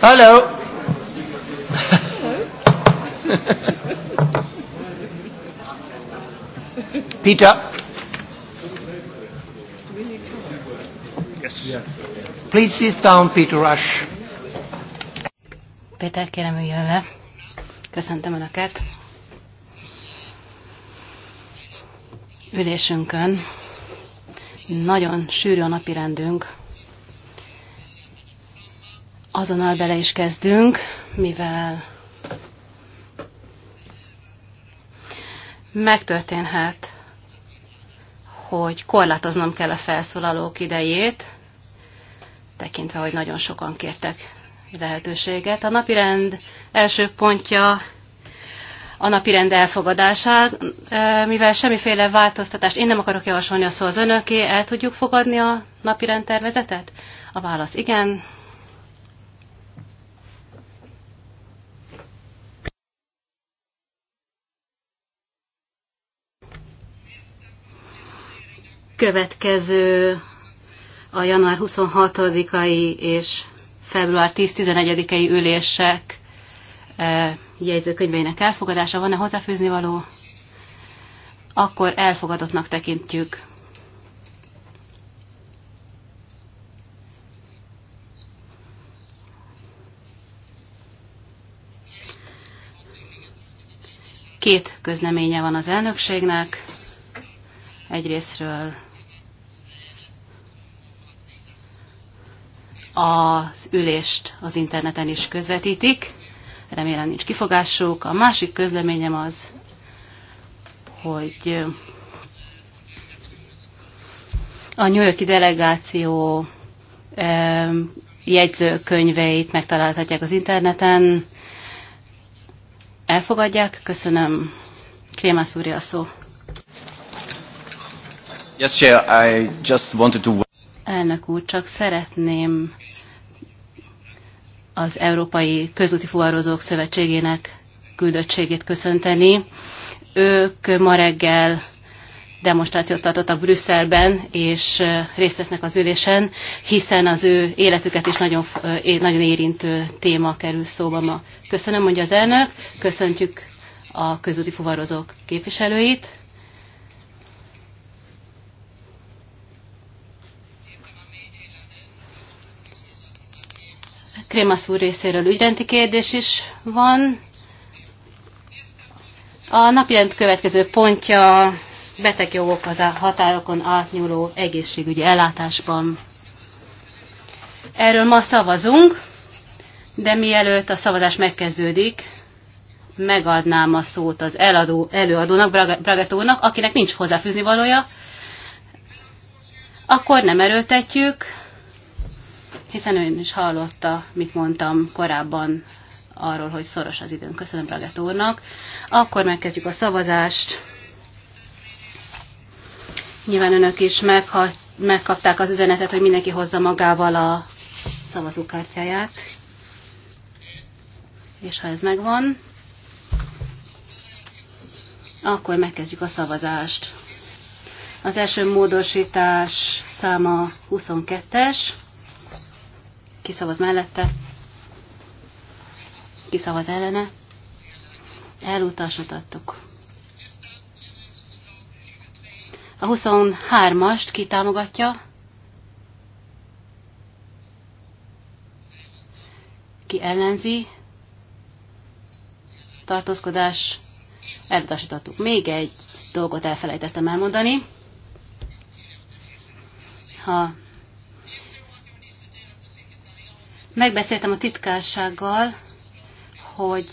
Hello. Peter. Yes. Please sit down, Peter Rush. Péter, kérem üljön le. Köszöntöm Önöket. Ülésünkön nagyon sűrű a napirendünk, Azonnal bele is kezdünk, mivel megtörténhet, hogy korlátoznom kell a felszólalók idejét, tekintve, hogy nagyon sokan kértek lehetőséget. A napirend első pontja a napirend elfogadása, mivel semmiféle változtatást én nem akarok javasolni a szó az önöké, el tudjuk fogadni a napirend tervezetet? A válasz igen, következő a január 26-ai és február 10 11 ei ülések e, jegyzőkönyveinek elfogadása. Van-e hozzáfűzni való? Akkor elfogadottnak tekintjük. Két közleménye van az elnökségnek. Egyrésztről az ülést az interneten is közvetítik. Remélem nincs kifogásuk. A másik közleményem az, hogy a New Yorki delegáció jegyzőkönyveit megtalálhatják az interneten. Elfogadják. Köszönöm. Krémász úr, a szó. Yes, Chair, I just wanted to... Elnök úr, csak szeretném az Európai Közúti Fuvarozók Szövetségének küldöttségét köszönteni. Ők ma reggel demonstrációt tartottak Brüsszelben, és részt vesznek az ülésen, hiszen az ő életüket is nagyon, nagyon érintő téma kerül szóba ma. Köszönöm, mondja az elnök, köszöntjük a közúti fuvarozók képviselőit. Krémasz úr részéről ügyrendi kérdés is van. A napjelent következő pontja betegjogok az a határokon átnyúló egészségügyi ellátásban. Erről ma szavazunk, de mielőtt a szavazás megkezdődik, megadnám a szót az eladó, előadónak, Bragatónak, akinek nincs hozzáfűzni valója, akkor nem erőltetjük, hiszen ön is hallotta, mit mondtam korábban arról, hogy szoros az időn. Köszönöm Braget úrnak. Akkor megkezdjük a szavazást. Nyilván önök is megha megkapták az üzenetet, hogy mindenki hozza magával a szavazókártyáját. És ha ez megvan, akkor megkezdjük a szavazást. Az első módosítás száma 22-es. Ki szavaz mellette, Ki szavaz ellene, elutasítottuk. A 23-ast ki támogatja, ki ellenzi, tartózkodás, elutasítottuk. Még egy dolgot elfelejtettem elmondani. Ha Megbeszéltem a titkársággal, hogy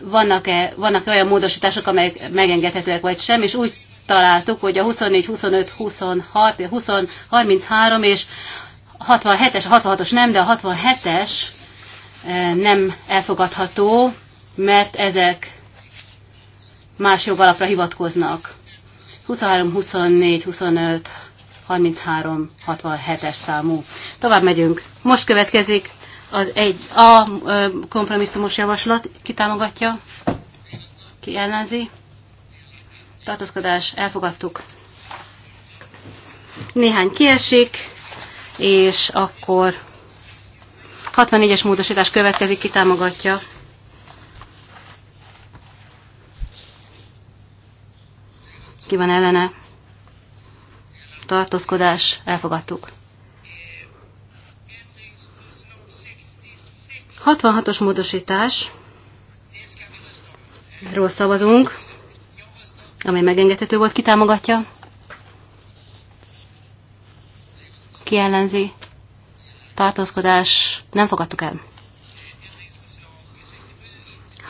vannak-e vannak -e olyan módosítások, amelyek megengedhetőek vagy sem, és úgy találtuk, hogy a 24, 25, 26, 20, 33 és 67-es, 66-os nem, de a 67-es nem elfogadható, mert ezek más jogalapra hivatkoznak. 23, 24, 25, 3367-es számú. Tovább megyünk. Most következik az egy A kompromisszumos javaslat. Ki támogatja? Ki ellenzi? Tartózkodás, elfogadtuk. Néhány kiesik, és akkor 64-es módosítás következik, ki támogatja? Ki van ellene? tartózkodás, elfogadtuk. 66-os módosítás, erről szavazunk, amely megengedhető volt, ki támogatja? Ki ellenzi? Tartózkodás, nem fogadtuk el.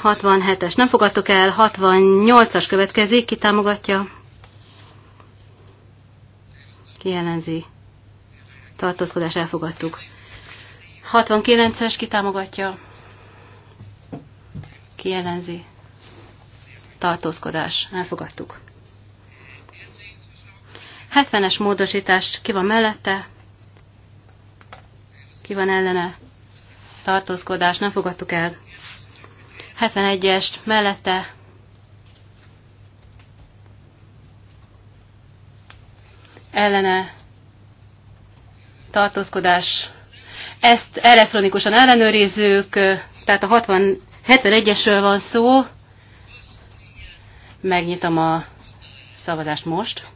67-es, nem fogadtuk el, 68-as következik, ki támogatja? ki tartózkodás elfogadtuk. 69-es kitámogatja, Kijelenzi. tartózkodás elfogadtuk. 70-es módosítás ki van mellette, ki van ellene, tartózkodás nem fogadtuk el. 71-est mellette, ellene tartózkodás. Ezt elektronikusan ellenőrizzük, tehát a 71-esről van szó. Megnyitom a szavazást most.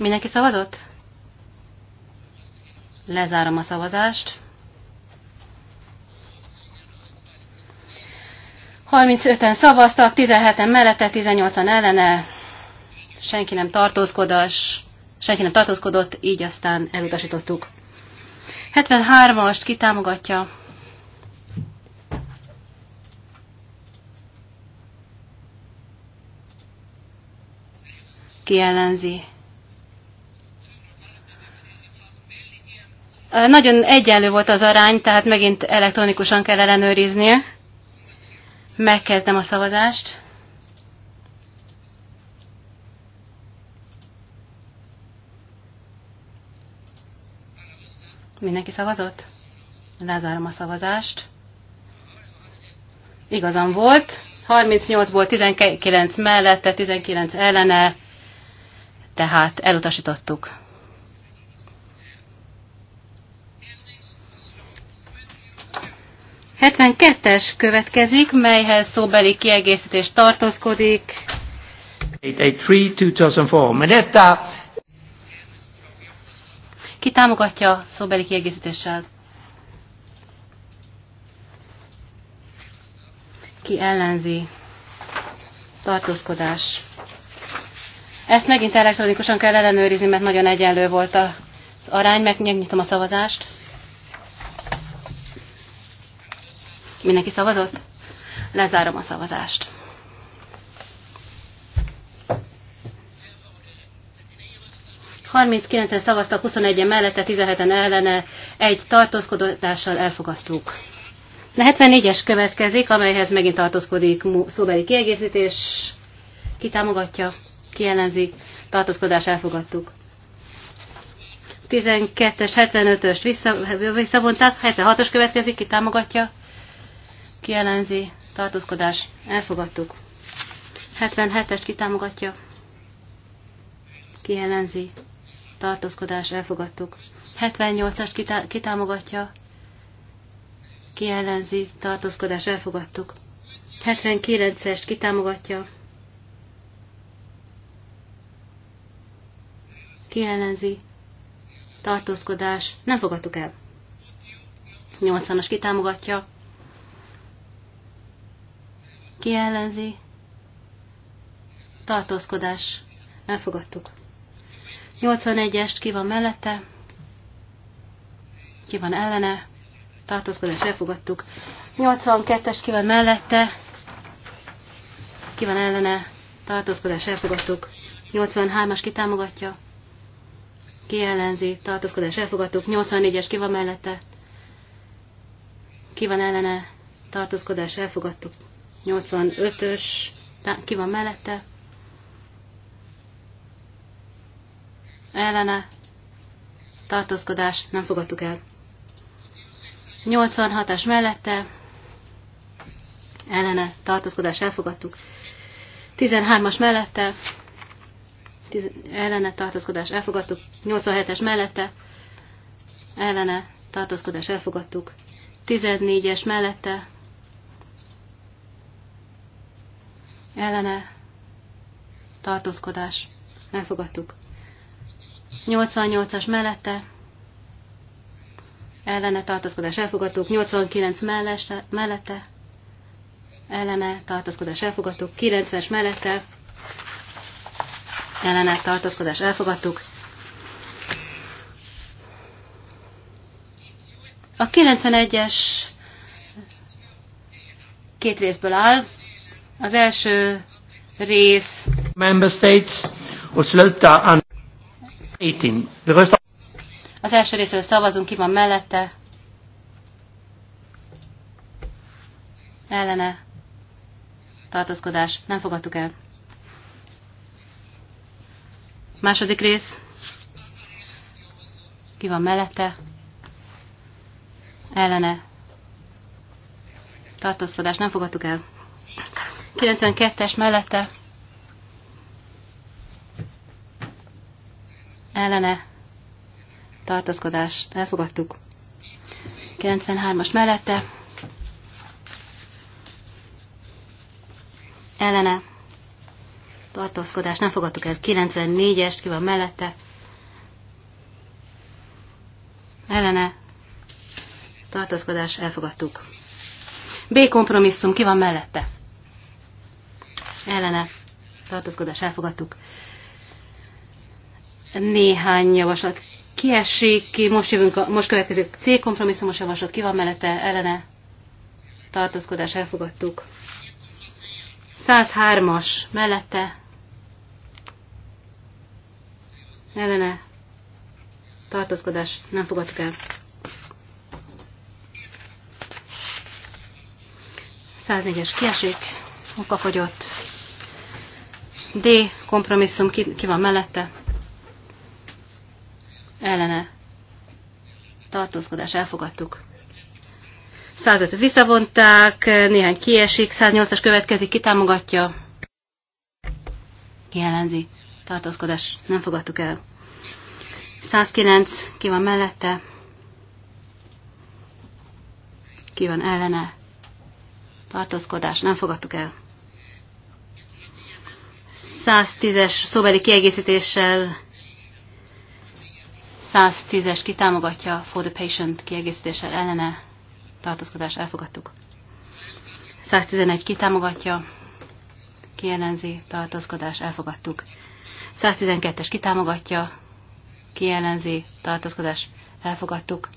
Mindenki szavazott? Lezárom a szavazást. 35-en szavaztak, 17-en mellette, 18-an ellene, senki nem tartózkodás, senki nem tartózkodott, így aztán elutasítottuk. 73-ast ki támogatja? Ki ellenzi? Nagyon egyenlő volt az arány, tehát megint elektronikusan kell ellenőrizni. Megkezdem a szavazást. Mindenki szavazott? Lezárom a szavazást. Igazam volt. 38-ból 19 mellette, 19 ellene, tehát elutasítottuk. 72-es következik, melyhez szóbeli kiegészítés tartózkodik. 883-2004. Menetta. Ki támogatja szóbeli kiegészítéssel? Ki ellenzi? Tartózkodás. Ezt megint elektronikusan kell ellenőrizni, mert nagyon egyenlő volt az arány. Megnyitom a szavazást. Mindenki szavazott? Lezárom a szavazást. en szavaztak, 21-en mellette, 17-en ellene, egy tartózkodással elfogadtuk. A 74-es következik, amelyhez megint tartózkodik szóbeli kiegészítés. Ki támogatja, ki ellenzi, tartózkodás elfogadtuk. 12-es, 75-öst visszavonták, 76-os következik, ki támogatja, kielenzi, tartózkodás, elfogadtuk. 77-est kitámogatja, kielenzi, tartózkodás, elfogadtuk. 78-est kitámogatja, kielenzi, tartózkodás, elfogadtuk. 79-est kitámogatja, kielenzi, tartózkodás, nem fogadtuk el. 80-as kitámogatja, Ki ellenzi? Tartózkodás. Elfogadtuk. 81-est ki van mellette? Ki van ellene? Tartózkodás. Elfogadtuk. 82-es ki van mellette? Ki van ellene? Tartózkodás. Elfogadtuk. 83-as támogatja? Ki ellenzi? Tartózkodás. Elfogadtuk. 84-es ki van mellette? Ki van ellene? Tartózkodás. Elfogadtuk. 85-ös, ki van mellette, ellene, tartózkodás, nem fogadtuk el. 86-as mellette, ellene, tartózkodás, elfogadtuk. 13-as mellette, ellene, tartózkodás, elfogadtuk. 87-es mellette, ellene, tartózkodás, elfogadtuk. 14-es mellette, ellene tartózkodás elfogadtuk. 88-as mellette ellene tartózkodás elfogadtuk, 89 melleste, mellette ellene tartózkodás elfogadtuk, 90-es mellette ellene tartózkodás elfogadtuk. A 91-es két részből áll, az első rész. Member States och sluta an 18. Az első részről szavazunk, ki van mellette. Ellene. Tartózkodás. Nem fogadtuk el. Második rész. Ki van mellette? Ellene. Tartózkodás. Nem fogadtuk el. 92-es mellette ellene tartózkodás elfogadtuk. 93-as mellette ellene tartózkodás nem fogadtuk el. 94-est ki van mellette ellene tartózkodás elfogadtuk. B kompromisszum ki van mellette? ellene tartózkodás elfogadtuk. Néhány javaslat kiesik ki, most, jövünk a, most következik C kompromisszumos javaslat, ki van mellette, ellene tartózkodás elfogadtuk. 103-as mellette ellene tartózkodás nem fogadtuk el. 104-es kiesik, okafogyott. D kompromisszum ki, ki van mellette? Ellene. Tartózkodás elfogadtuk. 105 visszavonták, néhány kiesik, 108-as következik, kitámogatja. Ki ellenzi? Tartózkodás nem fogadtuk el. 109 ki van mellette? Ki van ellene? Tartózkodás nem fogadtuk el. 110-es szóbeli kiegészítéssel 110-es kitámogatja for the patient kiegészítéssel ellene tartózkodás elfogadtuk. 111 kitámogatja, kielenzi tartózkodás elfogadtuk. 112-es kitámogatja, kielenzi tartózkodás elfogadtuk.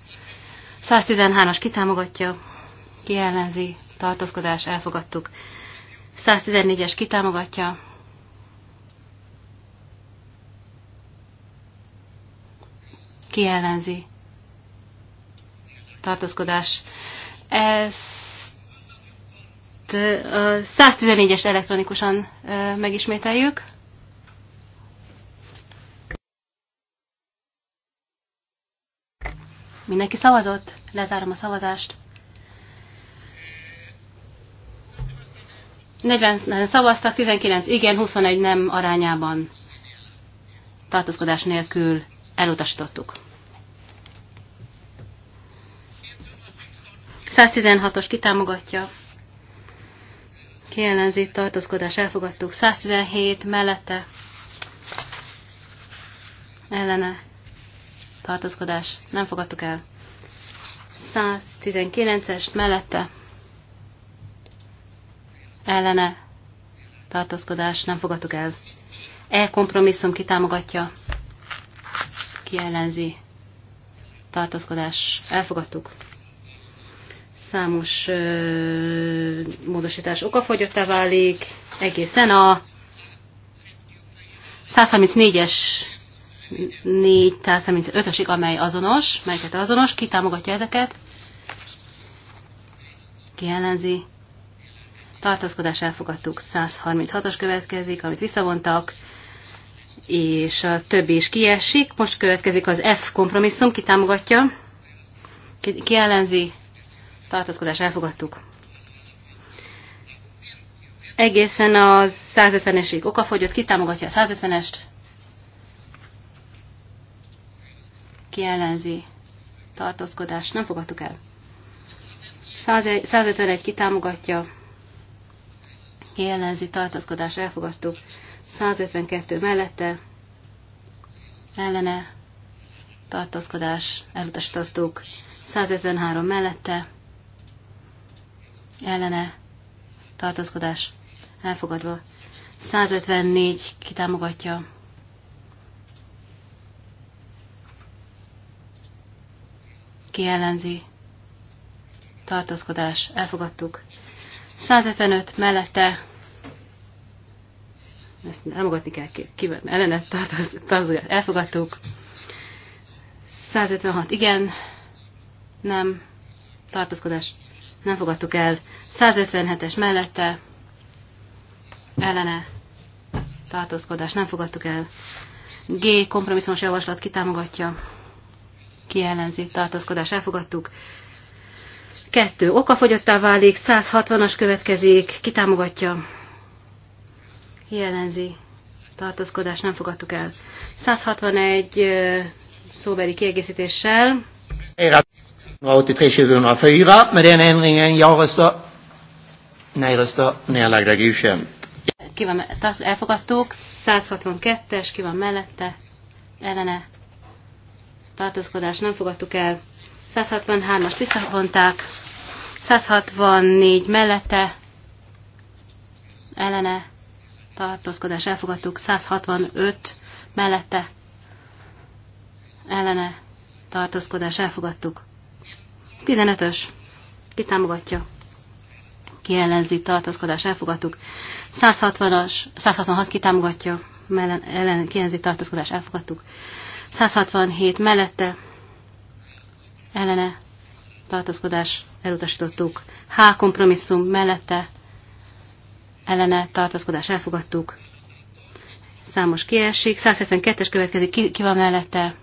113-as kitámogatja, kielenzi tartózkodás elfogadtuk. 114-es kitámogatja, Ki ellenzi? Tartózkodás. Ezt a 114-est elektronikusan megismételjük. Mindenki szavazott? Lezárom a szavazást. 40 szavaztak, 19 igen, 21 nem arányában. Tartózkodás nélkül elutasítottuk. 116-os kitámogatja, Kielenzi tartózkodás elfogadtuk. 117 mellette ellene tartózkodás nem fogadtuk el. 119-es mellette ellene tartózkodás nem fogadtuk el. E kompromisszum kitámogatja ki ellenzi, tartózkodás, elfogadtuk. Számos ö, módosítás okafogyottá válik, egészen a 134-es 435-ösig, amely azonos, melyiket azonos, ki támogatja ezeket, ki ellenzi. Tartózkodás elfogadtuk, 136-os következik, amit visszavontak, és a többi is kiesik. Most következik az F kompromisszum, ki támogatja, ki, ki ellenzi, tartozkodás, elfogadtuk. Egészen a 150-esig okafogyott, ki támogatja a 150-est, ki ellenzi, tartózkodás, nem fogadtuk el. 151 kitámogatja, ki ellenzi, elfogadtuk. 152 mellette ellene tartózkodás elutasítottuk, 153 mellette ellene tartózkodás elfogadva, 154 kitámogatja ki ellenzi. Tartózkodás. Elfogadtuk. 155 mellette Ezt elmogatni kell, kivetni, ellenet tartozgat, elfogadtuk. 156, igen, nem, tartózkodás, nem fogadtuk el. 157-es mellette, ellene, tartózkodás, nem fogadtuk el. G. Kompromisszumos javaslat kitámogatja, ki ellenzi, tartózkodás, elfogadtuk. 2. Okafogyottá válik, 160-as következik, kitámogatja, jelenzi Tartózkodást nem fogadtuk el. 161 szóbeli kiegészítéssel. Ki van, elfogadtuk, 162-es, ki van mellette, ellene, tartózkodás nem fogadtuk el, 163-as visszavonták, 164 mellette, ellene, tartózkodás elfogadtuk, 165 mellette ellene tartózkodás elfogadtuk. 15-ös. Ki támogatja? Ki ellenzi tartózkodás elfogadtuk. 160-as, 166 ki támogatja? ellen, ki ellenzi tartózkodás elfogadtuk. 167 mellette ellene tartózkodás elutasítottuk. H kompromisszum mellette ellene tartaszkodást elfogadtuk. Számos kiesik. 172-es következik. Ki, ki van mellette?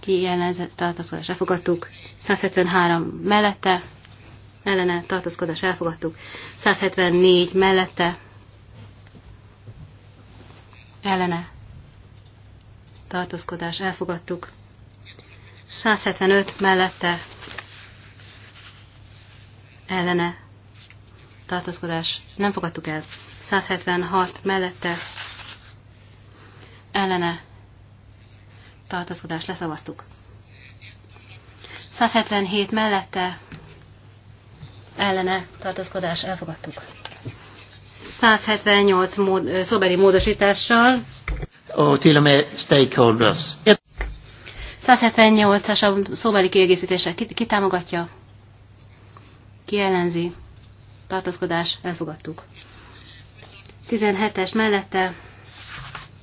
Ki ellene tartaszkodást elfogadtuk. 173 mellette ellene tartaszkodást elfogadtuk. 174 mellette ellene tartaszkodást elfogadtuk. 175 mellette ellene tartózkodás nem fogadtuk el. 176 mellette ellene tartózkodás leszavaztuk. 177 mellette ellene tartózkodás elfogadtuk. 178 mód, szobeli módosítással. Och till stakeholders. 178-as a szóbeli kiegészítésre kitámogatja, ki tartózkodás, elfogadtuk. 17-es mellette,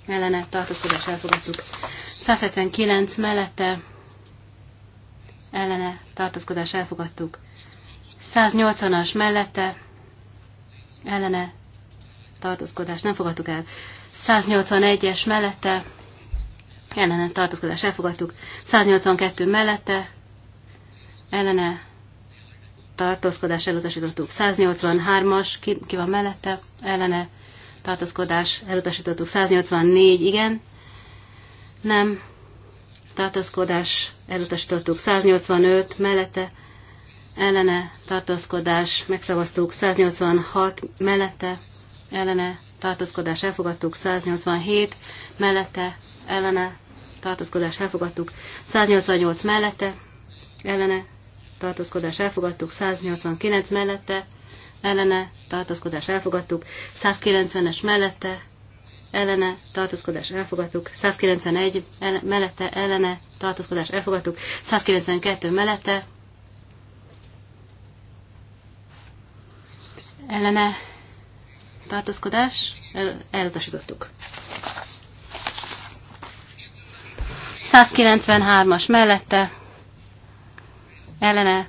ellene, tartózkodás, elfogadtuk. 179 mellette, ellene, tartózkodás, elfogadtuk. 180-as mellette, ellene, tartózkodás, nem fogadtuk el. 181-es mellette, ellene tartózkodás elfogadtuk, 182 mellette, ellene tartózkodás elutasítottuk. 183-as, ki, ki van mellette, ellene, tartózkodás elutasítottuk. 184, igen, nem, tartózkodás elutasítottuk. 185 mellette, ellene, tartózkodás megszavaztuk. 186 mellette, ellene, tartózkodás elfogadtuk. 187 mellette, ellene, tartózkodás elfogadtuk. 188 mellette, ellene, tartózkodás elfogadtuk, 189 mellette, ellene, tartózkodás elfogadtuk, 190-es mellette, ellene, tartózkodás elfogadtuk, 191 ele, mellette, ellene, tartózkodás elfogadtuk, 192 mellette, ellene, tartózkodás, el, elutasítottuk. 193-as mellette, ellene,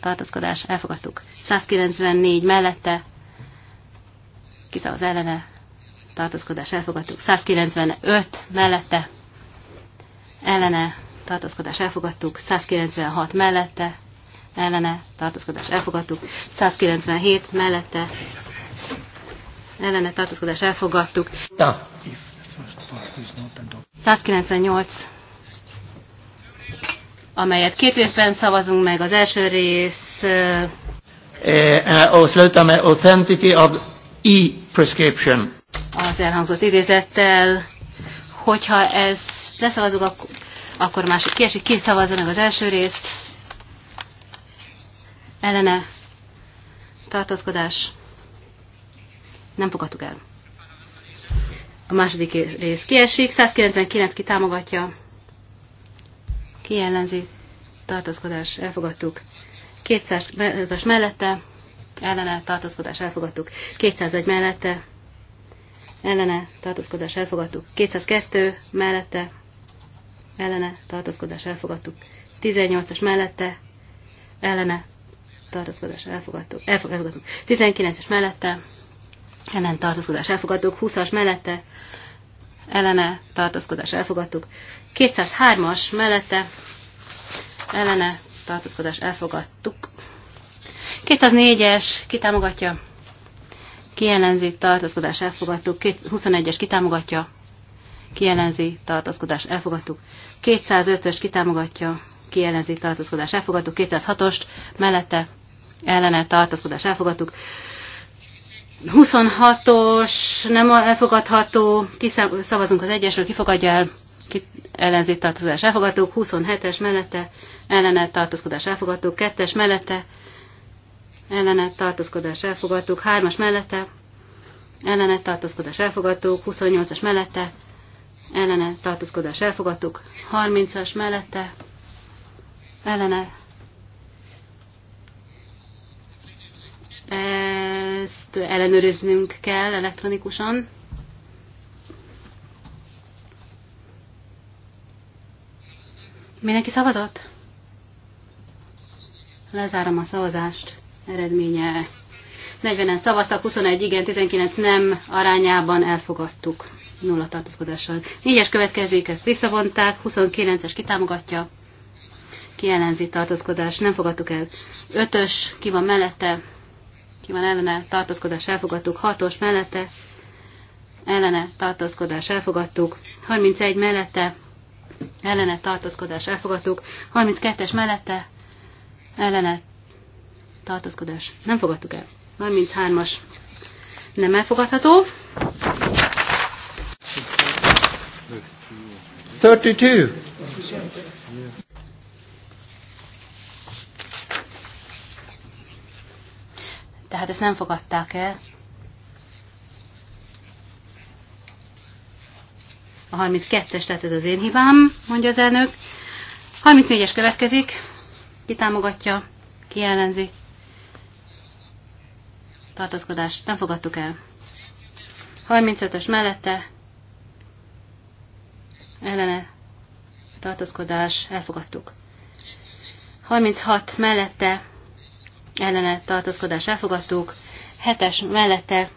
tartózkodás, elfogadtuk. 194 mellette, kiszavaz ellene, tartózkodás, elfogadtuk. 195 mellette, ellene, tartózkodás, elfogadtuk. 196 mellette, ellene, tartózkodás, elfogadtuk. 197 mellette, ellene, tartózkodás, elfogadtuk. 198 amelyet két részben szavazunk meg. Az első rész och sluta med authenticity of e-prescription. Az elhangzott idézettel, hogyha ez leszavazunk, akkor, akkor másik kiesik, két szavazza meg az első részt. Ellene tartózkodás. Nem fogadtuk el. A második rész kiesik, 199 ki támogatja, ki ellenzi, tartózkodás, elfogadtuk. 200-as mellette, ellene, tartózkodás, elfogadtuk. 201 mellette, ellene, tartózkodás, elfogadtuk. 202 mellette, ellene, tartózkodás, elfogadtuk. 18-as mellette, ellene, tartózkodás, elfogadtuk. elfogadtuk. 19-es mellette, ellen tartózkodás elfogadtuk, 20-as mellette ellene tartózkodás elfogadtuk, 203-as mellette ellene tartózkodás elfogadtuk. 204-es kitámogatja, kijelenzi, tartózkodás elfogadtuk. 21-es kitámogatja, kijelenzi, tartózkodás elfogadtuk. 205-ös kitámogatja, kijelenzi, tartózkodás elfogadtuk. 206-ost mellette ellene tartózkodás elfogadtuk. 26-os nem elfogadható, kiszavazunk az egyesről, kifogadja el ellenzék tartózkodás elfogadók, 27-es mellette ellene tartózkodás elfogadók, 2-es mellette ellene tartózkodás elfogadók, 3-as mellette ellene tartózkodás elfogadók, 28-as mellette ellene tartózkodás elfogadók, 30-as mellette ellene ezt ellenőriznünk kell elektronikusan. Mindenki szavazott? Lezárom a szavazást. Eredménye 40-en szavaztak, 21 igen, 19 nem arányában elfogadtuk nulla tartózkodással. 4-es következik, ezt visszavonták, 29-es kitámogatja, Kielenzi tartózkodás, nem fogadtuk el. 5-ös, ki van mellette, ki van ellene, tartózkodás elfogadtuk, 6-os mellette, ellene, tartózkodás elfogadtuk, 31 mellette, ellene tartózkodás elfogadtuk, 32-es mellette ellene tartózkodás nem fogadtuk el, 33-as nem elfogadható, 32. Tehát ezt nem fogadták el. A 32-es, tehát ez az én hibám, mondja az elnök. 34-es következik. Ki támogatja? Ki ellenzi? Tartaszkodás, Nem fogadtuk el. 35-ös mellette. Ellene. tartaszkodás, Elfogadtuk. 36 mellette. Ellene. tartaszkodás, Elfogadtuk. 7-es mellette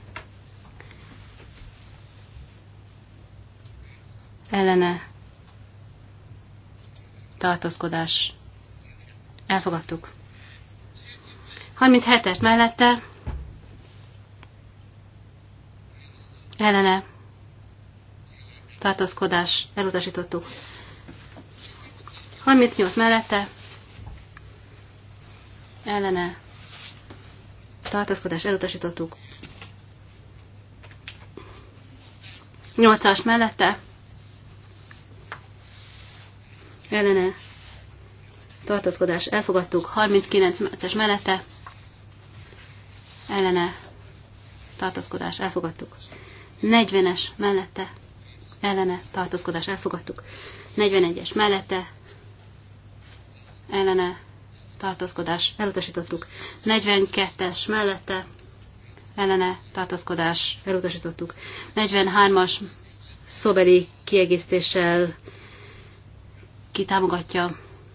ellene tartózkodás elfogadtuk. 37-es mellette ellene tartózkodás elutasítottuk. 38 mellette ellene tartózkodás elutasítottuk. 8-as mellette ellene tartózkodás elfogadtuk, 39-es mellette ellene tartózkodás elfogadtuk, 40-es mellette ellene tartózkodás elfogadtuk, 41-es mellette ellene tartózkodás elutasítottuk, 42-es mellette ellene tartózkodás elutasítottuk, 43-as szobeli kiegészítéssel ki támogatja,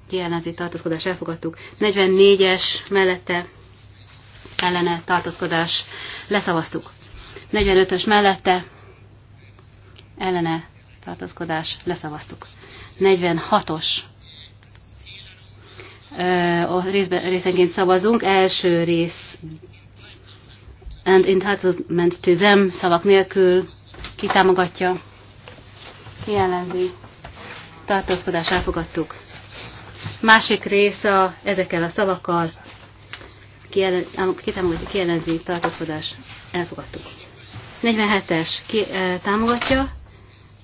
ki ellenzi tartózkodás elfogadtuk. 44-es mellette ellene tartózkodás leszavaztuk. 45-ös mellette ellene tartózkodás leszavaztuk. 46-os a részben, részenként szavazunk. Első rész and entitlement to them szavak nélkül kitámogatja, kijelenzi tartózkodás elfogadtuk. Másik rész a, ezekkel a szavakkal kitámogatja, kielenzi, tartózkodás elfogadtuk. 47-es ki, e, támogatja,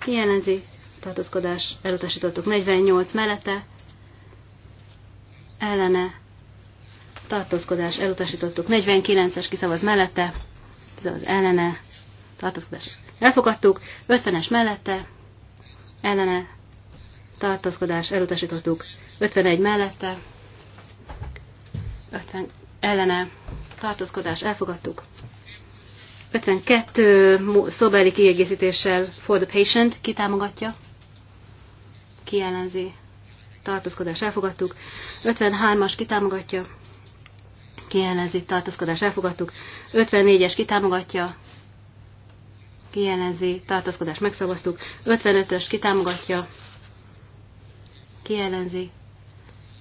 kielenzi, tartózkodás elutasítottuk. 48 mellette ellene tartózkodás elutasítottuk. 49-es kiszavaz mellette, az ellene tartózkodás elfogadtuk. 50-es mellette ellene tartózkodás elutasítottuk 51 mellette, 50 ellene tartózkodás elfogadtuk. 52 szóbeli kiegészítéssel for the patient kitámogatja, kijelenzi, tartózkodás elfogadtuk. 53-as kitámogatja, kijelenzi, tartózkodás elfogadtuk. 54-es kitámogatja, kijelenzi, tartózkodás megszavaztuk. 55-ös kitámogatja, kielenzi,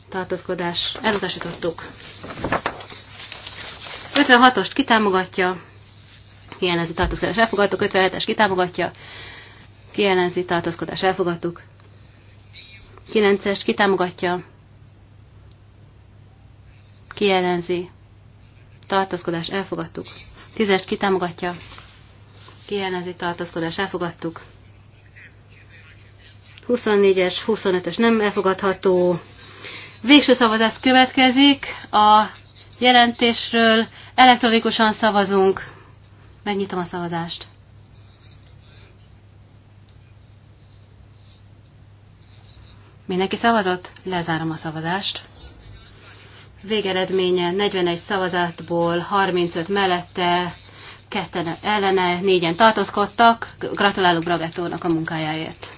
tartozkodás, elutasítottuk. 56-ost kitámogatja, kielenzi, tartozkodás, elfogadtuk, 57-es kitámogatja, kielenzi, tartozkodás, elfogadtuk, 9-est kitámogatja, kielenzi, tartozkodás, elfogadtuk, 10-est kitámogatja, kielenzi, tartozkodás, elfogadtuk, 24-es, 25-ös nem elfogadható. Végső szavazás következik. A jelentésről elektronikusan szavazunk. Megnyitom a szavazást. Mindenki szavazott? Lezárom a szavazást. Végeredménye 41 szavazatból 35 mellette, ketten ellene, négyen tartózkodtak. Gratulálok Bragettónak a munkájáért.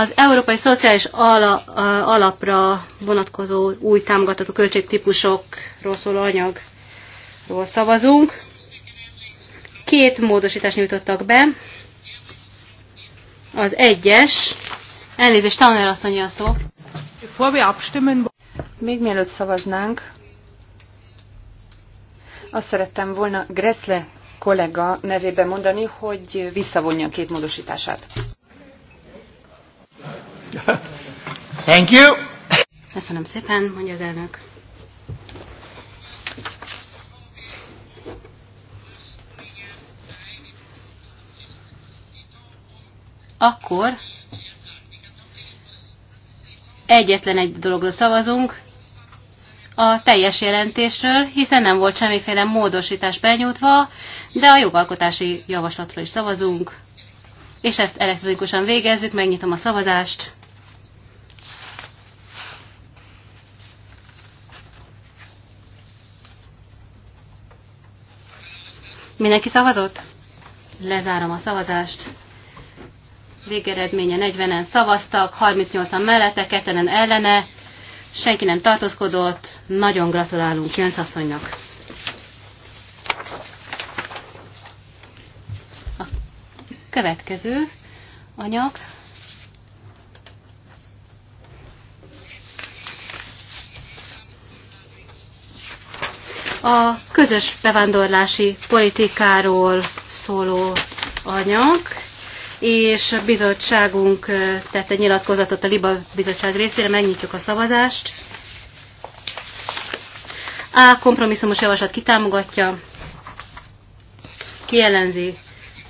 az Európai Szociális Ala, Alapra vonatkozó új támogatható költségtípusokról szóló anyagról szavazunk. Két módosítást nyújtottak be. Az egyes, elnézést, Tanner asszony a szó. Még mielőtt szavaznánk, azt szerettem volna Gressle kollega nevében mondani, hogy visszavonja a két módosítását. Thank you. Köszönöm szépen, mondja az elnök. Akkor egyetlen egy dologról szavazunk, a teljes jelentésről, hiszen nem volt semmiféle módosítás benyújtva, de a jogalkotási javaslatról is szavazunk, és ezt elektronikusan végezzük, megnyitom a szavazást. Mindenki szavazott? Lezárom a szavazást. Végeredménye 40-en szavaztak, 38-an mellette, 2 ellene. Senki nem tartózkodott. Nagyon gratulálunk Jönsz asszonynak. A következő anyag a közös bevándorlási politikáról szóló anyag, és a bizottságunk tette nyilatkozatot a Liba bizottság részére, megnyitjuk a szavazást. A kompromisszumos javaslat kitámogatja, kielenzi,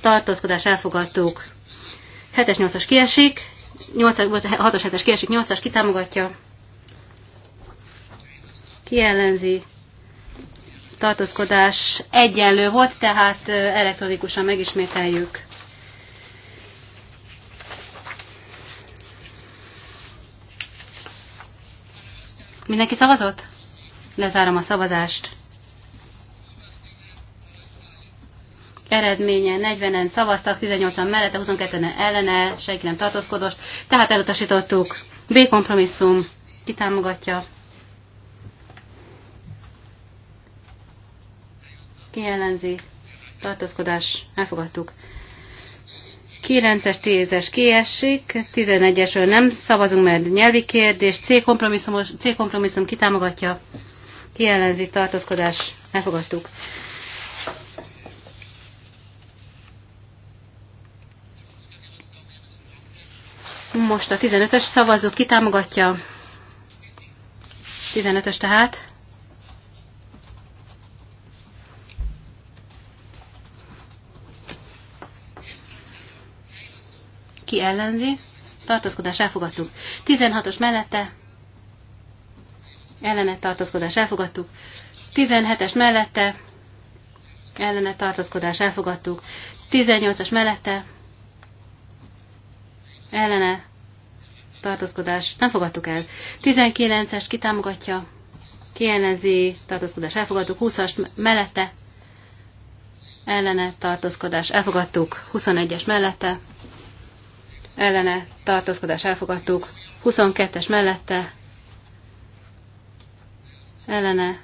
tartózkodás elfogadtuk, 7-es, 8-as kiesik, 6-os, 7-es kiesik, 8-as kitámogatja, kielenzi, tartózkodás egyenlő volt, tehát elektronikusan megismételjük. Mindenki szavazott? Lezárom a szavazást. Eredménye 40-en szavaztak, 18-an mellette, 22-en ellene, senki nem tartózkodott, tehát elutasítottuk. B kompromisszum kitámogatja. kijelenzi, Tartózkodás. Elfogadtuk. 9-es, 10-es kiesik, 11-esről nem szavazunk, mert nyelvi kérdés, C, kompromisszumos, C kompromisszum kitámogatja, kijelenzi, tartózkodás, elfogadtuk. Most a 15-ös szavazó kitámogatja, 15-ös tehát, ki ellenzi, tartózkodás elfogadtuk. 16-os mellette, ellene tartózkodás elfogadtuk. 17-es mellette, ellene tartózkodás elfogadtuk. 18-as mellette, ellene tartózkodás nem fogadtuk el. 19-es kitámogatja, kiellenzi, tartózkodás elfogadtuk. 20-as mellette, ellene tartózkodás elfogadtuk. 21-es mellette, ellene tartózkodás elfogadtuk, 22-es mellette ellene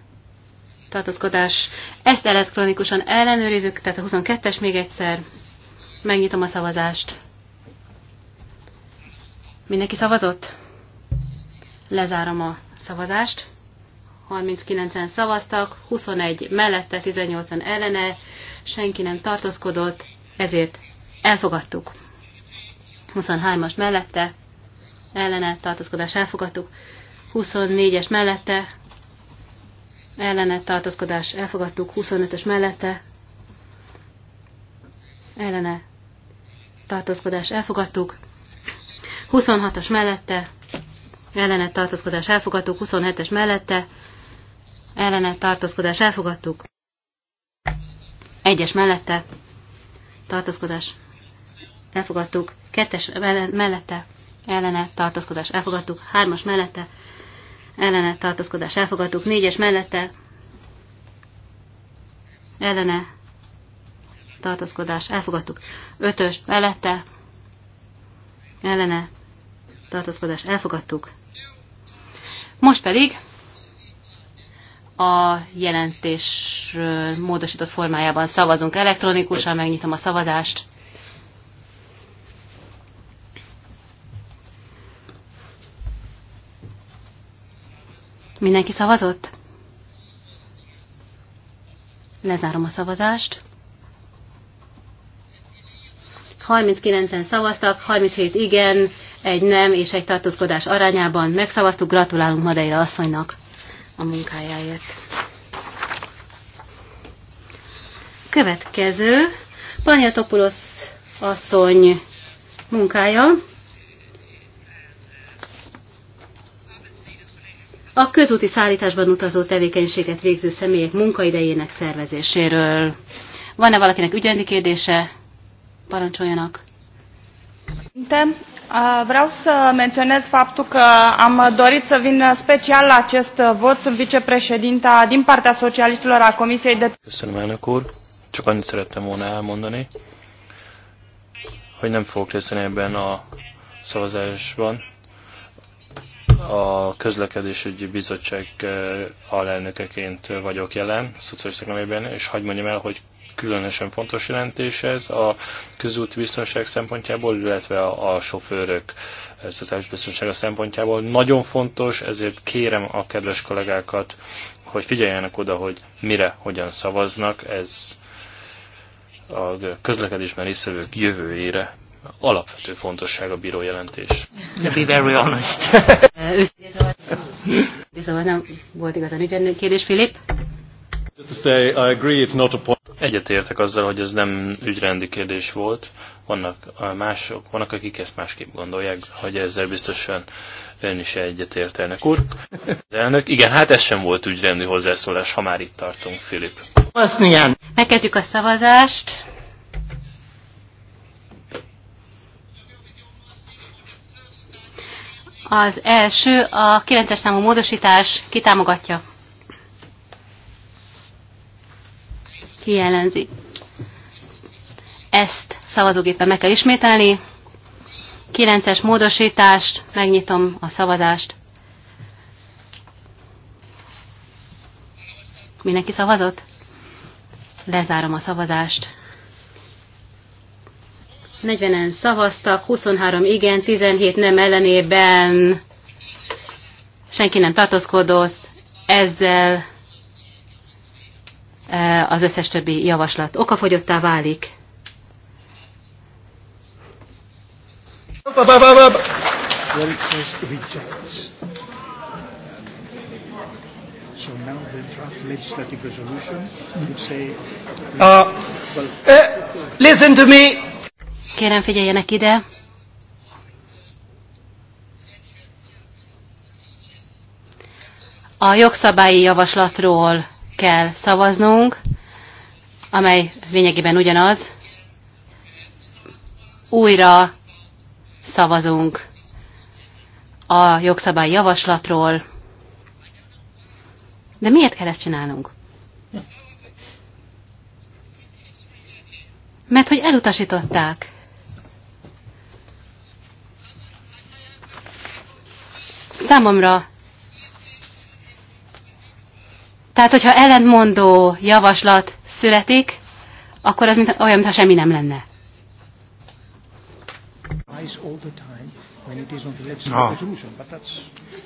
tartózkodás. Ezt elektronikusan ellenőrizzük, tehát a 22-es még egyszer. Megnyitom a szavazást. Mindenki szavazott? Lezárom a szavazást. 39-en szavaztak, 21 mellette, 18 en ellene, senki nem tartózkodott, ezért elfogadtuk. 23-as mellette, ellene tartózkodás elfogadtuk, 24-es mellette, ellene tartózkodás elfogadtuk, 25-ös mellette, ellene tartózkodás elfogadtuk, 26-os mellette, ellene tartózkodás elfogadtuk, 27-es mellette, ellene tartózkodás elfogadtuk, 1-es mellette, tartózkodás elfogadtuk, Kettes mellette ellene tartózkodás elfogadtuk. Hármas mellette ellene tartózkodás elfogadtuk. Négyes mellette ellene tartózkodás elfogadtuk. Ötös mellette ellene tartózkodás elfogadtuk. Most pedig a jelentés módosított formájában szavazunk elektronikusan, megnyitom a szavazást. Mindenki szavazott? Lezárom a szavazást. 39-en szavaztak, 37 igen, egy nem és egy tartózkodás arányában megszavaztuk. Gratulálunk Madeira asszonynak a munkájáért. Következő Panyatopulosz asszony munkája. a közúti szállításban utazó tevékenységet végző személyek munkaidejének szervezéséről. Van-e valakinek ügyrendi kérdése? Parancsoljanak! Vreau să menționez faptul că am dorit să vin special la acest vot. Sunt vicepreședinta din partea socialiștilor a Comisiei de... Köszönöm, elnök úr. Csak annyit szerettem volna elmondani, hogy nem fogok részt ebben a szavazásban a közlekedésügyi bizottság eh, alelnökeként vagyok jelen, szociális nevében, és hagyd mondjam el, hogy különösen fontos jelentés ez a közúti biztonság szempontjából, illetve a, a sofőrök eh, szociális biztonsága szempontjából. Nagyon fontos, ezért kérem a kedves kollégákat, hogy figyeljenek oda, hogy mire, hogyan szavaznak, ez a közlekedésben részvevők jövőjére alapvető fontosság a bíró jelentés. To be very honest. nem volt igazán ügyen kérdés, Filip. Egyetértek azzal, hogy ez nem ügyrendi kérdés volt. Vannak mások, vannak, akik ezt másképp gondolják, hogy ezzel biztosan ön is egyetért, elnök úr. elnök, igen, hát ez sem volt ügyrendi hozzászólás, ha már itt tartunk, Filip. Megkezdjük a szavazást. Az első, a 9-es számú módosítás kitámogatja. Ki ellenzi? Ezt szavazógépen meg kell ismételni. 9-es módosítást, megnyitom a szavazást. Mindenki szavazott? Lezárom a szavazást. 40-en szavaztak, 23 igen, 17 nem ellenében, senki nem tartózkodott, ezzel e, az összes többi javaslat okafogyottá válik. Uh, uh, listen to me, Kérem figyeljenek ide. A jogszabályi javaslatról kell szavaznunk, amely lényegében ugyanaz. Újra szavazunk a jogszabályi javaslatról. De miért kell ezt csinálnunk? Mert hogy elutasították. Számomra tehát, hogyha ellentmondó javaslat születik, akkor az mint, olyan, mintha semmi nem lenne.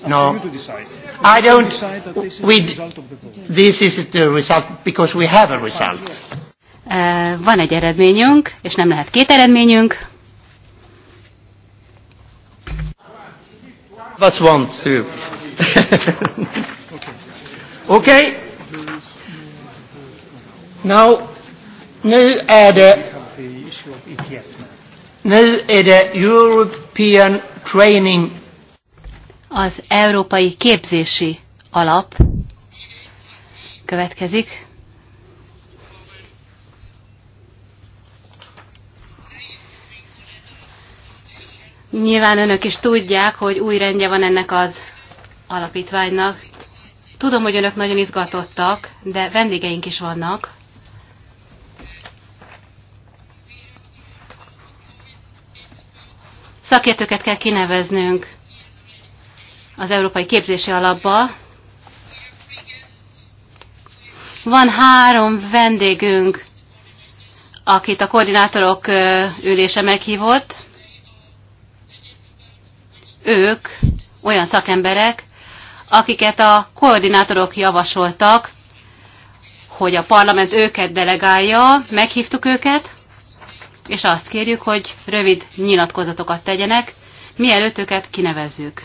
No. No. I don't. We, this is the result because we have a result. Eh, van egy eredményünk, és nem lehet két eredményünk. Was us wants to. okay. Now, nu är det nu är det European Training az Európai Képzési Alap következik. Nyilván önök is tudják, hogy új rendje van ennek az alapítványnak. Tudom, hogy önök nagyon izgatottak, de vendégeink is vannak. Szakértőket kell kineveznünk az Európai Képzési Alapba. Van három vendégünk, akit a koordinátorok ülése meghívott ők olyan szakemberek, akiket a koordinátorok javasoltak, hogy a parlament őket delegálja, meghívtuk őket, és azt kérjük, hogy rövid nyilatkozatokat tegyenek, mielőtt őket kinevezzük.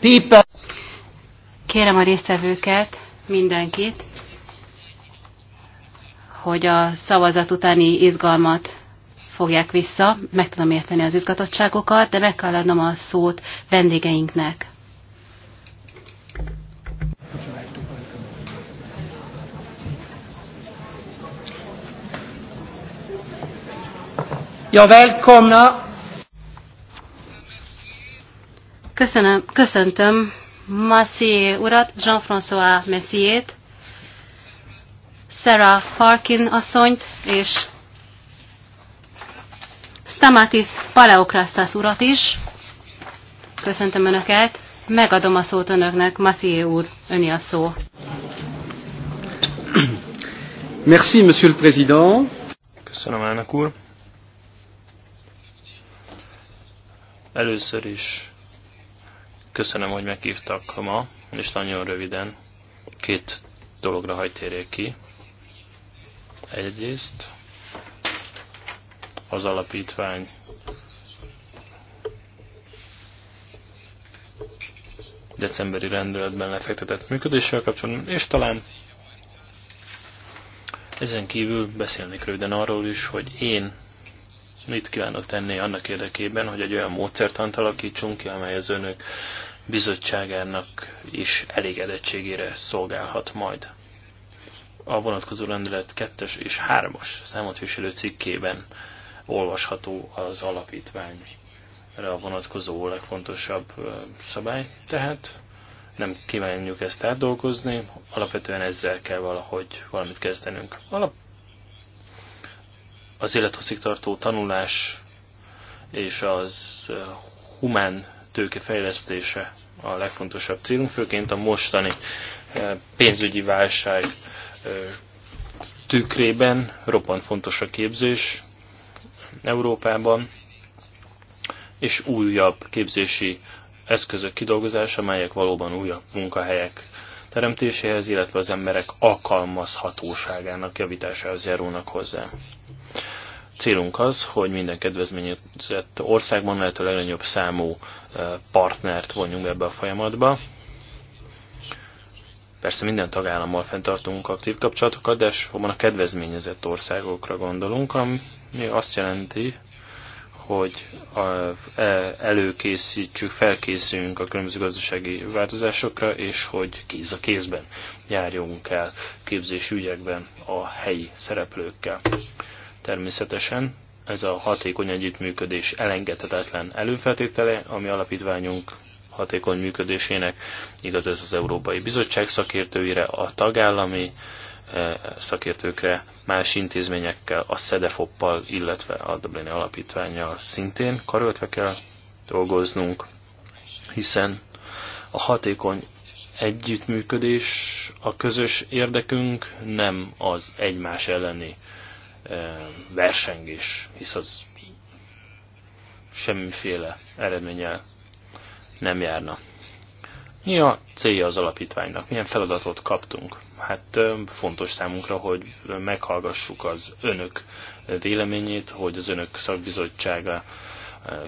People. Kérem a résztvevőket, mindenkit, hogy a szavazat utáni izgalmat fogják vissza, meg tudom érteni az izgatottságokat, de meg kell adnom a szót vendégeinknek. Ja, välkomna! Köszönöm, köszöntöm Massier urat, Jean-François Messiét, Sarah Parkin asszonyt és Stamatis Paleokrasztász urat is. Köszöntöm Önöket. Megadom a szót Önöknek. Massié úr, Öni a szó. Merci, Monsieur le Président. Köszönöm, elnök úr. Először is köszönöm, hogy meghívtak ma, és nagyon röviden két dologra hajtérjék ki. Egyrészt az alapítvány. decemberi rendeletben lefektetett működéssel kapcsolatban, és talán ezen kívül beszélnék röviden arról is, hogy én mit kívánok tenni annak érdekében, hogy egy olyan módszertant alakítsunk ki, amely az önök bizottságának is elégedettségére szolgálhat majd. A vonatkozó rendelet 2-es és 3-as számot viselő cikkében olvasható az alapítványra vonatkozó legfontosabb szabály, tehát nem kívánjuk ezt átdolgozni, alapvetően ezzel kell valahogy valamit kezdenünk. Alap az tartó tanulás és az humán tőke fejlesztése a legfontosabb célunk, főként a mostani pénzügyi válság tükrében roppant fontos a képzés, Európában, és újabb képzési eszközök kidolgozása, amelyek valóban újabb munkahelyek teremtéséhez, illetve az emberek alkalmazhatóságának javításához járulnak hozzá. Célunk az, hogy minden kedvezményezett országban lehető legnagyobb számú eh, partnert vonjunk ebbe a folyamatba, Persze minden tagállammal fenntartunk aktív kapcsolatokat, de elsősorban a kedvezményezett országokra gondolunk, ami azt jelenti, hogy e, előkészítsük, felkészüljünk a különböző gazdasági változásokra, és hogy kéz a kézben járjunk el képzési ügyekben a helyi szereplőkkel. Természetesen ez a hatékony együttműködés elengedhetetlen előfeltétele, ami alapítványunk hatékony működésének. Igaz ez az Európai Bizottság szakértőire, a tagállami eh, szakértőkre, más intézményekkel, a SZEDEFOP-pal, illetve a Dublini Alapítványjal szintén karöltve kell dolgoznunk, hiszen a hatékony együttműködés a közös érdekünk, nem az egymás elleni eh, versengés, hisz az semmiféle eredménnyel nem járna. Mi a célja az alapítványnak? Milyen feladatot kaptunk? Hát fontos számunkra, hogy meghallgassuk az önök véleményét, hogy az önök szakbizottsága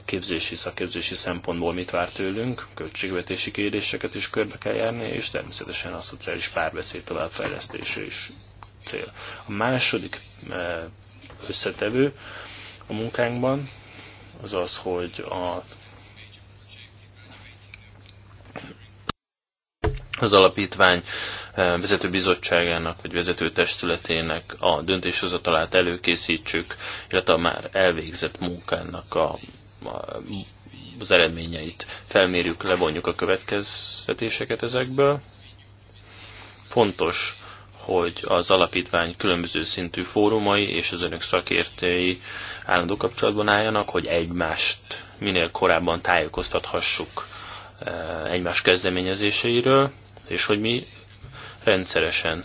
képzési, szakképzési szempontból mit vár tőlünk, költségvetési kérdéseket is körbe kell járni, és természetesen a szociális párbeszéd továbbfejlesztése is cél. A második összetevő a munkánkban az az, hogy a az alapítvány eh, vezetőbizottságának vagy vezetőtestületének a döntéshozatalát előkészítsük, illetve a már elvégzett munkának a, a az eredményeit felmérjük, levonjuk a következtetéseket ezekből. Fontos, hogy az alapítvány különböző szintű fórumai és az önök szakértői állandó kapcsolatban álljanak, hogy egymást minél korábban tájékoztathassuk eh, egymás kezdeményezéseiről és hogy mi rendszeresen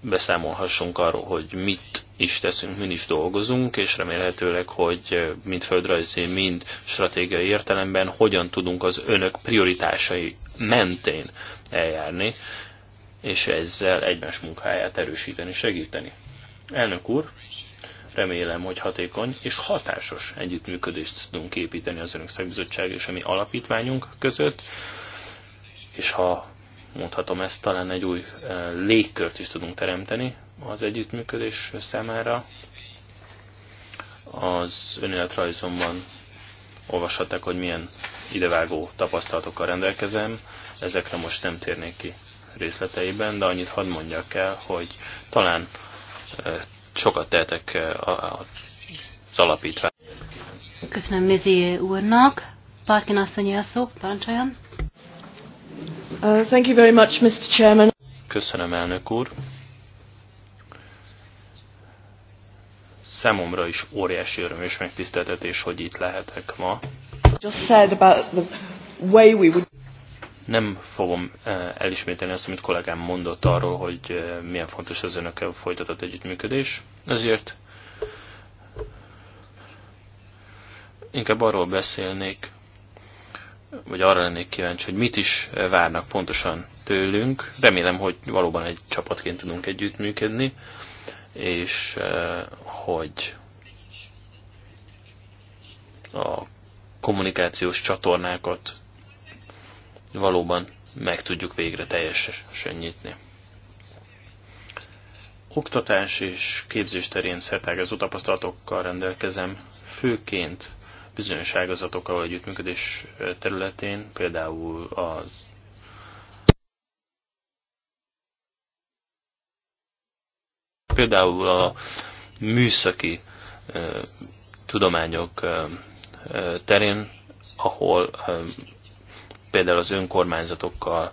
beszámolhassunk arról, hogy mit is teszünk, mi is dolgozunk, és remélhetőleg, hogy mind földrajzi, mind stratégiai értelemben hogyan tudunk az önök prioritásai mentén eljárni, és ezzel egymás munkáját erősíteni, segíteni. Elnök úr, remélem, hogy hatékony és hatásos együttműködést tudunk építeni az Önök Szakbizottság és a mi alapítványunk között és ha mondhatom ezt, talán egy új eh, légkört is tudunk teremteni az együttműködés számára. Az önéletrajzomban olvashatták, hogy milyen idevágó tapasztalatokkal rendelkezem, ezekre most nem térnék ki részleteiben, de annyit hadd mondjak el, hogy talán eh, sokat tehetek eh, az alapítvány. Köszönöm Mézi úrnak. Parkin asszonyi a szó, parancsoljon. Uh, thank you very much, Mr. Chairman. Köszönöm, elnök úr. Számomra is óriási öröm és megtiszteltetés, hogy itt lehetek ma. Just said about the way we would... Nem fogom eh, elismételni azt, amit kollégám mondott arról, hogy eh, milyen fontos az önökkel folytatott együttműködés. Ezért inkább arról beszélnék, vagy arra lennék kíváncsi, hogy mit is várnak pontosan tőlünk. Remélem, hogy valóban egy csapatként tudunk együttműködni, és eh, hogy a kommunikációs csatornákat valóban meg tudjuk végre teljesen nyitni. Oktatás és képzés terén szertágazó tapasztalatokkal rendelkezem, főként bizonyos ágazatok, ahol együttműködés területén, például az például a műszaki ö, tudományok ö, terén, ahol ö, például az önkormányzatokkal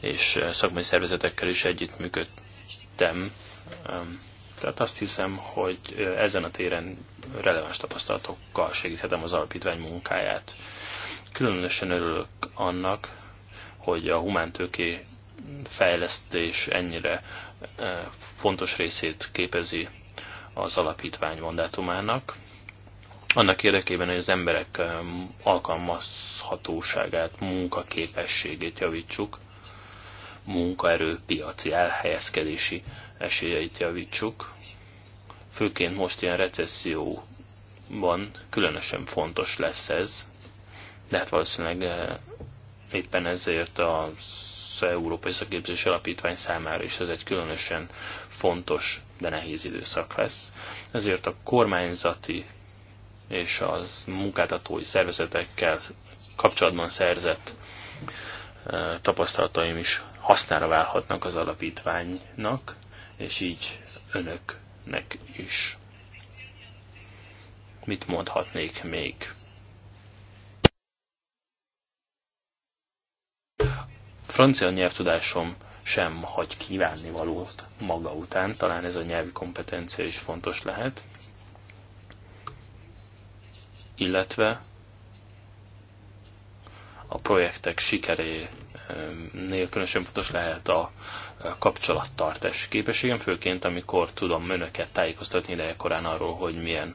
és szakmai szervezetekkel is együttműködtem. Ö, tehát azt hiszem, hogy ezen a téren releváns tapasztalatokkal segíthetem az alapítvány munkáját. Különösen örülök annak, hogy a humántőké fejlesztés ennyire e, fontos részét képezi az alapítvány mandátumának. Annak érdekében, hogy az emberek e, alkalmazhatóságát, munkaképességét javítsuk, munkaerő piaci elhelyezkedési esélyeit javítsuk, főként most ilyen recesszióban különösen fontos lesz ez, de hát valószínűleg eh, éppen ezért az Európai Szakképzés Alapítvány számára is ez egy különösen fontos, de nehéz időszak lesz. Ezért a kormányzati és a munkáltatói szervezetekkel kapcsolatban szerzett eh, tapasztalataim is hasznára válhatnak az alapítványnak, és így önök nek is. Mit mondhatnék még? Francia nyelvtudásom sem hagy kívánni valót maga után, talán ez a nyelvi kompetencia is fontos lehet, illetve a projektek sikeré nélkül sem fontos lehet a kapcsolattartás képességem, főként amikor tudom önöket tájékoztatni idejekorán arról, hogy milyen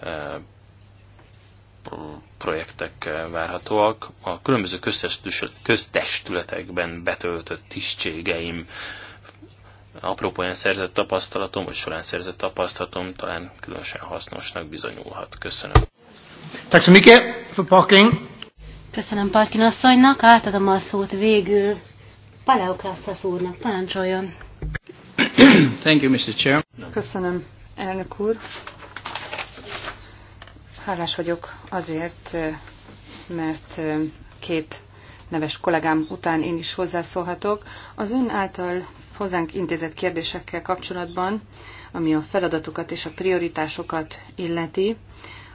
e, projektek várhatóak. A különböző köztestületekben betöltött tisztségeim, apropóján szerzett tapasztalatom, vagy során szerzett tapasztalatom talán különösen hasznosnak bizonyulhat. Köszönöm. Tack så mycket parking. Köszönöm Parkin asszonynak, átadom a szót végül Paleokrassz úrnak. Parancsoljon! Thank you, Mr. Chair. Köszönöm, elnök úr. Hálás vagyok azért, mert két neves kollégám után én is hozzászólhatok. Az ön által hozzánk intézett kérdésekkel kapcsolatban, ami a feladatokat és a prioritásokat illeti,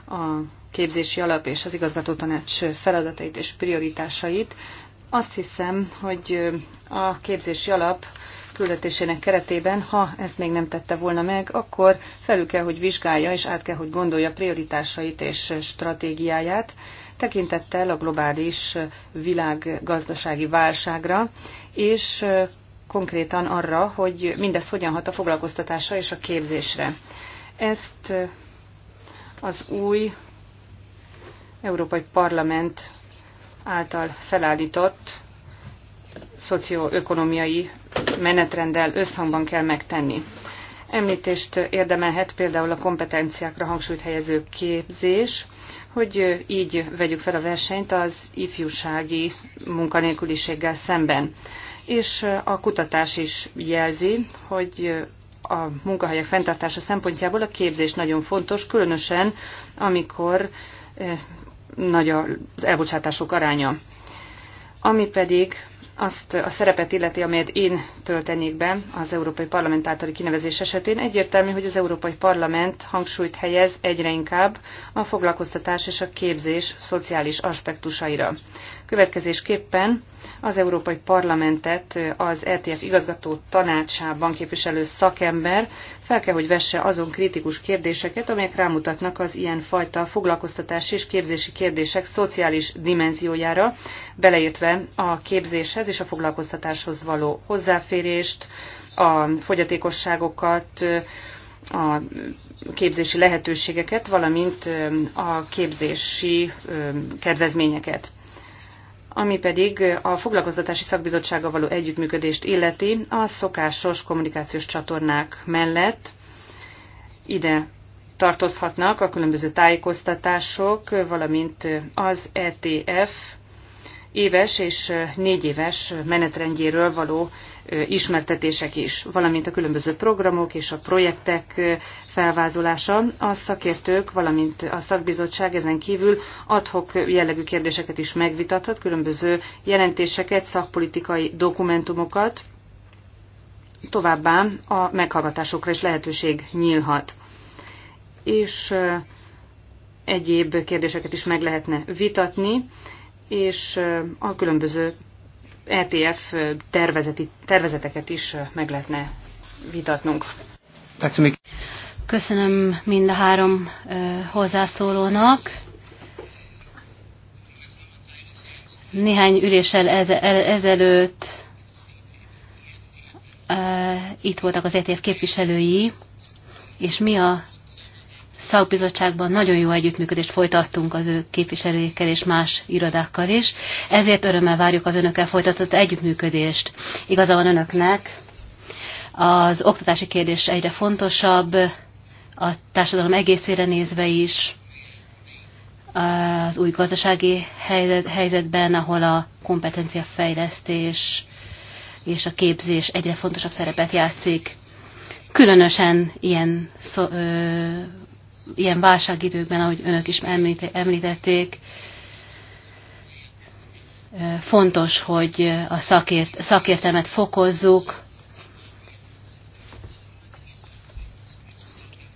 a képzési alap és az igazgató tanács feladatait és prioritásait. Azt hiszem, hogy a képzési alap küldetésének keretében, ha ezt még nem tette volna meg, akkor felül kell, hogy vizsgálja és át kell, hogy gondolja prioritásait és stratégiáját, tekintettel a globális világgazdasági válságra, és konkrétan arra, hogy mindez hogyan hat a foglalkoztatásra és a képzésre. Ezt az új Európai Parlament által felállított szocioökonomiai menetrenddel összhangban kell megtenni. Említést érdemelhet például a kompetenciákra hangsúlyt helyező képzés, hogy így vegyük fel a versenyt az ifjúsági munkanélküliséggel szemben. És a kutatás is jelzi, hogy a munkahelyek fenntartása szempontjából a képzés nagyon fontos, különösen amikor e, nagy az elbocsátások aránya. Ami pedig azt a szerepet illeti, amelyet én töltenék be az Európai Parlament általi kinevezés esetén, egyértelmű, hogy az Európai Parlament hangsúlyt helyez egyre inkább a foglalkoztatás és a képzés szociális aspektusaira. Következésképpen az Európai Parlamentet az ETF igazgató tanácsában képviselő szakember fel kell, hogy vesse azon kritikus kérdéseket, amelyek rámutatnak az ilyenfajta foglalkoztatási és képzési kérdések szociális dimenziójára, beleértve a képzéshez és a foglalkoztatáshoz való hozzáférést, a fogyatékosságokat, a képzési lehetőségeket, valamint a képzési kedvezményeket ami pedig a foglalkoztatási szakbizottsága való együttműködést illeti a szokásos kommunikációs csatornák mellett ide tartozhatnak a különböző tájékoztatások, valamint az ETF éves és négy éves menetrendjéről való ismertetések is, valamint a különböző programok és a projektek felvázolása. A szakértők, valamint a szakbizottság ezen kívül adhok jellegű kérdéseket is megvitathat, különböző jelentéseket, szakpolitikai dokumentumokat, továbbá a meghallgatásokra is lehetőség nyílhat. És egyéb kérdéseket is meg lehetne vitatni, és a különböző ETF tervezeti, tervezeteket is meg lehetne vitatnunk. Köszönöm mind a három hozzászólónak. Néhány üléssel e, ezelőtt itt voltak az ETF képviselői, és mi a szakbizottságban nagyon jó együttműködést folytattunk az ő képviselőikkel és más irodákkal is, ezért örömmel várjuk az önökkel folytatott együttműködést. Igaza van önöknek, az oktatási kérdés egyre fontosabb, a társadalom egészére nézve is, az új gazdasági helyzetben, ahol a kompetenciafejlesztés és a képzés egyre fontosabb szerepet játszik. Különösen ilyen szó, ö, ilyen válságidőkben, ahogy önök is említették, fontos, hogy a szakért, szakértelmet fokozzuk.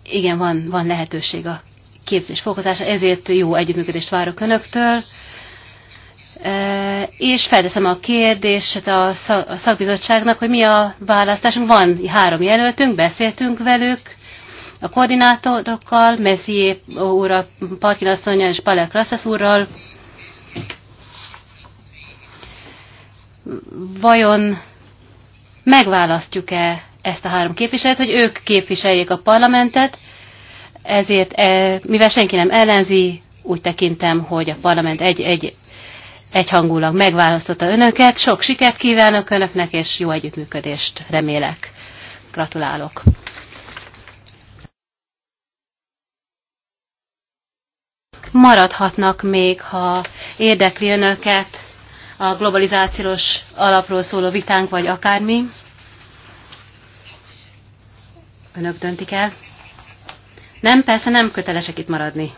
Igen, van, van lehetőség a képzés fokozása, ezért jó együttműködést várok önöktől. És felteszem a kérdést a szakbizottságnak, hogy mi a választásunk. Van három jelöltünk, beszéltünk velük, a koordinátorokkal, Messié úrral, Parkin asszonyjal és Palek Krasszesz úrral. Vajon megválasztjuk-e ezt a három képviselőt, hogy ők képviseljék a parlamentet, ezért e, mivel senki nem ellenzi, úgy tekintem, hogy a parlament egy, egy, egyhangulag megválasztotta önöket. Sok sikert kívánok önöknek, és jó együttműködést remélek. Gratulálok! maradhatnak még, ha érdekli önöket a globalizációs alapról szóló vitánk, vagy akármi. Önök döntik el. Nem, persze nem kötelesek itt maradni.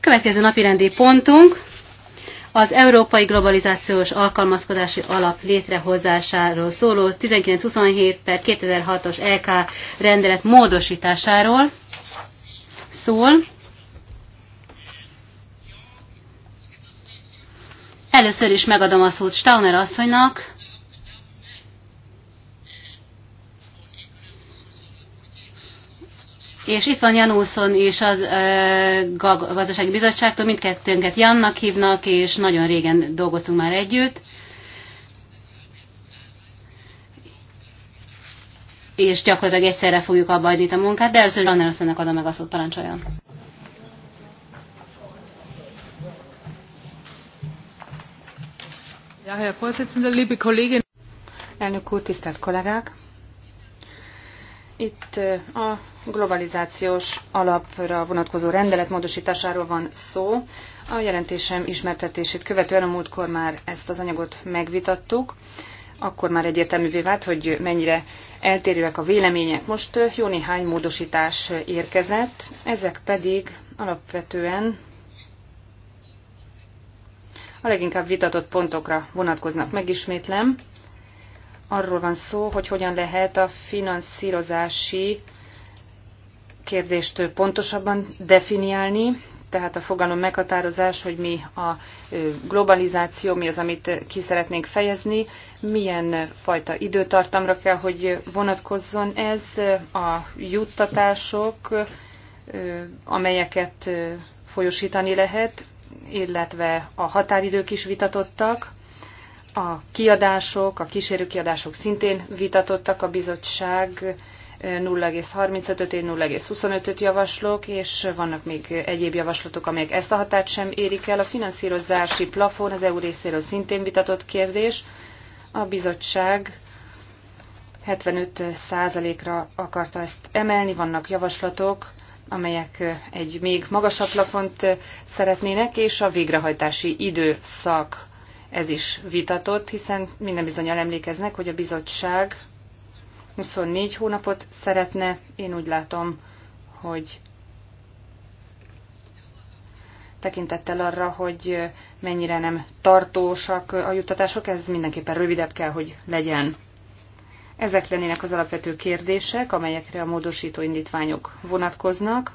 Következő napirendi pontunk az Európai Globalizációs Alkalmazkodási Alap létrehozásáról szóló 1927 per 2006-os EK rendelet módosításáról szól. Először is megadom a szót Stauner asszonynak. És itt van Jan és az uh, Gazdasági Bizottságtól, mindkettőnket Jannak hívnak, és nagyon régen dolgoztunk már együtt. és gyakorlatilag egyszerre fogjuk abba adni a munkát, de először Andersonnak adom meg a szót, parancsoljon. Ja, Herr Vorsitzender, liebe Kollegin. Elnök úr, tisztelt kollégák! Itt a globalizációs alapra vonatkozó rendelet módosításáról van szó. A jelentésem ismertetését követően a múltkor már ezt az anyagot megvitattuk akkor már egyértelművé vált, hogy mennyire eltérőek a vélemények. Most jó néhány módosítás érkezett, ezek pedig alapvetően a leginkább vitatott pontokra vonatkoznak. Megismétlem, arról van szó, hogy hogyan lehet a finanszírozási kérdést pontosabban definiálni, tehát a fogalom meghatározás, hogy mi a globalizáció, mi az, amit ki szeretnénk fejezni, milyen fajta időtartamra kell, hogy vonatkozzon ez, a juttatások, amelyeket folyosítani lehet, illetve a határidők is vitatottak, a kiadások, a kísérőkiadások szintén vitatottak, a bizottság 0,35-öt, én 0,25-öt javaslok, és vannak még egyéb javaslatok, amelyek ezt a hatát sem érik el. A finanszírozási plafon az EU részéről szintén vitatott kérdés. A bizottság 75%-ra akarta ezt emelni, vannak javaslatok, amelyek egy még magasabb plafont szeretnének, és a végrehajtási időszak ez is vitatott, hiszen minden bizonyal emlékeznek, hogy a bizottság 24 hónapot szeretne. Én úgy látom, hogy tekintettel arra, hogy mennyire nem tartósak a juttatások, ez mindenképpen rövidebb kell, hogy legyen. Ezek lennének az alapvető kérdések, amelyekre a módosító indítványok vonatkoznak.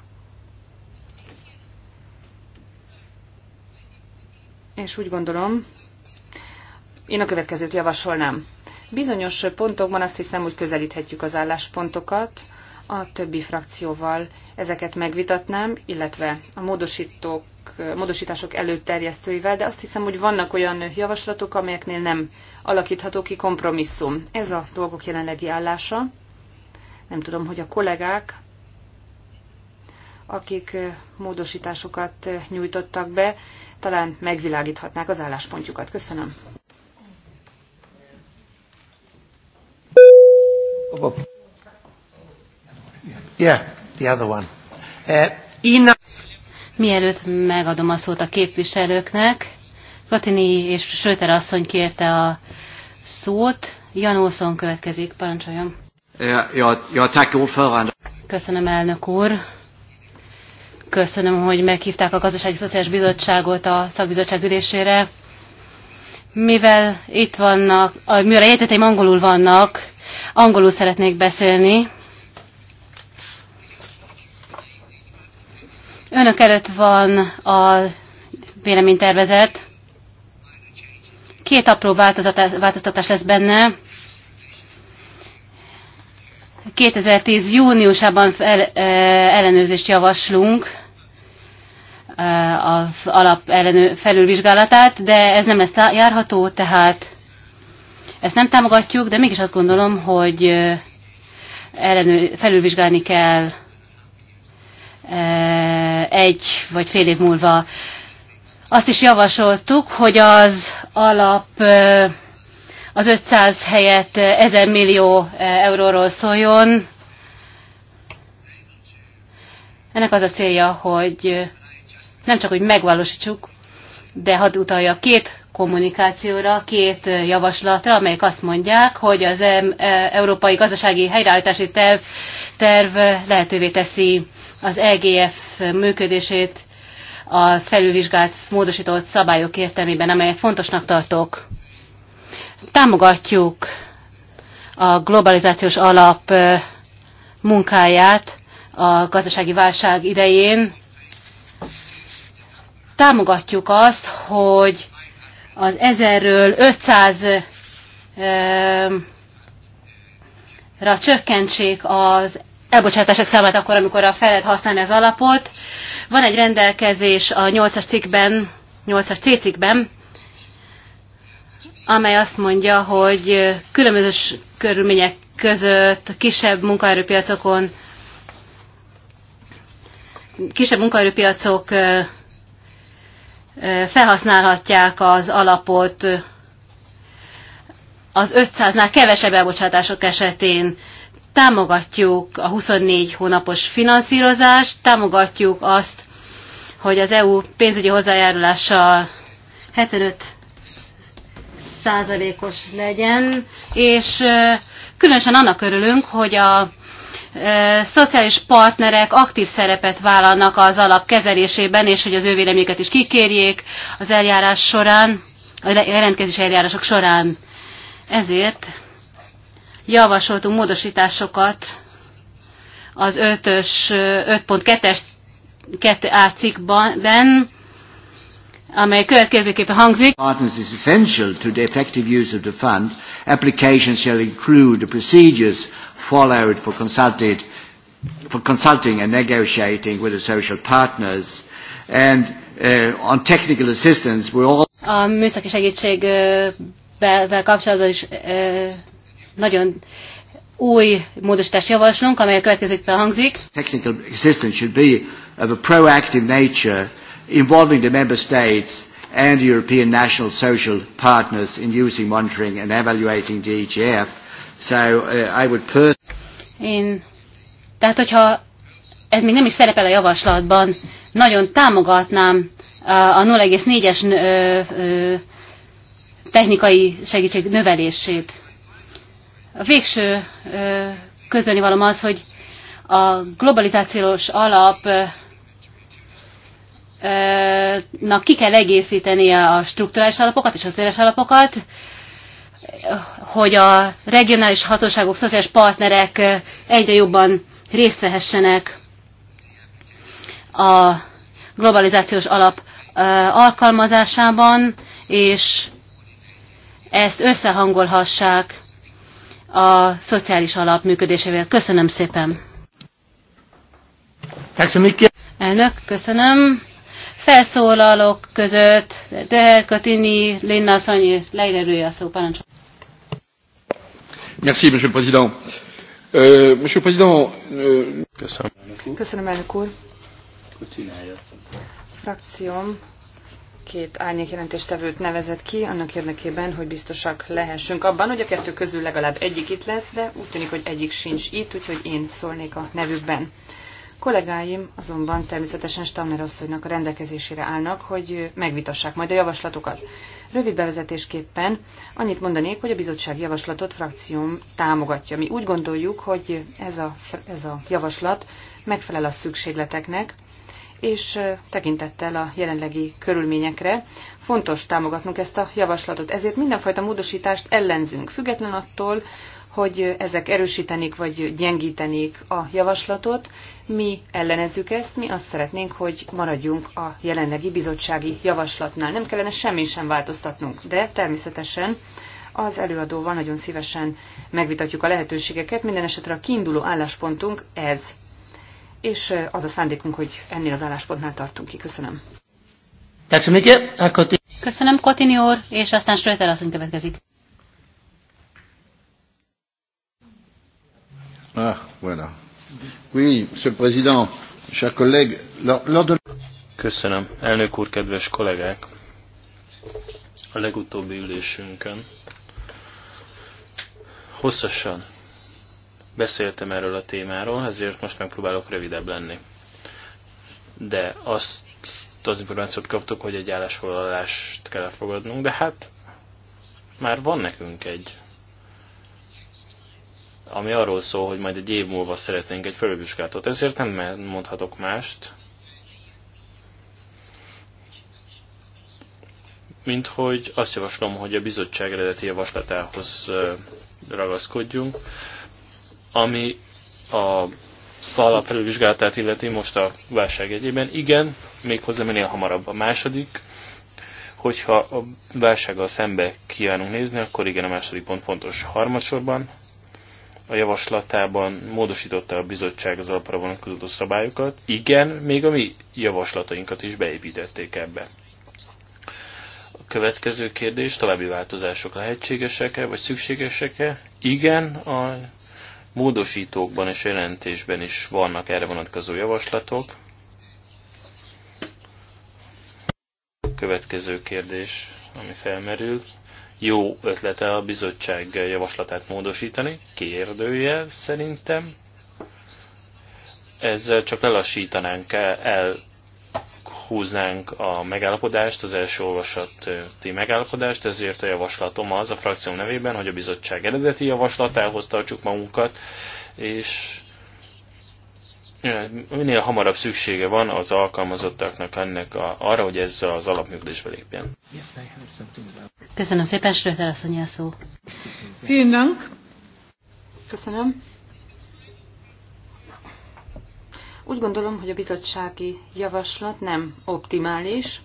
És úgy gondolom, én a következőt javasolnám. Bizonyos pontokban azt hiszem, hogy közelíthetjük az álláspontokat, a többi frakcióval ezeket megvitatnám, illetve a módosítók, módosítások előterjesztőivel, de azt hiszem, hogy vannak olyan javaslatok, amelyeknél nem alakítható ki kompromisszum. Ez a dolgok jelenlegi állása. Nem tudom, hogy a kollégák, akik módosításokat nyújtottak be, talán megvilágíthatnák az álláspontjukat. Köszönöm. Yeah, the other one. Uh, Ina... Mielőtt megadom a szót a képviselőknek, Platini és Söter asszony kérte a szót. Jan Olszon következik, parancsoljon. Köszönöm, elnök úr. Köszönöm, hogy meghívták a Gazdasági Szociális Bizottságot a szakbizottság ülésére. Mivel itt vannak, mivel a jegyzeteim angolul vannak, Angolul szeretnék beszélni. Önök előtt van a véleménytervezet. Két apró változtatás lesz benne. 2010. júniusában e, ellenőrzést javaslunk e, az alap ellenő, felülvizsgálatát, de ez nem lesz járható, tehát Ezt nem támogatjuk, de mégis azt gondolom, hogy ellenő, felülvizsgálni kell egy vagy fél év múlva. Azt is javasoltuk, hogy az alap az 500 helyett 1000 millió euróról szóljon. Ennek az a célja, hogy nem csak, hogy megvalósítsuk, de hadd utalja két kommunikációra, két javaslatra, amelyek azt mondják, hogy az e- Európai Gazdasági Helyreállítási terv, terv lehetővé teszi az EGF működését a felülvizsgált, módosított szabályok értelmében, amelyet fontosnak tartok. Támogatjuk a globalizációs alap e, munkáját a gazdasági válság idején. Támogatjuk azt, hogy az 1000-ről 500-ra csökkentsék az elbocsátások számát akkor, amikor a felet használni az alapot. Van egy rendelkezés a 8-as cikkben, 8-as cikkben, amely azt mondja, hogy különböző körülmények között kisebb munkaerőpiacokon kisebb munkaerőpiacok felhasználhatják az alapot az 500-nál kevesebb elbocsátások esetén támogatjuk a 24 hónapos finanszírozást, támogatjuk azt, hogy az EU pénzügyi hozzájárulása 75 százalékos legyen, és különösen annak örülünk, hogy a szociális partnerek aktív szerepet vállalnak az alap kezelésében, és hogy az ő véleményüket is kikérjék az eljárás során, a jelentkezés eljárások során. Ezért javasoltunk módosításokat az 5-ös, 5.2-es 2A cikkben, amely következőképpen hangzik. Partners is essential to the effective use of the fund. Applications shall include the procedures followed for, consulted, for consulting and negotiating with the social partners. And uh, on technical assistance, we all... A műszaki segítségvel uh, kapcsolatban is uh, nagyon új módosítást javaslunk, amely a következőkben hangzik. Technical assistance should be of a proactive nature involving the member states and European national social partners in using, monitoring and evaluating the EGF So uh, I would put... Én, tehát hogyha ez még nem is szerepel a javaslatban, nagyon támogatnám uh, a 0,4-es uh, uh, technikai segítség növelését. A végső közölni valam az, hogy a globalizációs alapnak ki kell egészítenie a strukturális alapokat és az éles alapokat, hogy a regionális hatóságok, szociális partnerek egyre jobban részt vehessenek a globalizációs alap alkalmazásában, és ezt összehangolhassák a szociális alap működésével. Köszönöm szépen! Elnök, köszönöm! Felszólalok között Deher Katini, Linna Szanyi, Leila a szó, parancsolat. Merci, monsieur le président. Euh, euh, két árnyékjelentéstevőt nevezett ki, annak érdekében, hogy biztosak lehessünk abban, hogy a kettő közül legalább egyik itt lesz, de úgy tűnik, hogy egyik sincs itt, úgyhogy én szólnék a nevükben. Kollégáim azonban természetesen Stamner asszonynak a rendelkezésére állnak, hogy megvitassák majd a javaslatokat. Rövid bevezetésképpen annyit mondanék, hogy a bizottság javaslatot frakcióm támogatja. Mi úgy gondoljuk, hogy ez a, ez a javaslat megfelel a szükségleteknek, és tekintettel a jelenlegi körülményekre fontos támogatnunk ezt a javaslatot. Ezért mindenfajta módosítást ellenzünk, független attól, hogy ezek erősítenék vagy gyengítenék a javaslatot, mi ellenezzük ezt, mi azt szeretnénk, hogy maradjunk a jelenlegi bizottsági javaslatnál. Nem kellene semmi sem változtatnunk, de természetesen az előadóval nagyon szívesen megvitatjuk a lehetőségeket. Minden esetre a kiinduló álláspontunk ez. És az a szándékunk, hogy ennél az álláspontnál tartunk ki. Köszönöm. Köszönöm, Kotini úr, és aztán Ströter asszony következik. Ah, bueno monsieur le président, chers collègues, lors de... Köszönöm, elnök úr, kedves kollégák! A legutóbbi ülésünkön hosszasan beszéltem erről a témáról, ezért most megpróbálok rövidebb lenni. De azt az információt kaptuk, hogy egy állásfoglalást kell elfogadnunk, de hát már van nekünk egy ami arról szól, hogy majd egy év múlva szeretnénk egy fölvizsgálatot. Ezért nem mondhatok mást, mint hogy azt javaslom, hogy a bizottság eredeti javaslatához ragaszkodjunk, ami a falap felülvizsgálatát illeti most a válság egyében. Igen, méghozzá minél hamarabb a második, hogyha a válsággal szembe kívánunk nézni, akkor igen, a második pont fontos harmadsorban a javaslatában módosította a bizottság az alapra vonatkozó szabályokat. Igen, még a mi javaslatainkat is beépítették ebbe. A következő kérdés, további változások lehetségesek-e, vagy szükségesek-e? Igen, a módosítókban és jelentésben is vannak erre vonatkozó javaslatok. Következő kérdés, ami felmerül, jó ötlete a bizottság javaslatát módosítani, kérdője szerintem. Ezzel csak lelassítanánk, elhúznánk a megállapodást, az első olvasati megállapodást, ezért a javaslatom az a frakció nevében, hogy a bizottság eredeti javaslatához tartsuk magunkat, és minél hamarabb szüksége van az alkalmazottaknak ennek a, arra, hogy ez az alapműködésbe lépjen. Köszönöm szépen, Sröter asszony a szó. Köszönöm. Köszönöm. Úgy gondolom, hogy a bizottsági javaslat nem optimális,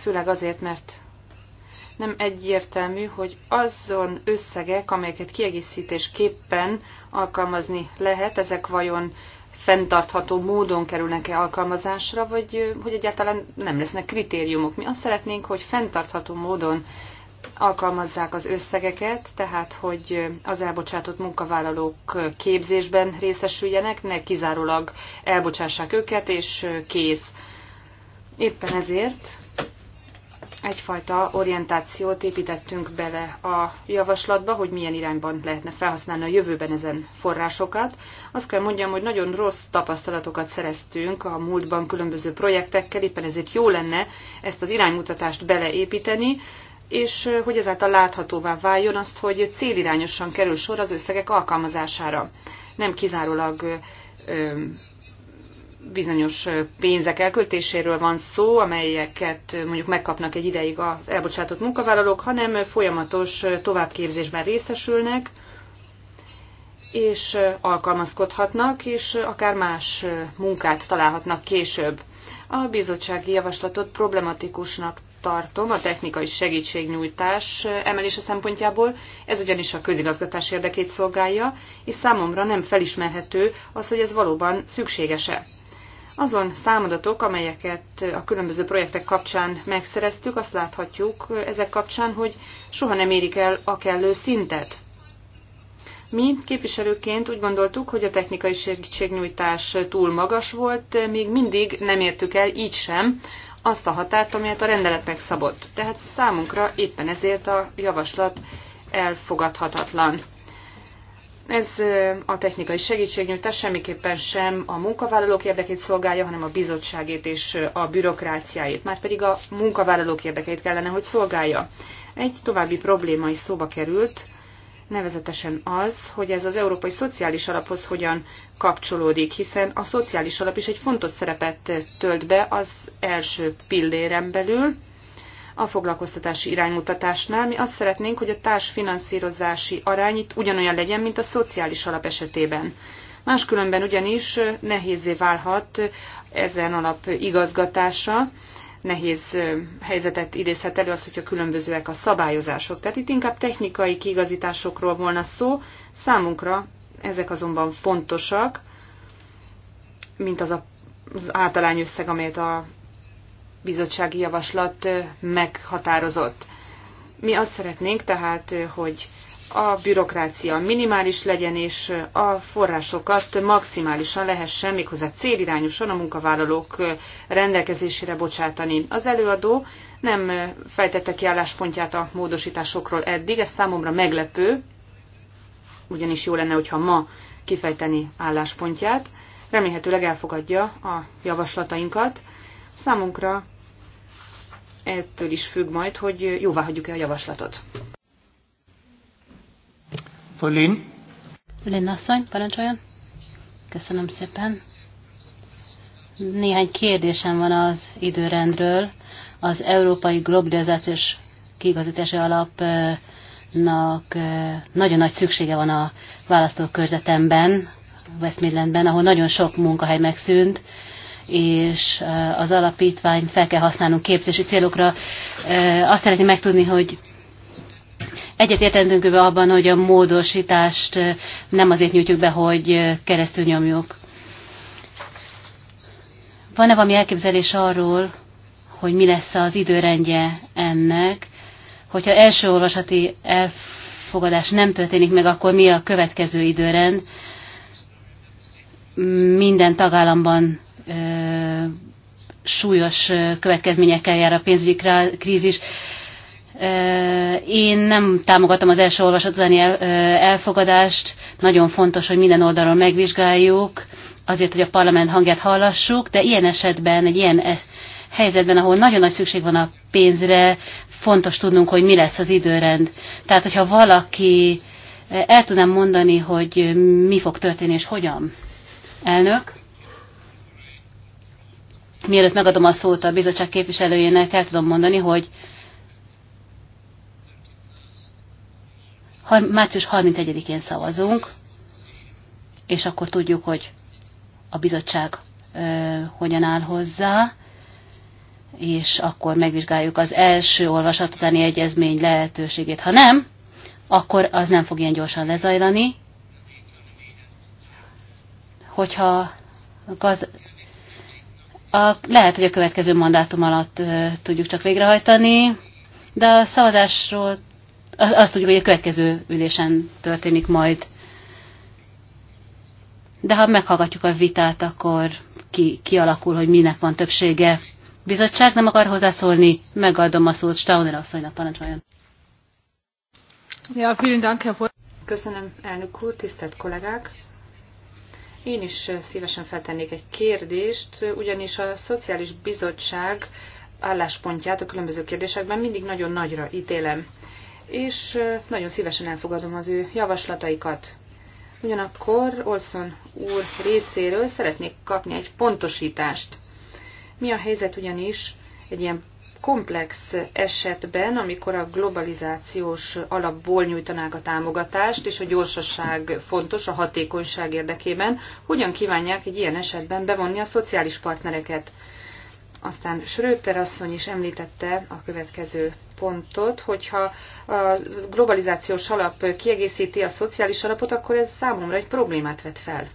főleg azért, mert nem egyértelmű, hogy azon összegek, amelyeket kiegészítésképpen alkalmazni lehet, ezek vajon fenntartható módon kerülnek-e alkalmazásra, vagy hogy egyáltalán nem lesznek kritériumok. Mi azt szeretnénk, hogy fenntartható módon alkalmazzák az összegeket, tehát hogy az elbocsátott munkavállalók képzésben részesüljenek, ne kizárólag elbocsássák őket, és kész. Éppen ezért egyfajta orientációt építettünk bele a javaslatba, hogy milyen irányban lehetne felhasználni a jövőben ezen forrásokat. Azt kell mondjam, hogy nagyon rossz tapasztalatokat szereztünk a múltban különböző projektekkel, éppen ezért jó lenne ezt az iránymutatást beleépíteni, és hogy ezáltal láthatóvá váljon azt, hogy célirányosan kerül sor az összegek alkalmazására. Nem kizárólag bizonyos pénzek elköltéséről van szó, amelyeket mondjuk megkapnak egy ideig az elbocsátott munkavállalók, hanem folyamatos továbbképzésben részesülnek, és alkalmazkodhatnak, és akár más munkát találhatnak később. A bizottsági javaslatot problematikusnak tartom a technikai segítségnyújtás emelése szempontjából, ez ugyanis a közigazgatás érdekét szolgálja, és számomra nem felismerhető az, hogy ez valóban szükséges-e. Azon számadatok, amelyeket a különböző projektek kapcsán megszereztük, azt láthatjuk ezek kapcsán, hogy soha nem érik el a kellő szintet. Mi képviselőként úgy gondoltuk, hogy a technikai segítségnyújtás túl magas volt, még mindig nem értük el így sem azt a határt, amelyet a rendelet megszabott. Tehát számunkra éppen ezért a javaslat elfogadhatatlan. Ez a technikai segítségnyújtás semmiképpen sem a munkavállalók érdekét szolgálja, hanem a bizottságét és a bürokráciáit, már pedig a munkavállalók érdekeit kellene, hogy szolgálja. Egy további probléma is szóba került, nevezetesen az, hogy ez az Európai Szociális Alaphoz hogyan kapcsolódik, hiszen a szociális alap is egy fontos szerepet tölt be az első pilléren belül, a foglalkoztatási iránymutatásnál. Mi azt szeretnénk, hogy a társfinanszírozási arány itt ugyanolyan legyen, mint a szociális alap esetében. Máskülönben ugyanis nehézé válhat ezen alap igazgatása, nehéz helyzetet idézhet elő az, hogyha különbözőek a szabályozások. Tehát itt inkább technikai kiigazításokról volna szó, számunkra ezek azonban fontosak, mint az a, az általány összeg, amelyet a bizottsági javaslat eh, meghatározott. Mi azt szeretnénk tehát, eh, hogy a bürokrácia minimális legyen, és eh, a forrásokat maximálisan lehessen méghozzá célirányosan a munkavállalók rendelkezésére bocsátani. Az előadó nem fejtette ki álláspontját a módosításokról eddig, ez számomra meglepő, ugyanis jó lenne, hogyha ma kifejteni álláspontját. Remélhetőleg elfogadja a javaslatainkat, Számunkra ettől is függ majd, hogy jóvá hagyjuk-e a javaslatot. Lin. Lin asszony, parancsoljon. Köszönöm szépen. Néhány kérdésem van az időrendről. Az Európai Globalizációs Kigazítási Alapnak nagyon nagy szüksége van a választókörzetemben, West Midlandben, ahol nagyon sok munkahely megszűnt, és az alapítvány fel kell használnunk képzési célokra. Azt szeretném megtudni, hogy egyetértendünk abban, hogy a módosítást nem azért nyújtjuk be, hogy keresztül nyomjuk. Van-e valami elképzelés arról, hogy mi lesz az időrendje ennek? Hogyha első olvasati elfogadás nem történik meg, akkor mi a következő időrend? Minden tagállamban E, súlyos következményekkel jár a pénzügyi krízis. E, én nem támogatom az első olvasat utáni e, elfogadást. Nagyon fontos, hogy minden oldalról megvizsgáljuk, azért, hogy a parlament hangját hallassuk, de ilyen esetben, egy ilyen helyzetben, ahol nagyon nagy szükség van a pénzre, fontos tudnunk, hogy mi lesz az időrend. Tehát, hogyha valaki el tudnám mondani, hogy mi fog történni és hogyan. Elnök? Mielőtt megadom a szót a bizottság képviselőjének, el tudom mondani, hogy március 31-én szavazunk, és akkor tudjuk, hogy a bizottság ö, hogyan áll hozzá, és akkor megvizsgáljuk az első olvasat utáni egyezmény lehetőségét. Ha nem, akkor az nem fog ilyen gyorsan lezajlani. Hogyha gaz, a, lehet, hogy a következő mandátum alatt ö, tudjuk csak végrehajtani, de a szavazásról az, azt tudjuk, hogy a következő ülésen történik majd. De ha meghallgatjuk a vitát, akkor ki, kialakul, hogy minek van többsége. Bizottság nem akar hozzászólni, megadom a szót Stauner asszonynak, parancsoljon. Ja, vielen Dank, Herr Köszönöm, elnök úr, tisztelt kollégák! Én is szívesen feltennék egy kérdést, ugyanis a Szociális Bizottság álláspontját a különböző kérdésekben mindig nagyon nagyra ítélem, és nagyon szívesen elfogadom az ő javaslataikat. Ugyanakkor Olson úr részéről szeretnék kapni egy pontosítást. Mi a helyzet ugyanis egy ilyen komplex esetben, amikor a globalizációs alapból nyújtanák a támogatást, és a gyorsaság fontos a hatékonyság érdekében, hogyan kívánják egy ilyen esetben bevonni a szociális partnereket? Aztán Schröter asszony is említette a következő pontot, hogyha a globalizációs alap kiegészíti a szociális alapot, akkor ez számomra egy problémát vet fel.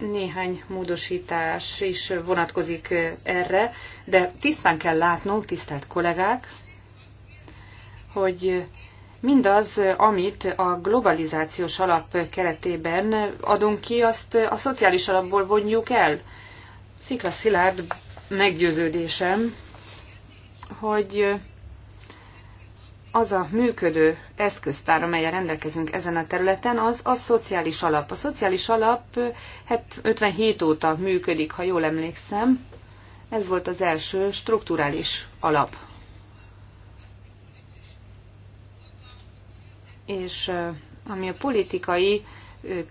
Néhány módosítás is vonatkozik erre, de tisztán kell látnunk, tisztelt kollégák, hogy mindaz, amit a globalizációs alap keretében adunk ki, azt a szociális alapból vonjuk el. Szikla Szilárd meggyőződésem, hogy az a működő eszköztár, amelyen rendelkezünk ezen a területen, az a szociális alap. A szociális alap hát 57 óta működik, ha jól emlékszem. Ez volt az első strukturális alap. És ami a politikai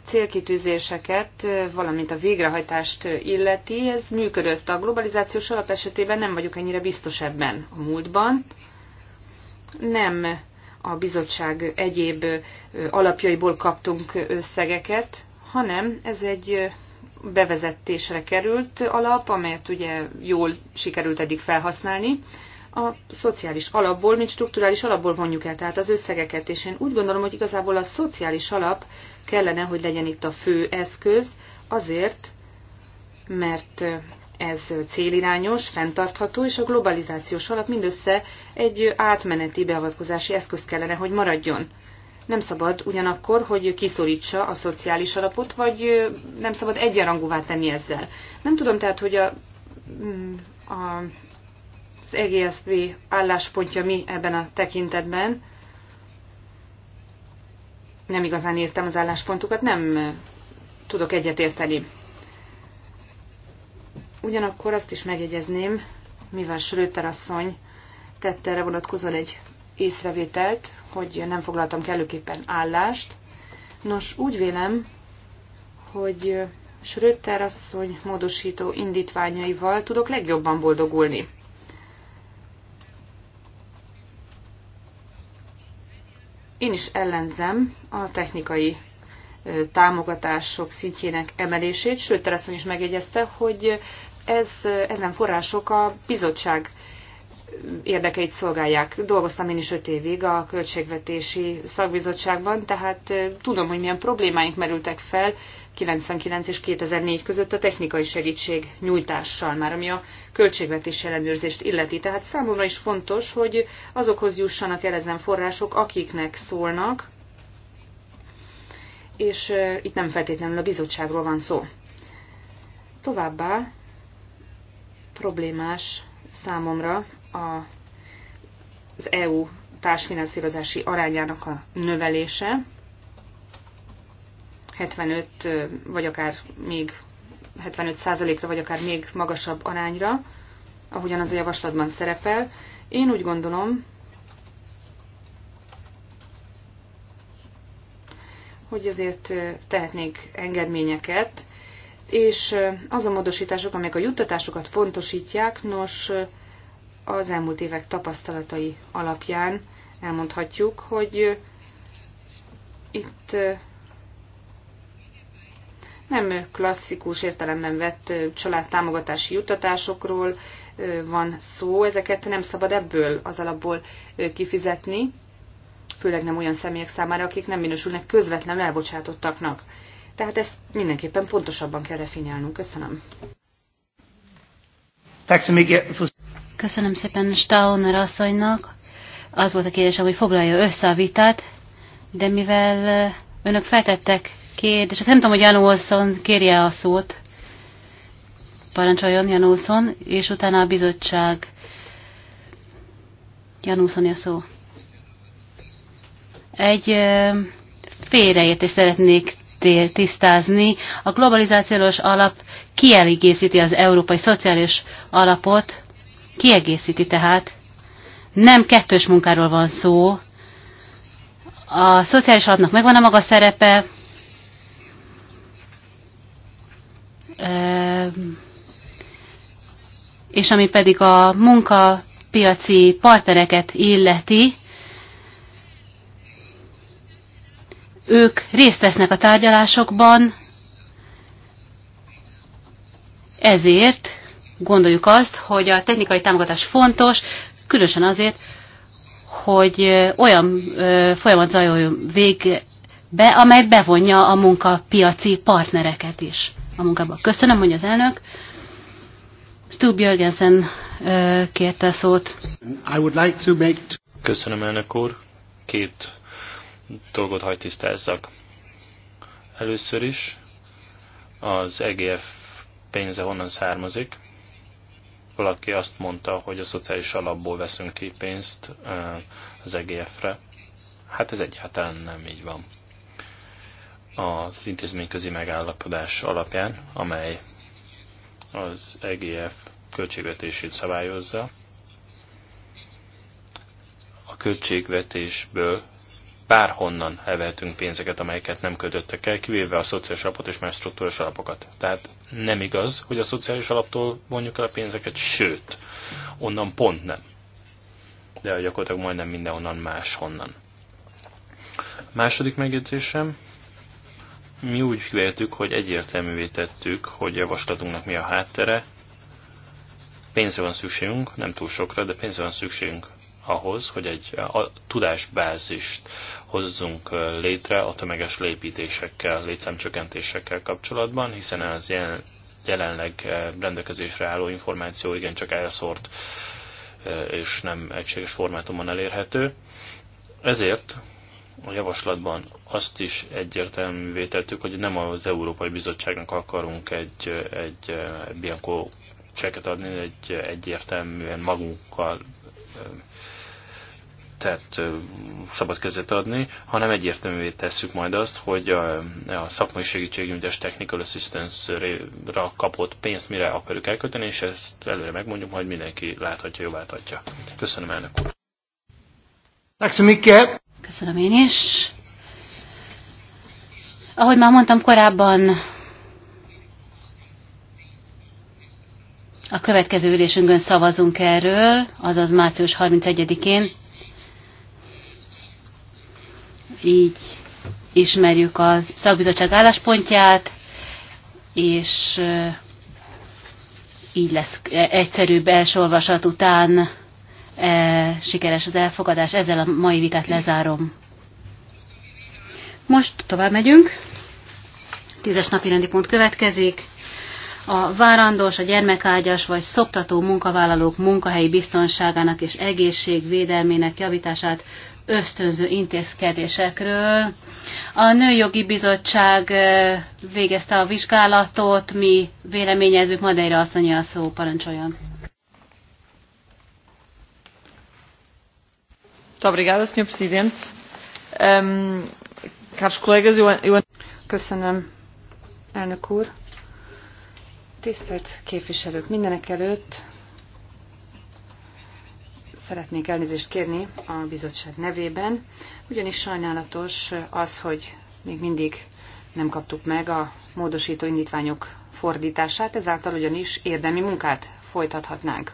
célkitűzéseket, valamint a végrehajtást illeti, ez működött a globalizációs alap esetében, nem vagyok ennyire biztos ebben a múltban nem a bizottság egyéb alapjaiból kaptunk összegeket, hanem ez egy bevezetésre került alap, amelyet ugye jól sikerült eddig felhasználni. A szociális alapból, mint strukturális alapból vonjuk el tehát az összegeket, és én úgy gondolom, hogy igazából a szociális alap kellene, hogy legyen itt a fő eszköz, azért, mert Ez célirányos, fenntartható, és a globalizációs alap mindössze egy átmeneti beavatkozási eszköz kellene, hogy maradjon. Nem szabad ugyanakkor, hogy kiszorítsa a szociális alapot, vagy nem szabad egyenrangúvá tenni ezzel. Nem tudom tehát, hogy a, mm, a, az EGSZB álláspontja mi ebben a tekintetben. Nem igazán értem az álláspontokat, nem tudok egyetérteni. Ugyanakkor azt is megjegyezném, mivel Schröter asszony tette erre vonatkozóan egy észrevételt, hogy nem foglaltam kellőképpen állást. Nos, úgy vélem, hogy Schröter asszony módosító indítványaival tudok legjobban boldogulni. Én is ellenzem a technikai támogatások szintjének emelését, sőt, Tereszony is megjegyezte, hogy ez, ezen források a bizottság érdekeit szolgálják. Dolgoztam én is öt évig a Költségvetési Szakbizottságban, tehát tudom, hogy milyen problémáink merültek fel 99 és 2004 között a technikai segítség nyújtással, már ami a költségvetési ellenőrzést illeti. Tehát számomra is fontos, hogy azokhoz jussanak el ezen források, akiknek szólnak, és itt nem feltétlenül a bizottságról van szó. Továbbá problémás számomra a, az EU társfinanszírozási arányának a növelése, 75 vagy akár még 75 százalékra, vagy akár még magasabb arányra, ahogyan az a javaslatban szerepel. Én úgy gondolom, hogy azért tehetnék engedményeket, és az a módosítások, amelyek a juttatásokat pontosítják, nos, az elmúlt évek tapasztalatai alapján elmondhatjuk, hogy itt nem klasszikus értelemben vett családtámogatási juttatásokról van szó, ezeket nem szabad ebből az alapból kifizetni, főleg nem olyan személyek számára, akik nem minősülnek közvetlenül elbocsátottaknak. Tehát ezt mindenképpen pontosabban kell definiálnunk. Köszönöm. Köszönöm szépen Stauner asszonynak. Az volt a kérdésem, hogy foglalja össze a vitát, de mivel eh, önök feltettek kérdést, nem tudom, hogy Jan Olson kérje a szót, parancsoljon Jan Olson, és utána a bizottság. Jan Olson a szó. Egy félreértést szeretnék tisztázni. A globalizációs alap kielégészíti az európai szociális alapot, kiegészíti tehát. Nem kettős munkáról van szó. A szociális alapnak megvan a maga szerepe. És ami pedig a munkapiaci partnereket illeti, ők részt vesznek a tárgyalásokban, ezért gondoljuk azt, hogy a technikai támogatás fontos, különösen azért, hogy olyan folyamat zajoljon végbe, amely bevonja a munkapiaci partnereket is a munkába. Köszönöm, hogy az elnök. Stu Jörgensen kérte szót. Köszönöm, elnök úr. Két dolgot hagy tisztázzak. Először is az EGF pénze honnan származik. Valaki azt mondta, hogy a szociális alapból veszünk ki pénzt az EGF-re. Hát ez egyáltalán nem így van. Az intézményközi megállapodás alapján, amely az EGF költségvetését szabályozza, a költségvetésből bárhonnan elvehetünk pénzeket, amelyeket nem kötöttek el, kivéve a szociális alapot és más struktúrás alapokat. Tehát nem igaz, hogy a szociális alaptól vonjuk el a pénzeket, sőt, onnan pont nem. De gyakorlatilag majdnem mindenhonnan máshonnan. A második megjegyzésem, mi úgy véltük, hogy egyértelművé tettük, hogy javaslatunknak mi a háttere, pénzre van szükségünk, nem túl sokra, de pénzre van szükségünk ahhoz, hogy egy a tudásbázist hozzunk létre a tömeges lépítésekkel, létszámcsökkentésekkel kapcsolatban, hiszen az jelenleg rendelkezésre álló információ igencsak elszórt és nem egységes formátumon elérhető. Ezért a javaslatban azt is egyértelművé tettük, hogy nem az Európai Bizottságnak akarunk egy, egy Bianco cseket adni, egy egyértelműen magunkkal tehát szabad kezet adni, hanem egyértelművé tesszük majd azt, hogy a, a szakmai segítségügyes technical assistance-ra kapott pénzt mire akarjuk elkölteni, és ezt előre megmondjuk, hogy mindenki láthatja, jobbá tartja. Köszönöm, elnök úr. Köszönöm én is. Ahogy már mondtam korábban, A következő ülésünkön szavazunk erről, azaz március 31-én. Így ismerjük a szakbizottság álláspontját, és így lesz egyszerűbb első olvasat után e, sikeres az elfogadás. Ezzel a mai vitát lezárom. Most tovább megyünk. Tízes napi rendi pont következik a várandós, a gyermekágyas vagy szoptató munkavállalók munkahelyi biztonságának és egészségvédelmének javítását ösztönző intézkedésekről. A Nőjogi Bizottság eh, végezte a vizsgálatot, mi véleményezzük, Madeira asszonyi a szó, parancsoljon. Ehm, Köszönöm, elnök úr. Tisztelt képviselők, mindenek előtt szeretnék elnézést kérni a bizottság nevében, ugyanis sajnálatos az, hogy még mindig nem kaptuk meg a módosító indítványok fordítását, ezáltal ugyanis érdemi munkát folytathatnánk.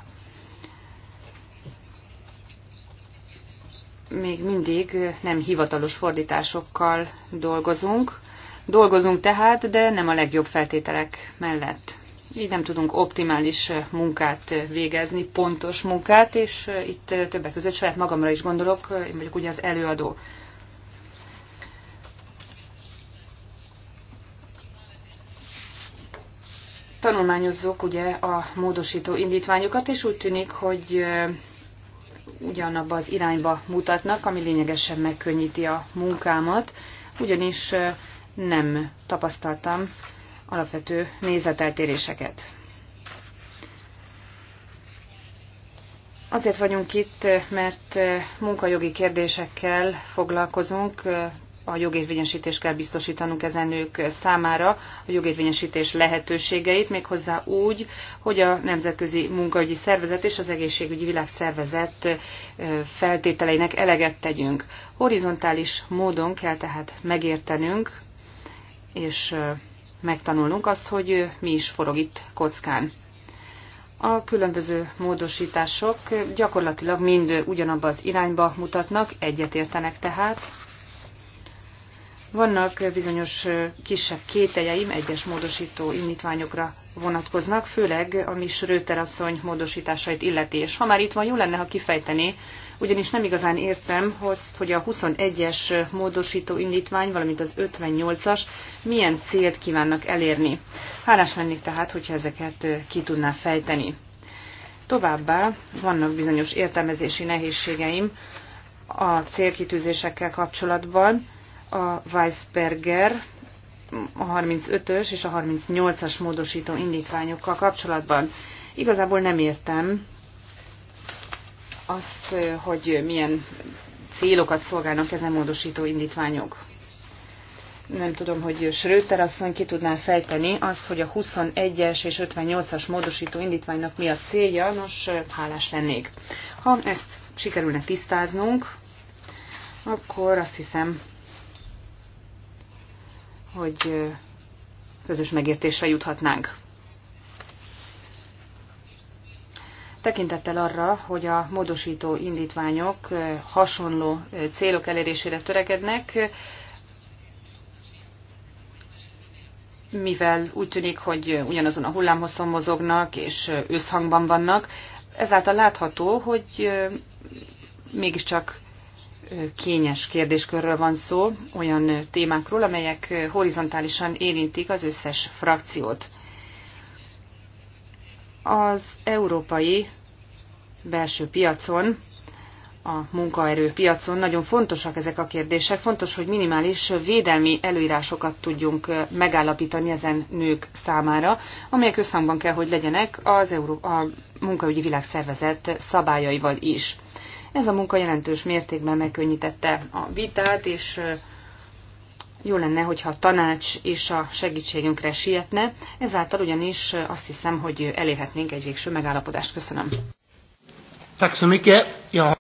Még mindig nem hivatalos fordításokkal dolgozunk, Dolgozunk tehát, de nem a legjobb feltételek mellett. Így nem tudunk optimális munkát végezni, pontos munkát, és eh, itt eh, többek között saját magamra is gondolok, eh, én vagyok ugye az előadó. Tanulmányozzuk ugye a módosító indítványokat, és úgy tűnik, hogy ugyanabba az irányba mutatnak, ami lényegesen megkönnyíti a munkámat, ugyanis nem tapasztaltam alapvető nézeteltéréseket. Azért vagyunk itt, mert munkajogi kérdésekkel foglalkozunk, a jogérvényesítést kell biztosítanunk ezen nők számára, a jogérvényesítés lehetőségeit, méghozzá úgy, hogy a Nemzetközi Munkaügyi Szervezet és az Egészségügyi Világszervezet feltételeinek eleget tegyünk. Horizontális módon kell tehát megértenünk és megtanulnunk azt, hogy mi is forog itt kockán. A különböző módosítások gyakorlatilag mind ugyanabba az irányba mutatnak, egyetértenek tehát. Vannak bizonyos kisebb kételjeim, egyes módosító indítványokra vonatkoznak, főleg a Schröter asszony módosításait illeti. És ha már itt van, jó lenne, ha kifejtené, ugyanis nem igazán értem, hogy a 21-es módosító indítvány, valamint az 58-as milyen célt kívánnak elérni. Hálás lennék tehát, hogyha ezeket ki tudná fejteni. Továbbá vannak bizonyos értelmezési nehézségeim a célkitűzésekkel kapcsolatban. A Weisberger a 35-ös és a 38-as módosító indítványokkal kapcsolatban. Igazából nem értem, azt, hogy milyen célokat szolgálnak ezen módosító indítványok. Nem tudom, hogy Schröter asszony ki tudná fejteni azt, hogy a 21-es és 58-as módosító indítványnak mi a célja, nos, hálás lennék. Ha ezt sikerülne tisztáznunk, akkor azt hiszem, hogy közös megértésre juthatnánk. tekintettel arra, hogy a módosító indítványok hasonló célok elérésére törekednek, mivel úgy tűnik, hogy ugyanazon a hullámhosszon mozognak és összhangban vannak, ezáltal látható, hogy mégiscsak kényes kérdéskörről van szó, olyan témákról, amelyek horizontálisan érintik az összes frakciót az európai belső piacon, a munkaerőpiacon nagyon fontosak ezek a kérdések. Fontos, hogy minimális védelmi előírásokat tudjunk megállapítani ezen nők számára, amelyek összhangban kell, hogy legyenek az Európa, a munkaügyi világszervezet szabályaival is. Ez a munka jelentős mértékben megkönnyítette a vitát, és Jó lenne, hogyha a tanács és a segítségünkre sietne, ezáltal ugyanis azt hiszem, hogy elérhetnénk egy végső megállapodást. Köszönöm.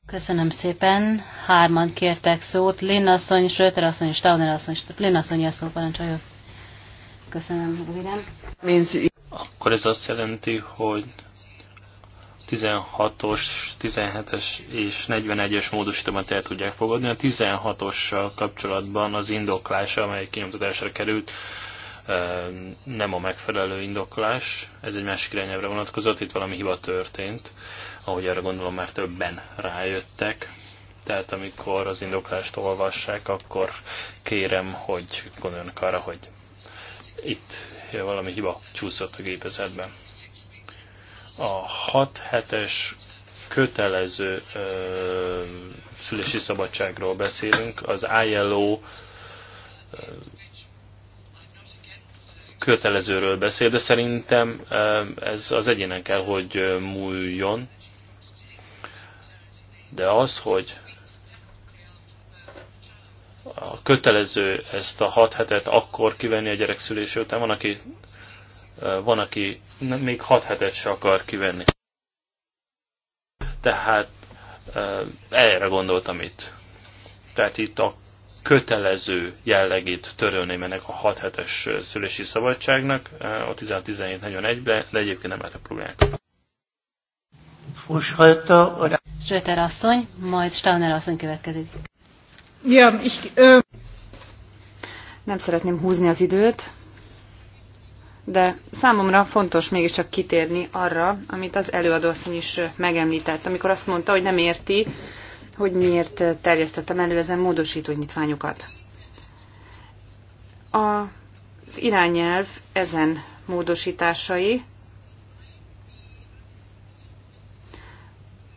Köszönöm szépen. Hárman kértek szót. Lin asszony, Schröter asszony és Tauner asszony. Lin asszony, a szó parancsoljuk. Köszönöm, röviden. Akkor ez azt jelenti, hogy 16-os, 17-es és 41-es módosítomat el tudják fogadni. A 16-os kapcsolatban az indoklás, amely kinyomtatásra került, nem a megfelelő indoklás. Ez egy másik irányelvre vonatkozott, itt valami hiba történt, ahogy arra gondolom már többen rájöttek. Tehát amikor az indoklást olvassák, akkor kérem, hogy gondoljanak arra, hogy itt valami hiba csúszott a gépezetben a 6 hetes kötelező ö, szülési szabadságról beszélünk, az ILO ö, kötelezőről beszél, de szerintem ö, ez az egyénen kell, hogy múljon. De az, hogy a kötelező ezt a hat hetet akkor kivenni a gyerek szülése után, van, aki Eh, van, aki még 6 hetet se akar kivenni. Tehát eh, erre gondoltam itt. Tehát itt a kötelező jellegét törölném ennek a 6 hetes eh, szülési szabadságnak a 1741 17 ben de egyébként nem lehet a problémák. Schröter asszony, majd Stauner asszony következik. Ja, ich, ö... Nem szeretném húzni az időt, de számomra fontos mégiscsak kitérni arra, amit az előadóasszony is megemlített, amikor azt mondta, hogy nem érti, hogy miért terjesztettem elő ezen módosító nyitványokat. Az irányelv ezen módosításai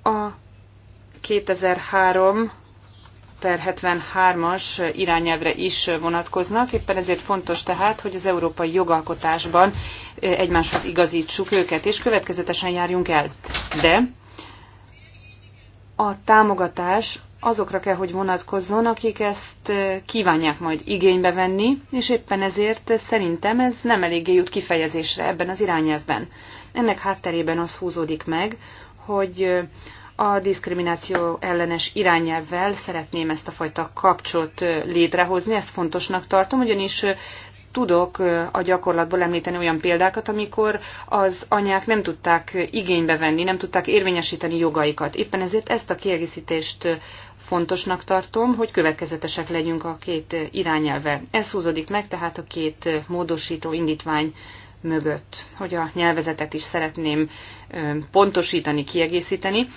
a 2003 per 73-as irányelvre is vonatkoznak, éppen ezért fontos tehát, hogy az európai jogalkotásban egymáshoz igazítsuk őket, és következetesen járjunk el. De a támogatás azokra kell, hogy vonatkozzon, akik ezt kívánják majd igénybe venni, és éppen ezért szerintem ez nem eléggé jut kifejezésre ebben az irányelvben. Ennek hátterében az húzódik meg, hogy a diszkrimináció ellenes irányelvvel szeretném ezt a fajta kapcsot létrehozni, ezt fontosnak tartom, ugyanis tudok a gyakorlatból említeni olyan példákat, amikor az anyák nem tudták igénybe venni, nem tudták érvényesíteni jogaikat. Éppen ezért ezt a kiegészítést fontosnak tartom, hogy következetesek legyünk a két irányelve. Ez húzódik meg tehát a két módosító indítvány mögött, hogy a nyelvezetet is szeretném pontosítani, kiegészíteni.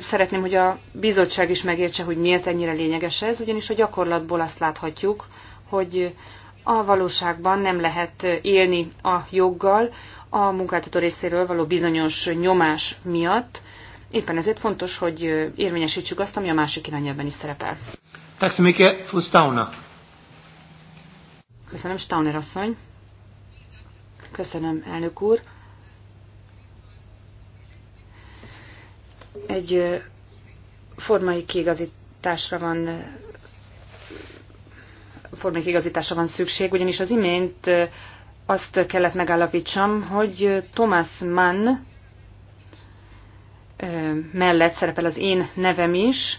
Szeretném, hogy a bizottság is megértse, hogy miért ennyire lényeges ez, ugyanis a gyakorlatból azt láthatjuk, hogy a valóságban nem lehet élni a joggal a munkáltató részéről való bizonyos nyomás miatt. Éppen ezért fontos, hogy érvényesítsük azt, ami a másik irányelben is szerepel. Köszönöm, Stauner asszony. Köszönöm, elnök úr. Egy formai kiigazításra van formai kiigazításra van szükség, ugyanis az imént azt kellett megállapítsam, hogy Thomas Mann mellett szerepel az én nevem is,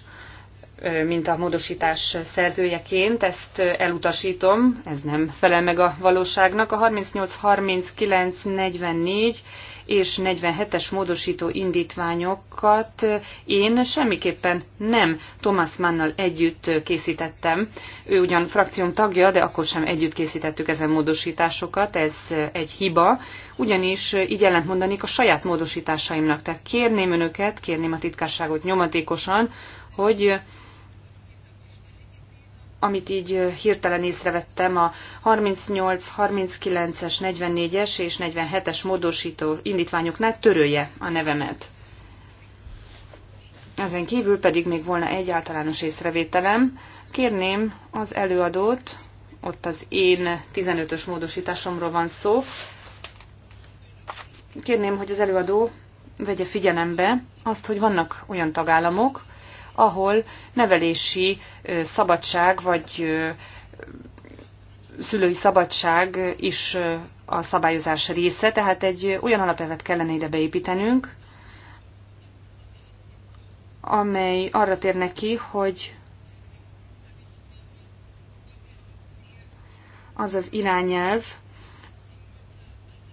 módosítás szerzőjeként, ezt elutasítom, ez nem felel meg a valóságnak. A 38, 39, 44 és 47-es módosító indítványokat én semmiképpen nem Thomas Mannal együtt készítettem. Ő ugyan frakcióm tagja, de akkor sem együtt készítettük ezen módosításokat, ez egy hiba, ugyanis így ellentmondanék a saját módosításaimnak. Tehát kérném önöket, kérném a titkárságot nyomatékosan, hogy amit így hirtelen észrevettem, a 38, 39-es, 44-es és 47-es módosító indítványoknál törölje a nevemet. Ezen kívül pedig még volna egy általános észrevételem. Kérném az előadót, ott az én 15-ös módosításomról van szó. Kérném, hogy az előadó vegye figyelembe azt, hogy vannak olyan tagállamok, ahol nevelési szabadság vagy szülői szabadság is a szabályozás része, tehát egy olyan alapelvet kellene ide beépítenünk, amely arra tér neki, hogy az az irányelv,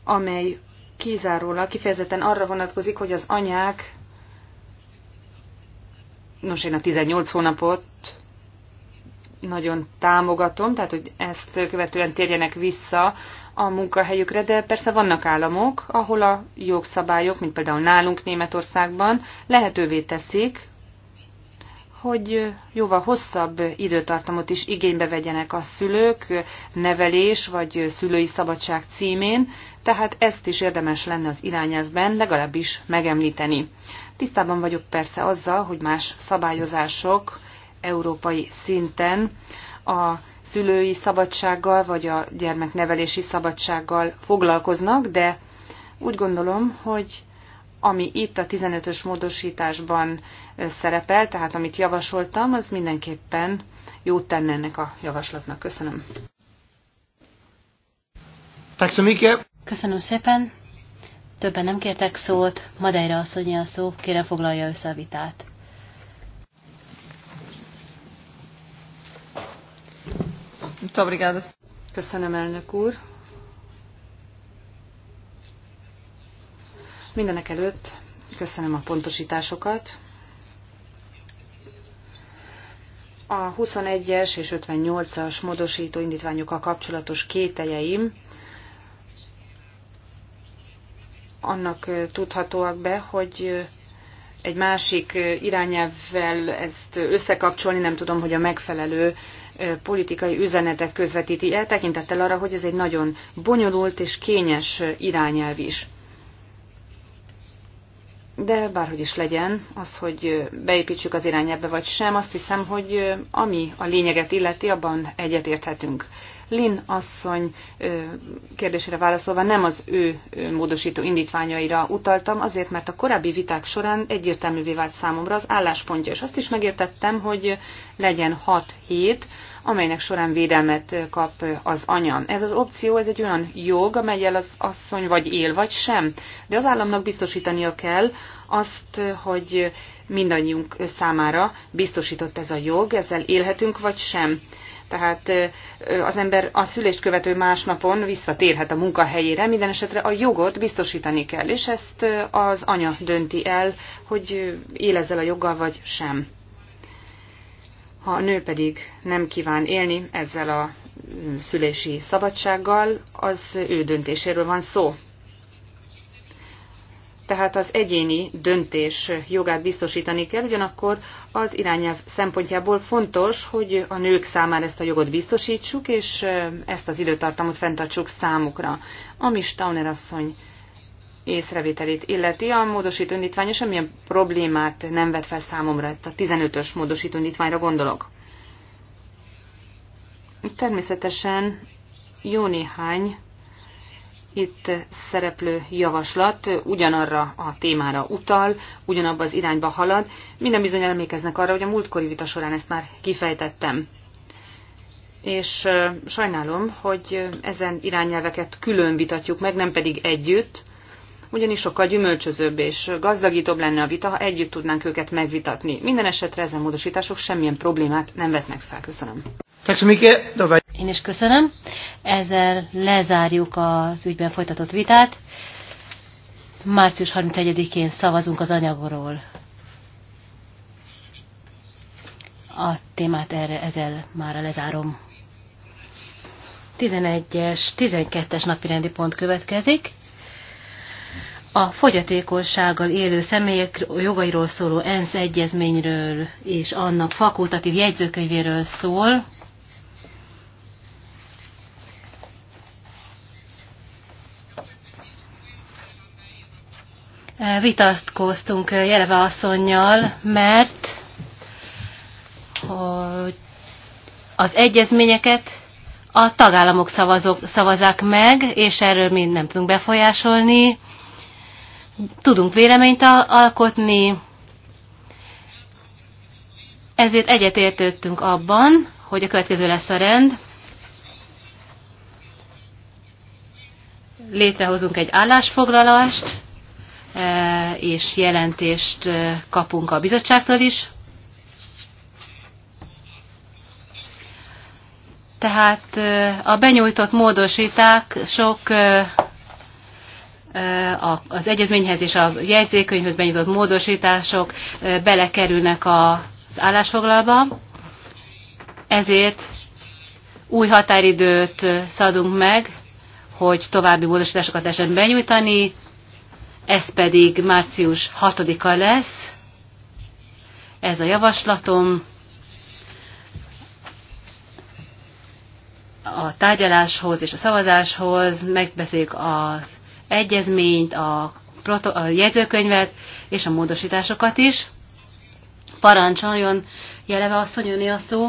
amely kizárólag kifejezetten arra vonatkozik, hogy az anyák Nos, én a 18 hónapot nagyon támogatom, tehát hogy ezt követően térjenek vissza a munkahelyükre, de persze vannak államok, ahol a jogszabályok, mint például nálunk Németországban, lehetővé teszik, hogy jóval hosszabb időtartamot is igénybe vegyenek a szülők nevelés vagy szülői szabadság címén, tehát ezt is érdemes lenne az irányelvben legalábbis megemlíteni. Tisztában vagyok persze azzal, hogy más szabályozások európai szinten a szülői szabadsággal vagy a gyermeknevelési szabadsággal foglalkoznak, de úgy gondolom, hogy ami itt a 15-ös módosításban szerepel, tehát amit javasoltam, az mindenképpen jót tenne ennek a javaslatnak. Köszönöm. Köszönöm szépen. Többen nem kértek szót. Madeira asszonyi a szó. Kérem foglalja össze a vitát. Köszönöm, elnök úr. Mindenek előtt köszönöm a pontosításokat. A 21-es és 58-as módosító indítványokkal kapcsolatos kételjeim annak tudhatóak be, hogy egy másik irányelvvel ezt összekapcsolni, nem tudom, hogy a megfelelő politikai üzenetet közvetíti el, tekintettel arra, hogy ez egy nagyon bonyolult és kényes irányelv is. De bárhogy is legyen, az, hogy beépítsük az irányelbe vagy sem, azt hiszem, hogy ami a lényeget illeti, abban egyetérthetünk. Lin asszony kérdésére válaszolva nem az ő módosító indítványaira utaltam, azért mert a korábbi viták során egyértelművé vált számomra az álláspontja, és azt is megértettem, hogy legyen 6 hét, amelynek során védelmet kap az anya. Ez az opció, ez egy olyan jog, amelyel az asszony vagy él, vagy sem. De az államnak biztosítania kell azt, hogy mindannyiunk számára biztosított ez a jog, ezzel élhetünk, vagy sem. Tehát az ember a szülést követő másnapon visszatérhet a munkahelyére, minden esetre a jogot biztosítani kell, és ezt az anya dönti el, hogy él ezzel a joggal vagy sem. Ha a nő pedig nem kíván élni ezzel a mm, szülési szabadsággal, az ő döntéséről van szó tehát az egyéni döntés jogát biztosítani kell, ugyanakkor az irányelv szempontjából fontos, hogy a nők számára ezt a jogot biztosítsuk, és ezt az időtartamot fenntartsuk számukra. Ami Stauner asszony észrevételét illeti, a módosító indítvány semmilyen problémát nem vet fel számomra, a 15-ös módosító indítványra gondolok. Természetesen jó néhány itt szereplő javaslat ugyanarra a témára utal, ugyanabba az irányba halad. Minden bizony emlékeznek arra, hogy a múltkori vita során ezt már kifejtettem. És sajnálom, hogy ezen irányelveket külön vitatjuk meg, nem pedig együtt, ugyanis sokkal gyümölcsözőbb és gazdagítóbb lenne a vita, ha együtt tudnánk őket megvitatni. Minden esetre ezen módosítások semmilyen problémát nem vetnek fel. Köszönöm. Én is köszönöm. Ezzel lezárjuk az ügyben folytatott vitát. Március 31-én szavazunk az anyagról. A témát erre ezzel már lezárom. 11-es, 12-es napirendi pont következik. A fogyatékossággal élő személyek jogairól szóló ENSZ egyezményről és annak fakultatív jegyzőkönyvéről szól. vitatkoztunk Jeleve asszonynal, mert hogy az egyezményeket a tagállamok szavazok, szavazák meg, és erről mi nem tudunk befolyásolni. Tudunk véleményt alkotni, ezért egyetértettünk abban, hogy a következő lesz a rend. Létrehozunk egy állásfoglalást, Eh, és jelentést eh, kapunk a bizottságtól is. Tehát eh, a benyújtott módosíták sok az egyezményhez és a jegyzékönyvhöz benyújtott módosítások belekerülnek az állásfoglalba, ezért új határidőt szadunk meg, hogy további módosításokat lehessen benyújtani, ez pedig március 6-a lesz. Ez a javaslatom. A tárgyaláshoz és a szavazáshoz megbeszéljük az egyezményt, a, proto- a jegyzőkönyvet és a módosításokat is. Parancsoljon, jeleve asszony, a szó.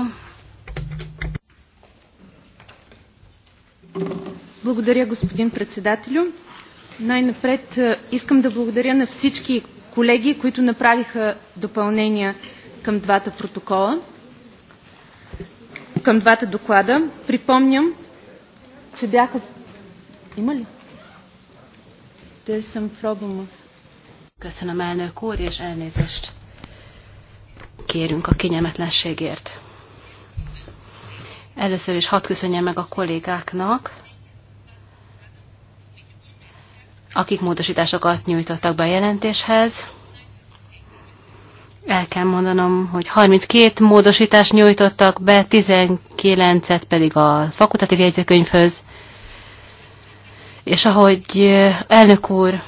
Благодаря, господин председателю. Най-напред искам да благодаря на всички колеги, които направиха допълнения към двата протокола, към двата доклада. Припомням, че бяха... Има ли? There's some problem. Köszönöm, elnök úr, és elnézést kérünk a kényelmetlenségért. Először is hadd köszönjem meg a kollégáknak, akik módosításokat nyújtottak be a jelentéshez. El kell mondanom, hogy 32 módosítást nyújtottak be, 19-et pedig a fakultatív jegyzőkönyvhöz. És ahogy eh, elnök úr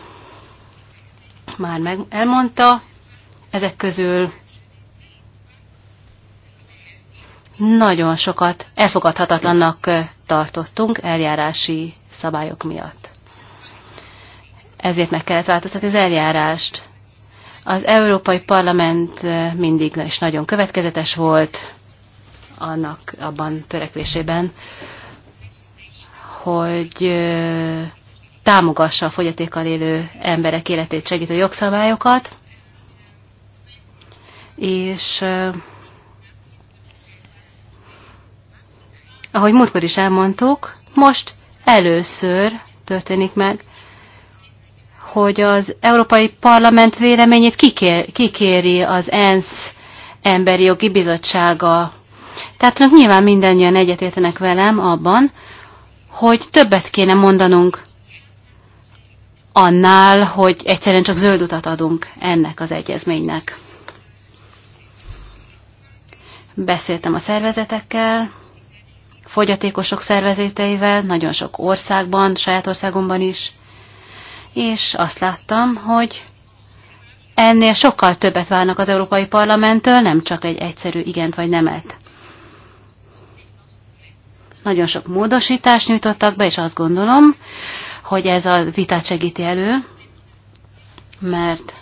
már meg elmondta, ezek közül nagyon sokat elfogadhatatlannak eh, tartottunk eljárási szabályok miatt ezért meg kellett változtatni az eljárást. Az Európai Parlament eh, mindig is nagyon következetes volt annak abban törekvésében, hogy eh, támogassa a fogyatékkal élő emberek életét segítő jogszabályokat, és eh, ahogy múltkor is elmondtuk, most először történik meg, hogy az Európai Parlament véleményét kikér, kikéri az ENSZ Emberi Jogi Bizottsága. Tehát önök nyilván mindannyian egyetértenek velem abban, hogy többet kéne mondanunk annál, hogy egyszerűen csak zöld utat adunk ennek az egyezménynek. Beszéltem a szervezetekkel, fogyatékosok szervezeteivel, nagyon sok országban, saját országomban is, és azt láttam, hogy ennél sokkal többet várnak az Európai Parlamenttől, nem csak egy egyszerű igent vagy nemet. Nagyon sok módosítást nyújtottak be, és azt gondolom, hogy ez a vitát segíti elő, mert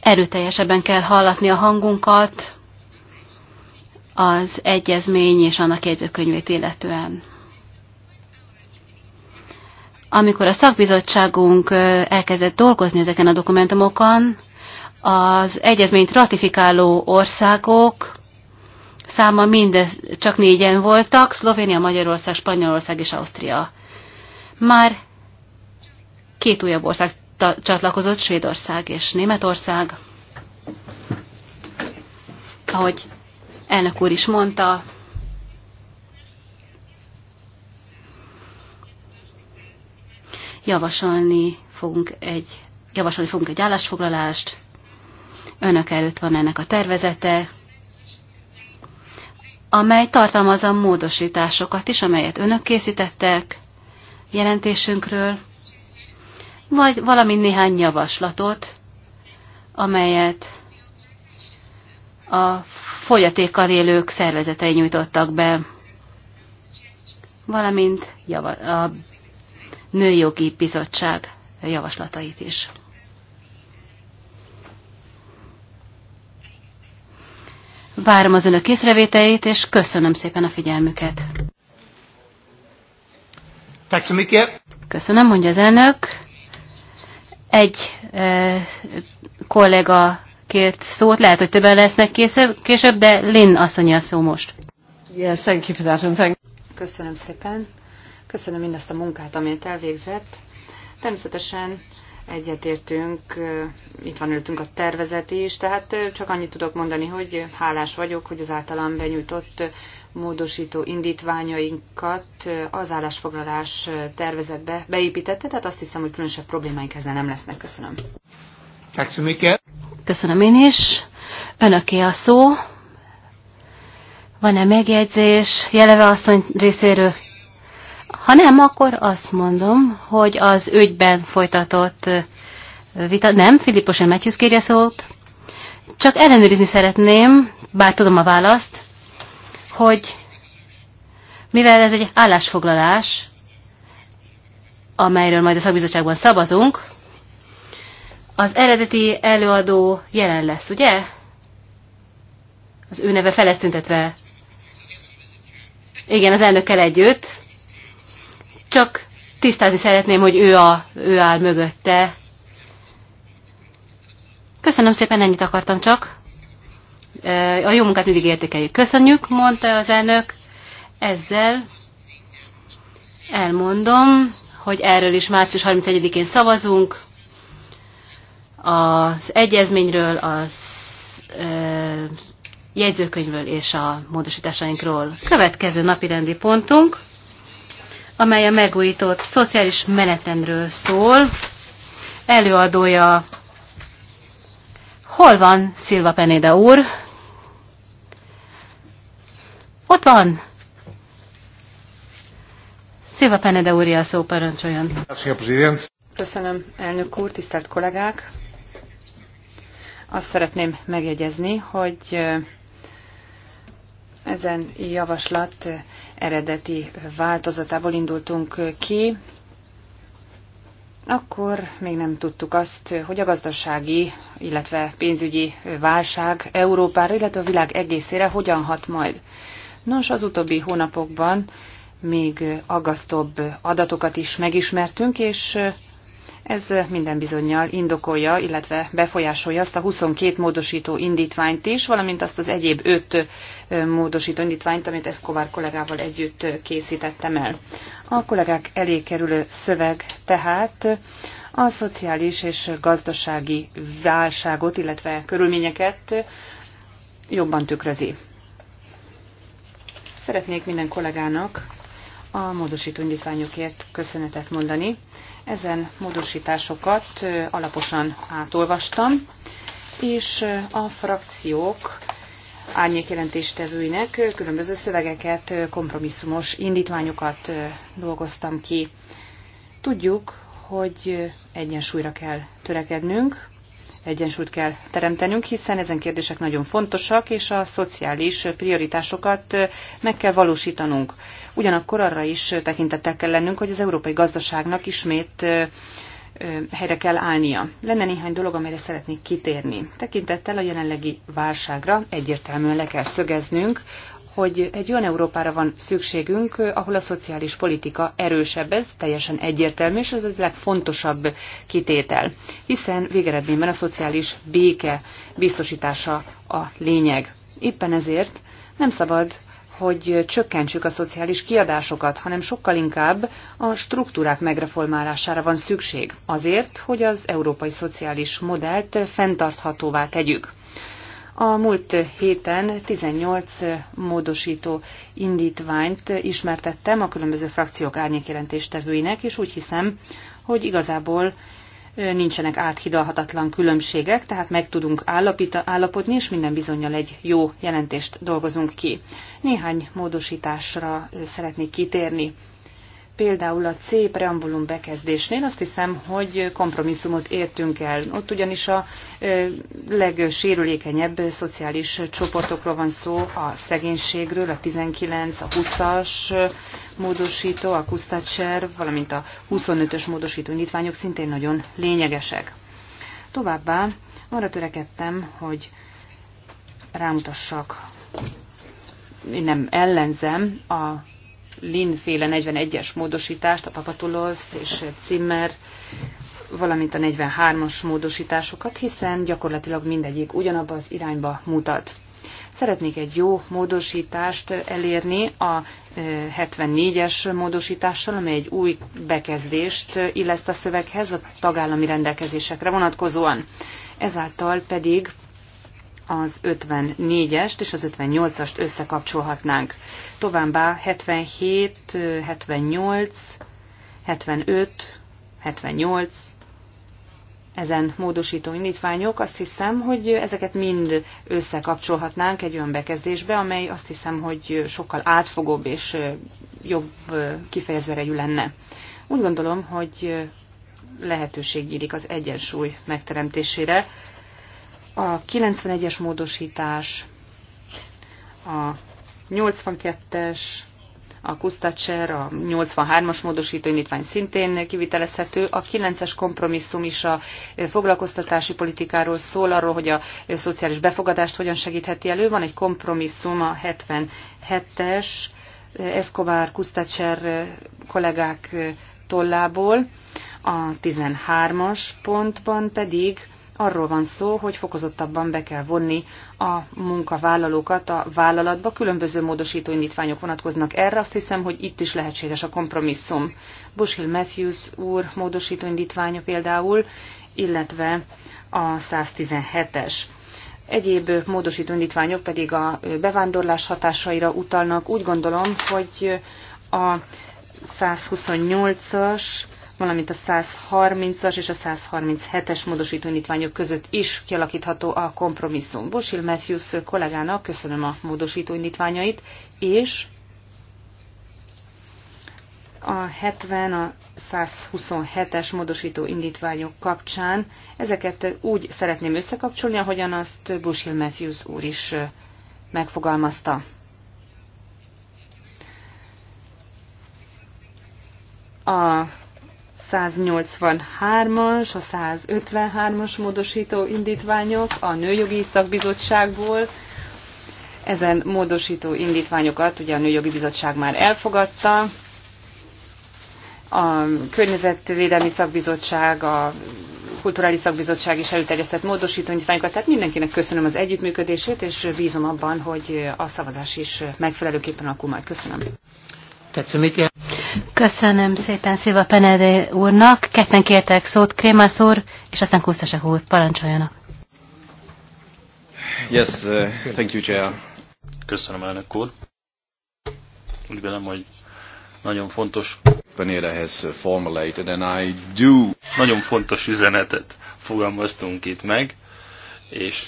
erőteljesebben kell hallatni a hangunkat az egyezmény és annak jegyzőkönyvét illetően. Amikor a szakbizottságunk elkezdett dolgozni ezeken a dokumentumokon, az egyezményt ratifikáló országok száma mindez csak négyen voltak, Szlovénia, Magyarország, Spanyolország és Ausztria. Már két újabb ország csatlakozott, Svédország és Németország. Ahogy elnök úr is mondta, javasolni fogunk egy, javasolni fogunk egy állásfoglalást. Önök előtt van ennek a tervezete, amely tartalmazza módosításokat is, amelyet önök készítettek jelentésünkről, vagy valamint néhány javaslatot, amelyet a fogyatékkal élők szervezetei nyújtottak be, valamint a Nőjogi Bizottság javaslatait is. Várom az önök észrevételét, és köszönöm szépen a figyelmüket. Köszönöm, mondja az elnök. Egy e, kolléga kért szót, lehet, hogy többen lesznek később, később de Lynn asszony a szó most. Yes, thank you for that and thank Köszönöm szépen. Köszönöm mindazt a munkát, amit elvégzett. Természetesen egyetértünk, itt van ültünk a tervezet is, tehát csak annyit tudok mondani, hogy hálás vagyok, hogy az általam benyújtott módosító indítványainkat az állásfoglalás tervezetbe beépítette, tehát azt hiszem, hogy különösebb problémáink ezzel nem lesznek. Köszönöm. Köszönöm én is. Önöké a szó. Van-e megjegyzés? Jeleve asszony részéről Ha nem, akkor azt mondom, hogy az ügyben folytatott vita, nem, Filippos M. Matthews kérje szót, csak ellenőrizni szeretném, bár tudom a választ, hogy mivel ez egy állásfoglalás, amelyről majd a szakbizottságban szavazunk, az eredeti előadó jelen lesz, ugye? Az ő neve felesztüntetve. Igen, az elnökkel együtt. Csak tisztázni szeretném, hogy ő, a, ő áll mögötte. Köszönöm szépen, ennyit akartam csak. E, a jó munkát mindig értékeljük. Köszönjük, mondta az elnök. Ezzel elmondom, hogy erről is március 31-én szavazunk. Az egyezményről, az e, jegyzőkönyvről és a módosításainkról. Következő napi rendi pontunk amely a megújított szociális menetrendről szól. Előadója Hol van Szilva Penéda úr? Ott van! Szilva Penede úr, a szó parancsoljon. Köszönöm, elnök úr, tisztelt kollégák! Azt szeretném megjegyezni, hogy Ezen javaslat eredeti változatából indultunk ki, akkor még nem tudtuk azt, hogy a gazdasági, illetve pénzügyi válság Európára, illetve a világ egészére hogyan hat majd. Nos, az utóbbi hónapokban még aggasztóbb adatokat is megismertünk, és Ez minden bizonyal indokolja, illetve befolyásolja azt a 22 módosító indítványt is, valamint azt az egyéb 5 módosító indítványt, amit Eszkovár kollégával együtt készítettem el. A kollégák elé kerülő szöveg tehát a szociális és gazdasági válságot, illetve körülményeket jobban tükrözi. Szeretnék minden kollégának a módosító indítványokért köszönetet mondani, Ezen módosításokat alaposan átolvastam, és a frakciók árnyékjelentéstevőinek különböző szövegeket, kompromisszumos indítványokat dolgoztam ki. Tudjuk, hogy egyensúlyra kell törekednünk, egyensúlyt kell teremtenünk, hiszen ezen kérdések nagyon fontosak, és a szociális prioritásokat meg kell valósítanunk. Ugyanakkor arra is tekintettel kell lennünk, hogy az európai gazdaságnak ismét helyre kell állnia. Lenne néhány dolog, amelyre szeretnék kitérni. Tekintettel a jelenlegi válságra egyértelműen le kell szögeznünk hogy egy olyan Európára van szükségünk, ahol a szociális politika erősebb, ez teljesen egyértelmű, és ez a legfontosabb kitétel. Hiszen végeredményben a szociális béke biztosítása a lényeg. Éppen ezért nem szabad hogy csökkentsük a szociális kiadásokat, hanem sokkal inkább a struktúrák megreformálására van szükség, azért, hogy az európai szociális modellt fenntarthatóvá tegyük. A múlt héten 18 módosító indítványt ismertettem a különböző frakciók árnyékjelentéstevőinek, és úgy hiszem, hogy igazából nincsenek áthidalhatatlan különbségek, tehát meg tudunk állapita, állapodni, és minden bizonyal egy jó jelentést dolgozunk ki. Néhány módosításra szeretnék kitérni például a C preambulum bekezdésnél azt hiszem, hogy kompromisszumot értünk el. Ott ugyanis a legsérülékenyebb szociális csoportokról van szó, a szegénységről, a 19, a 20-as módosító, a kusztacser, valamint a 25-ös módosító indítványok szintén nagyon lényegesek. Továbbá arra törekedtem, hogy rámutassak, én nem ellenzem a Linféle 41-es módosítást, a Papatulosz és Zimmer, valamint a 43-as módosításokat, hiszen gyakorlatilag mindegyik ugyanabba az irányba mutat. Szeretnék egy jó módosítást elérni a 74-es e, módosítással, amely egy új bekezdést illeszt a szöveghez a tagállami rendelkezésekre vonatkozóan. Ezáltal pedig az 54-est és az 58-ast összekapcsolhatnánk. Továbbá 77, 78, 75, 78, ezen módosító indítványok, azt hiszem, hogy ezeket mind összekapcsolhatnánk egy olyan bekezdésbe, amely azt hiszem, hogy sokkal átfogóbb és jobb kifejezőregyű lenne. Úgy gondolom, hogy lehetőség nyílik az egyensúly megteremtésére a 91-es módosítás, a 82-es, a Kusztacser, a 83-as módosító indítvány szintén kivitelezhető. A 9-es kompromisszum is a foglalkoztatási politikáról szól, arról, hogy a szociális befogadást hogyan segítheti elő. Van egy kompromisszum, a 77-es, Escobar Kusztacser kollégák tollából. A 13-as pontban pedig arról van szó, hogy fokozottabban be kell vonni a munkavállalókat a vállalatba. Különböző módosító indítványok vonatkoznak erre, azt hiszem, hogy itt is lehetséges a kompromisszum. Bushill Matthews úr módosító indítványa például, illetve a 117-es. Egyéb módosító indítványok pedig a bevándorlás hatásaira utalnak. Úgy gondolom, hogy a 128-as valamint a 130-as és a 137-es módosító indítványok között is kialakítható a kompromisszum. Bosil Matthews kollégának köszönöm a módosító indítványait, és a 70, a 127-es módosító indítványok kapcsán ezeket úgy szeretném összekapcsolni, ahogyan azt Bushil Matthews úr is megfogalmazta. 183-as, a 153-as módosító indítványok a Nőjogi Szakbizottságból. Ezen módosító indítványokat ugye a Nőjogi Bizottság már elfogadta. A Környezetvédelmi Szakbizottság, a Kulturális Szakbizottság is előterjesztett módosító indítványokat. Tehát mindenkinek köszönöm az együttműködését, és bízom abban, hogy a szavazás is megfelelőképpen alakul majd. Köszönöm. Tetsző, Köszönöm szépen Szilva Penedé úrnak. Ketten kértek szót, Krémász úr, és aztán Kusztasek úr. Parancsoljanak. Yes, uh, thank you, Chair. Köszönöm, elnök úr. Úgy velem, hogy nagyon fontos. Peneda has formulated, and I do. Nagyon fontos üzenetet fogalmaztunk itt meg, és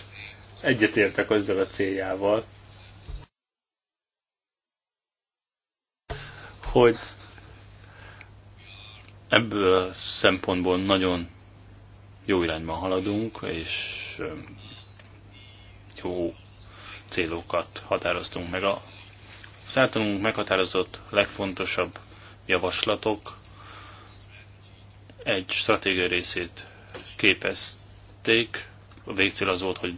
egyetértek azzal a céljával, hogy Ebből a szempontból nagyon jó irányba haladunk, és jó célokat határoztunk meg. A általunk meghatározott legfontosabb javaslatok egy stratégia részét képezték. A végcél az volt, hogy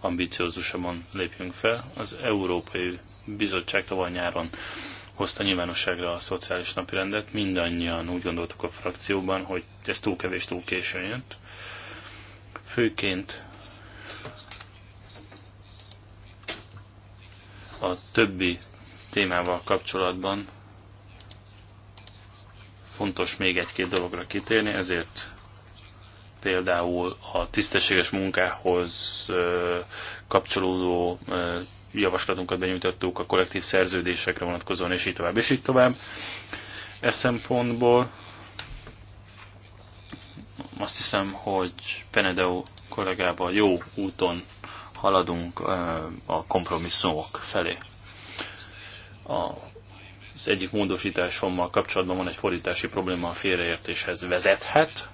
ambiciózusabban lépjünk fel. Az Európai Bizottság tavaly nyáron hozta nyilvánosságra a szociális napirendet. Mindannyian úgy gondoltuk a frakcióban, hogy ez túl kevés, túl későn jött. Főként a többi témával kapcsolatban fontos még egy-két dologra kitérni, ezért például a tisztességes munkához kapcsolódó javaslatunkat benyújtottuk a kollektív szerződésekre vonatkozóan, és így tovább, és így tovább. E szempontból azt hiszem, hogy Penedeo kollégával jó úton haladunk a kompromisszumok felé. Az egyik módosításommal kapcsolatban van egy fordítási probléma, a félreértéshez vezethet.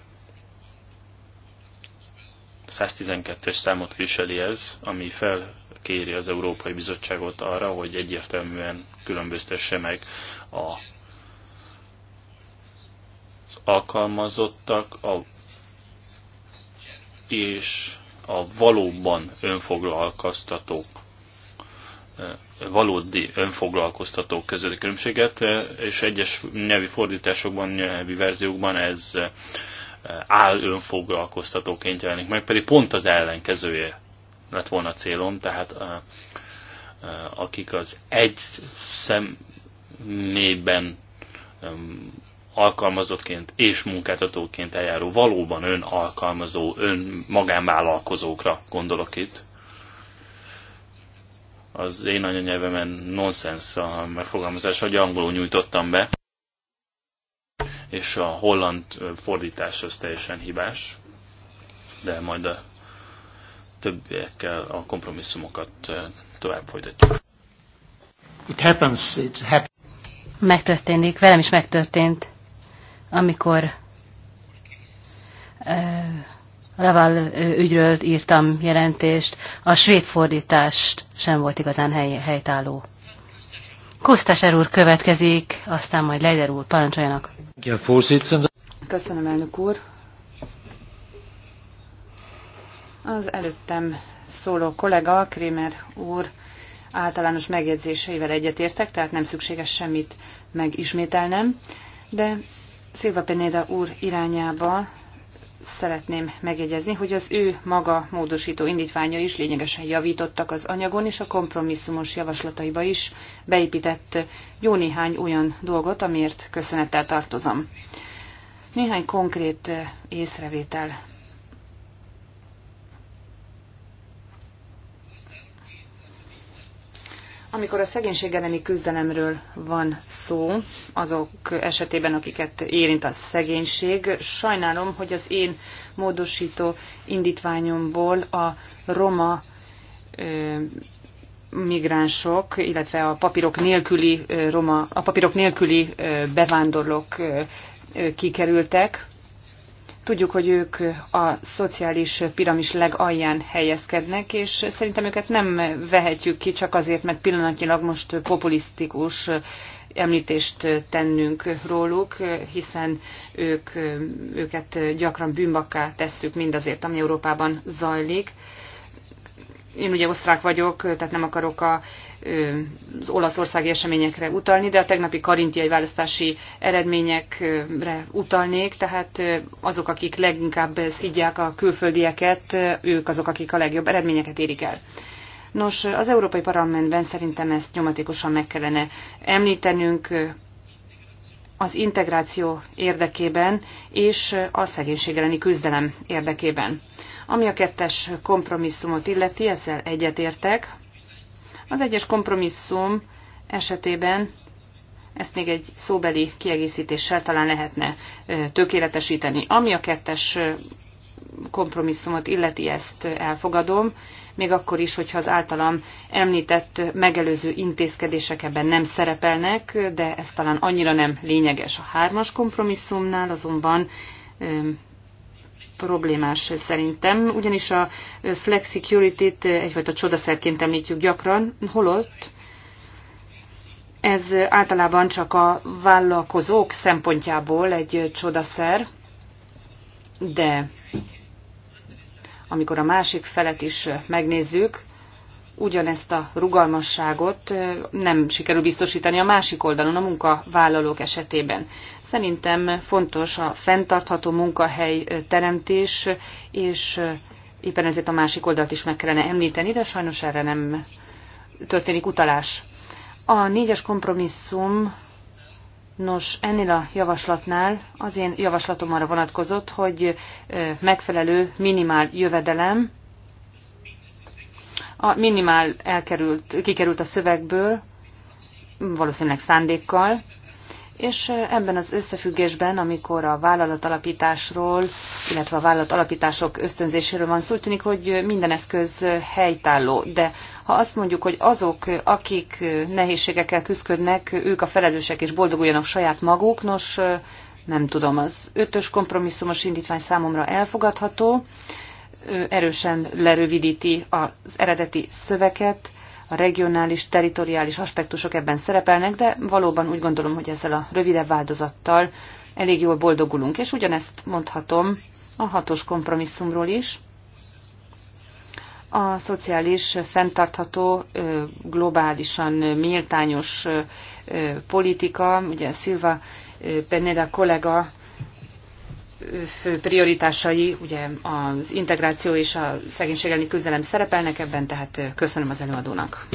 112-es számot viseli ez, ami fel kéri az Európai Bizottságot arra, hogy egyértelműen különböztesse meg a az alkalmazottak a, és a valóban önfoglalkoztatók e, valódi önfoglalkoztatók közötti különbséget, e, és egyes nyelvi fordításokban, nyelvi verziókban ez e, áll önfoglalkoztatóként jelenik meg, pedig pont az ellenkezője lett volna célom, tehát a, a, akik az egy szemében um, alkalmazottként és munkáltatóként eljáró, valóban ön alkalmazó, ön magánvállalkozókra gondolok itt. Az én anyanyelvemen nonsens a megfogalmazás, hogy angolul nyújtottam be, és a holland fordítás az teljesen hibás, de majd a többiekkel a kompromisszumokat eh, tovább folytatjuk. It happens, it happens. Megtörténik, velem is megtörtént, amikor uh, eh, Raval eh, ügyről írtam jelentést, a svéd fordítást sem volt igazán hely, helytálló. Kusztaser úr következik, aztán majd Leider úr, parancsoljanak. Köszönöm, elnök úr. Az előttem szóló kollega, Krémer úr általános megjegyzéseivel egyetértek, tehát nem szükséges semmit megismételnem, de Szilva Penéda úr irányába szeretném megjegyezni, hogy az ő maga módosító indítványa is lényegesen javítottak az anyagon, és a kompromisszumos javaslataiba is beépített jó néhány olyan dolgot, amiért köszönettel tartozom. Néhány konkrét észrevétel Amikor a szegénység elleni küzdelemről van szó, azok esetében, akiket érint a szegénység, sajnálom, hogy az én módosító indítványomból a roma ö, migránsok, illetve a papírok nélküli, roma, a papírok nélküli bevándorlók kikerültek, Tudjuk, hogy ők a szociális piramis legalján helyezkednek, és szerintem őket nem vehetjük ki csak azért, mert pillanatnyilag most populisztikus említést tennünk róluk, hiszen ők, őket gyakran bűnbakká tesszük mindazért, ami Európában zajlik. Én ugye osztrák vagyok, tehát nem akarok a az olaszországi eseményekre utalni, de a tegnapi karintiai választási eredményekre utalnék, tehát azok, akik leginkább szidják a külföldieket, ők azok, akik a legjobb eredményeket érik el. Nos, az Európai Parlamentben szerintem ezt nyomatikusan meg kellene említenünk az integráció érdekében és a szegénység elleni küzdelem érdekében. Ami a kettes kompromisszumot illeti, ezzel egyetértek, az egyes kompromisszum esetében ezt még egy szóbeli kiegészítéssel talán lehetne tökéletesíteni. Ami a kettes kompromisszumot illeti, ezt elfogadom, még akkor is, hogyha az általam említett megelőző intézkedések ebben nem szerepelnek, de ez talán annyira nem lényeges. A hármas kompromisszumnál azonban problémás szerintem, ugyanis a flexicurity-t egyfajta csodaszerként említjük gyakran, holott ez általában csak a vállalkozók szempontjából egy csodaszer, de amikor a másik felet is megnézzük, ugyanezt a rugalmasságot nem sikerül biztosítani a másik oldalon, a munkavállalók esetében. Szerintem fontos a fenntartható munkahely teremtés, és éppen ezért a másik oldalt is meg kellene említeni, de sajnos erre nem történik utalás. A négyes kompromisszum, nos, ennél a javaslatnál az én javaslatom arra vonatkozott, hogy megfelelő minimál jövedelem, a minimál elkerült, kikerült a szövegből, valószínűleg szándékkal, és ebben az összefüggésben, amikor a vállalat alapításról, illetve a vállalat alapítások ösztönzéséről van szó, tűnik, hogy minden eszköz helytálló. De ha azt mondjuk, hogy azok, akik nehézségekkel küzdködnek, ők a felelősek és boldoguljanak saját maguk, nos, nem tudom, az ötös kompromisszumos indítvány számomra elfogadható, erősen lerövidíti az eredeti szöveget, a regionális, teritoriális aspektusok ebben szerepelnek, de valóban úgy gondolom, hogy ezzel a rövidebb változattal elég jól boldogulunk, és ugyanezt mondhatom a hatos kompromisszumról is. A szociális, fenntartható, globálisan méltányos politika, ugye Szilva Peneda kollega fő prioritásai, ugye az integráció és a szegénység elleni küzdelem szerepelnek ebben, tehát köszönöm az előadónak.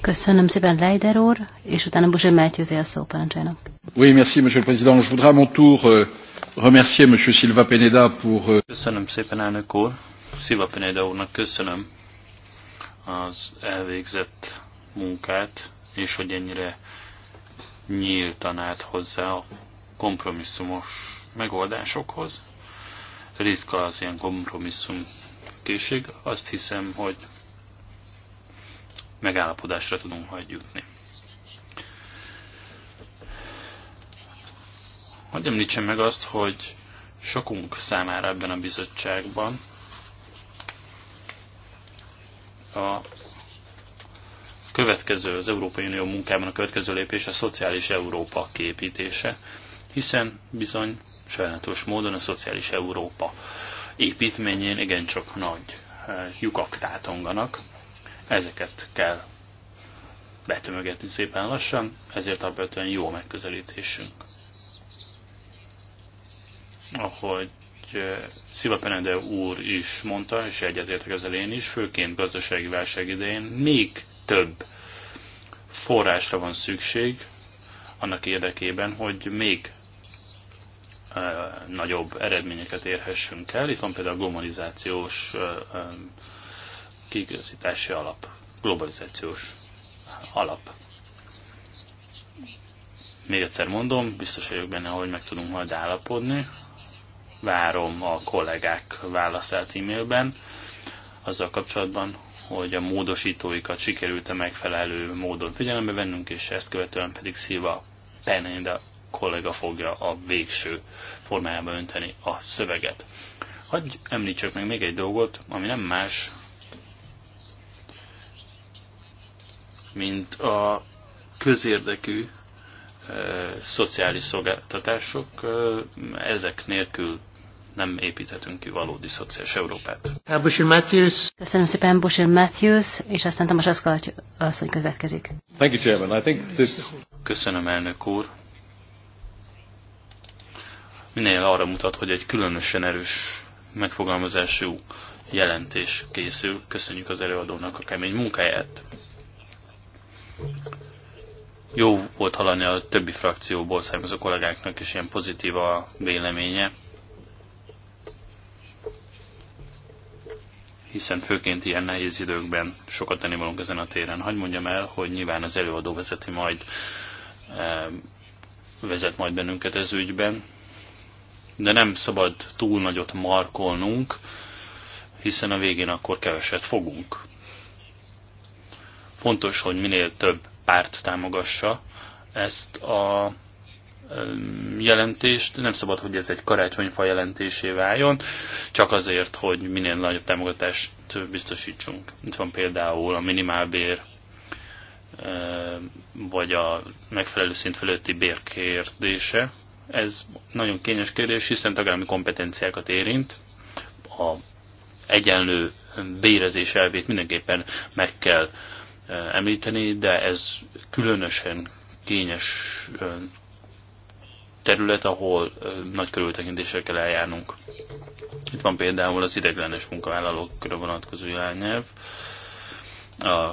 Köszönöm szépen Leider úr, és utána Buzsé Mátyőzé a szó parancsának. Oui, merci, monsieur le président. Je voudrais à mon tour euh, remercier monsieur Silva Peneda pour... Euh, köszönöm szépen, elnök úr. Silva Peneda úrnak köszönöm az elvégzett munkát, és hogy ennyire nyíltan állt hozzá a kompromisszumos megoldásokhoz. Ritka az ilyen kompromisszum készség. Azt hiszem, hogy megállapodásra tudunk majd jutni. Hogy említsem meg azt, hogy sokunk számára ebben a bizottságban a következő, az Európai Unió munkában a következő lépés a szociális Európa képítése, hiszen bizony sajátos módon a szociális Európa építményén igencsak nagy eh, lyukak tátonganak. Ezeket kell betömögetni szépen lassan, ezért alapvetően jó megközelítésünk. Ahogy eh, Sziva Penede úr is mondta, és egyetértek az elén is, főként gazdasági válság idején még több forrásra van szükség annak érdekében, hogy még nagyobb eredményeket érhessünk el. Itt van például a globalizációs kiigazítási alap, globalizációs alap. Még egyszer mondom, biztos vagyok benne, hogy meg tudunk majd állapodni. Várom a kollégák válaszát e-mailben azzal kapcsolatban, hogy a módosítóikat sikerült a megfelelő módon figyelembe vennünk, és ezt követően pedig Szilva Penenda kollega fogja a végső formájába önteni a szöveget. Hagy említsek meg még egy dolgot, ami nem más, mint a közérdekű e, szociális szolgáltatások. E, ezek nélkül nem építhetünk ki valódi szociális Európát. Köszönöm szépen, Bushel Matthews, és aztán Tamas Aszkalat asszony következik. Thank you, Chairman. I think this... Köszönöm, elnök úr. Minél arra mutat, hogy egy különösen erős megfogalmazású jelentés készül. Köszönjük az előadónak a kemény munkáját. Jó volt hallani a többi frakcióból származó kollégáknak is ilyen pozitív a véleménye. hiszen főként ilyen nehéz időkben sokat tenni valunk ezen a téren. Hagy mondjam el, hogy nyilván az előadó vezeti majd, eh, vezet majd bennünket ez ügyben, de nem szabad túl nagyot markolnunk, hiszen a végén akkor keveset fogunk. Fontos, hogy minél több párt támogassa ezt a Ehm, jelentést. Nem szabad, hogy ez egy karácsonyfa jelentésé váljon, csak azért, hogy minél nagyobb támogatást biztosítsunk. Itt van például a minimálbér, ehm, vagy a megfelelő szint fölötti bér kérdése. Ez nagyon kényes kérdés, hiszen tagállami kompetenciákat érint. A egyenlő bérezés elvét mindenképpen meg kell ehm, említeni, de ez különösen kényes terület, ahol nagy körültekintéssel kell eljárnunk. Itt van például az ideglenes munkavállalókra vonatkozó irányelv, a,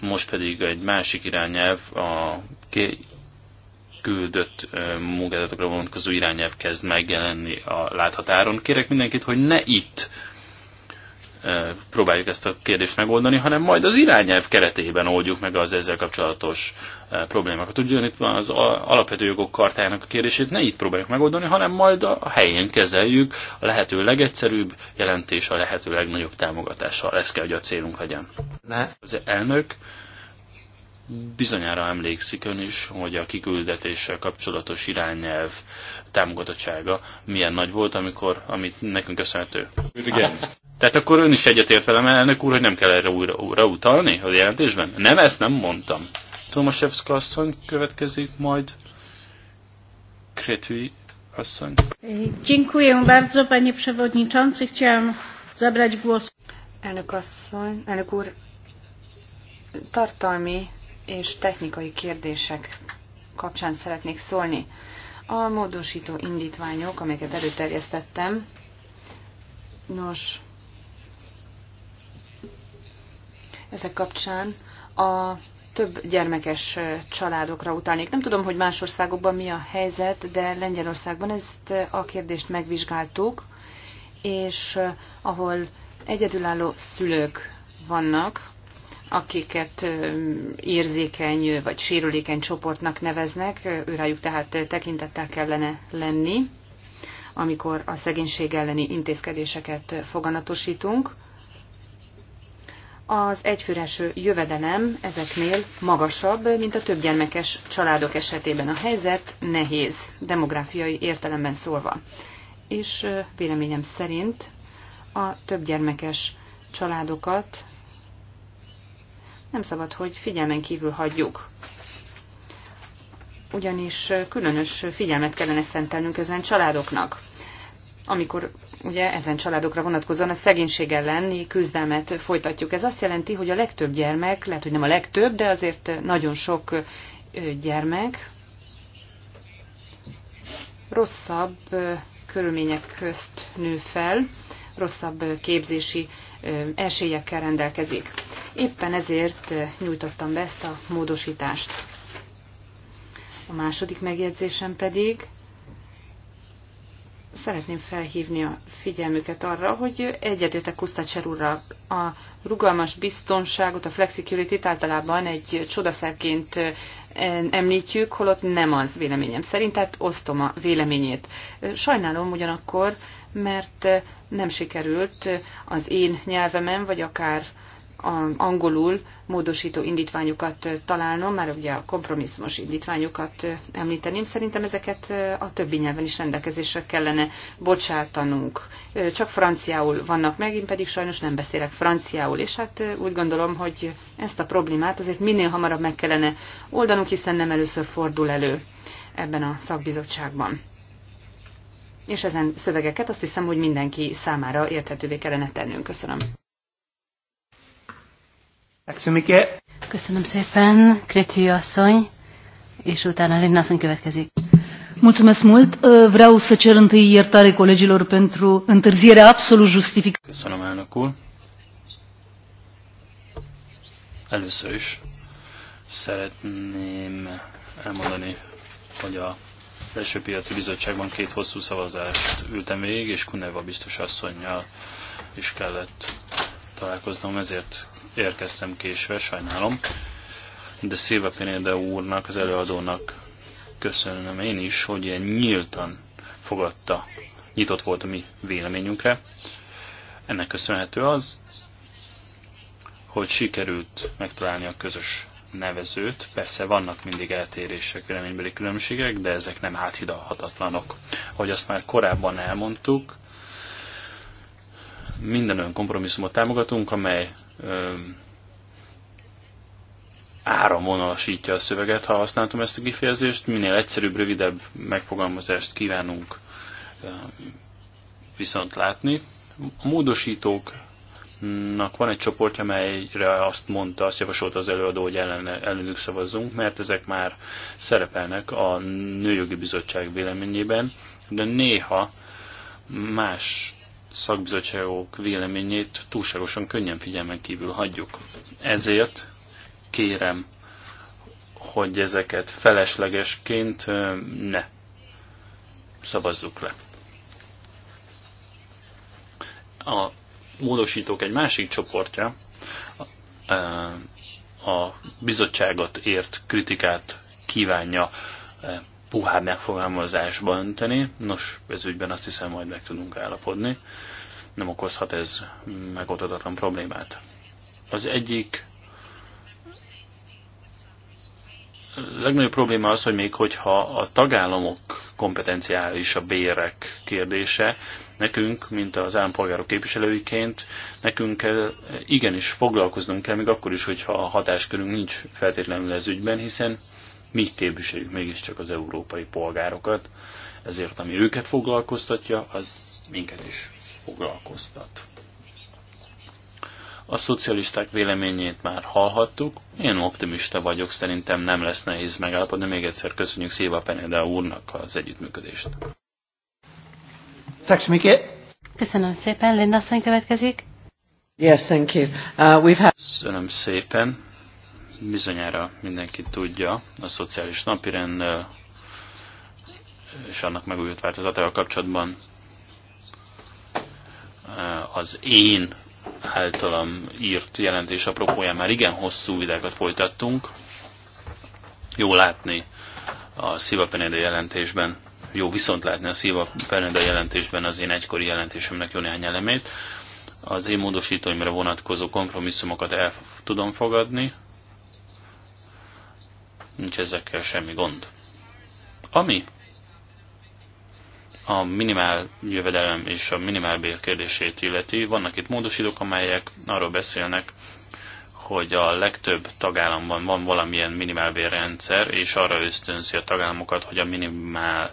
most pedig egy másik irányelv, a küldött munkálatokra vonatkozó irányelv kezd megjelenni a láthatáron. Kérek mindenkit, hogy ne itt Eh, próbáljuk ezt a kérdést megoldani, hanem majd az irányelv keretében oldjuk meg az ezzel kapcsolatos eh, problémákat. itt van az alapvető jogok kartájának a kérdését ne itt próbáljuk megoldani, hanem majd a helyén kezeljük a lehető legegyszerűbb jelentés a lehető legnagyobb támogatással. Ez kell, hogy a célunk legyen. Ne. Az elnök Bizonyára emlékszik ön is, hogy a kiküldetéssel kapcsolatos irányelv támogatottsága milyen nagy volt, amikor, amit nekünk köszönhető. Igen. Tehát akkor ön is egyetért velem, elnök úr, hogy nem kell erre újra, újra utalni a jelentésben? Nem, ezt nem mondtam. Tomaszewska asszony következik, majd Kretui asszony. Dziękuję bardzo, panie przewodniczący. Chciałam zabrać głos. Elnök asszony, elnök úr, tartalmi és technikai kérdések kapcsán szeretnék szólni. A módosító indítványok, amelyeket előterjesztettem, nos, ezek kapcsán a több gyermekes családokra utalnék. Nem tudom, hogy más országokban mi a helyzet, de Lengyelországban ezt a kérdést megvizsgáltuk, és ahol egyedülálló szülők vannak, akiket um, érzékeny vagy sérülékeny csoportnak neveznek, rájuk tehát tekintettel kellene lenni, amikor a szegénység elleni intézkedéseket foganatosítunk. Az egyfőres jövedelem ezeknél magasabb, mint a több gyermekes családok esetében. A helyzet nehéz, demográfiai értelemben szólva. És véleményem szerint a több gyermekes családokat nem szabad, hogy figyelmen kívül hagyjuk. Ugyanis különös figyelmet kellene szentelnünk ezen családoknak. Amikor ugye ezen családokra vonatkozóan a szegénység elleni küzdelmet folytatjuk. Ez azt jelenti, hogy a legtöbb gyermek, lehet, hogy nem a legtöbb, de azért nagyon sok gyermek rosszabb körülmények közt nő fel, rosszabb képzési esélyekkel rendelkezik. Éppen ezért nyújtottam be ezt a módosítást. A második megjegyzésem pedig szeretném felhívni a figyelmüket arra, hogy egyetértek Kusztácser úrral. A rugalmas biztonságot, a flexicurity általában egy csodaszerként említjük, holott nem az véleményem szerint, tehát osztom a véleményét. Sajnálom ugyanakkor, mert nem sikerült az én nyelvemen, vagy akár angolul módosító indítványokat találnom, már ugye a kompromisszumos indítványokat említeném. Szerintem ezeket a többi nyelven is rendelkezésre kellene bocsátanunk. Csak franciául vannak meg, én pedig sajnos nem beszélek franciául, és hát úgy gondolom, hogy ezt a problémát azért minél hamarabb meg kellene oldanunk, hiszen nem először fordul elő ebben a szakbizottságban és ezen szövegeket azt hiszem, hogy mindenki számára érthetővé kellene tennünk. Köszönöm. Köszönöm szépen, Kretű asszony, és utána Linna asszony következik. Mulțumesc mult. Vreau să cer întâi iertare colegilor pentru întârzierea absolut justificată. Köszönöm, elnök úr. Először is szeretném elmondani, hogy a első piaci bizottságban két hosszú szavazást ültem végig, és Kuneva biztos asszonynal is kellett találkoznom, ezért érkeztem késve, sajnálom. De Szilva Pénéde úrnak, az előadónak köszönöm én is, hogy ilyen nyíltan fogadta, nyitott volt a mi véleményünkre. Ennek köszönhető az, hogy sikerült megtalálni a közös nevezőt. Persze vannak mindig eltérések, véleménybeli különbségek, de ezek nem áthidalhatatlanok. Ahogy azt már korábban elmondtuk, minden olyan kompromisszumot támogatunk, amely ö, áramvonalasítja a szöveget, ha használtam ezt a kifejezést, minél egyszerűbb, rövidebb megfogalmazást kívánunk ö, viszont látni. A módosítók nak van egy csoport, amelyre azt mondta, azt javasolta az előadó, hogy ellen, ellenük szavazzunk, mert ezek már szerepelnek a Nőjogi Bizottság véleményében, de néha más szakbizottságok véleményét túlságosan könnyen figyelmen kívül hagyjuk. Ezért kérem, hogy ezeket feleslegesként ne szavazzuk le. A módosítók egy másik csoportja a bizottságot ért kritikát kívánja puhább megfogalmazásba önteni. Nos, ez ügyben azt hiszem majd meg tudunk állapodni. Nem okozhat ez megoldatlan problémát. Az egyik legnagyobb probléma az, hogy még hogyha a tagállamok kompetenciális a bérek kérdése, nekünk, mint az állampolgárok képviselőiként, nekünk kell, igenis foglalkoznunk kell, még akkor is, hogyha a hatáskörünk nincs feltétlenül ez ügyben, hiszen mi képviseljük mégiscsak az európai polgárokat, ezért ami őket foglalkoztatja, az minket is foglalkoztat. A szocialisták véleményét már hallhattuk. Én optimista vagyok, szerintem nem lesz nehéz megállapodni. Még egyszer köszönjük Szilva Peneda úrnak az együttműködést. Köszönöm szépen. Linda asszony következik. Yes, thank you. Uh, we've had... Köszönöm szépen. Bizonyára mindenki tudja a szociális napirend és annak megújult változatával kapcsolatban uh, az én általam írt jelentés apropóján már igen hosszú videókat folytattunk. Jó látni a Sziva Peneda jelentésben, jó viszont látni a Sziva Peneda jelentésben az én egykori jelentésemnek jó néhány elemét. Az én módosítóimra vonatkozó kompromisszumokat el tudom fogadni, nincs ezekkel semmi gond. Ami a minimál jövedelem és a minimálbér kérdését illeti. Vannak itt módosítók, amelyek arról beszélnek, hogy a legtöbb tagállamban van valamilyen minimál bérrendszer, és arra ösztönzi a tagállamokat, hogy a minimál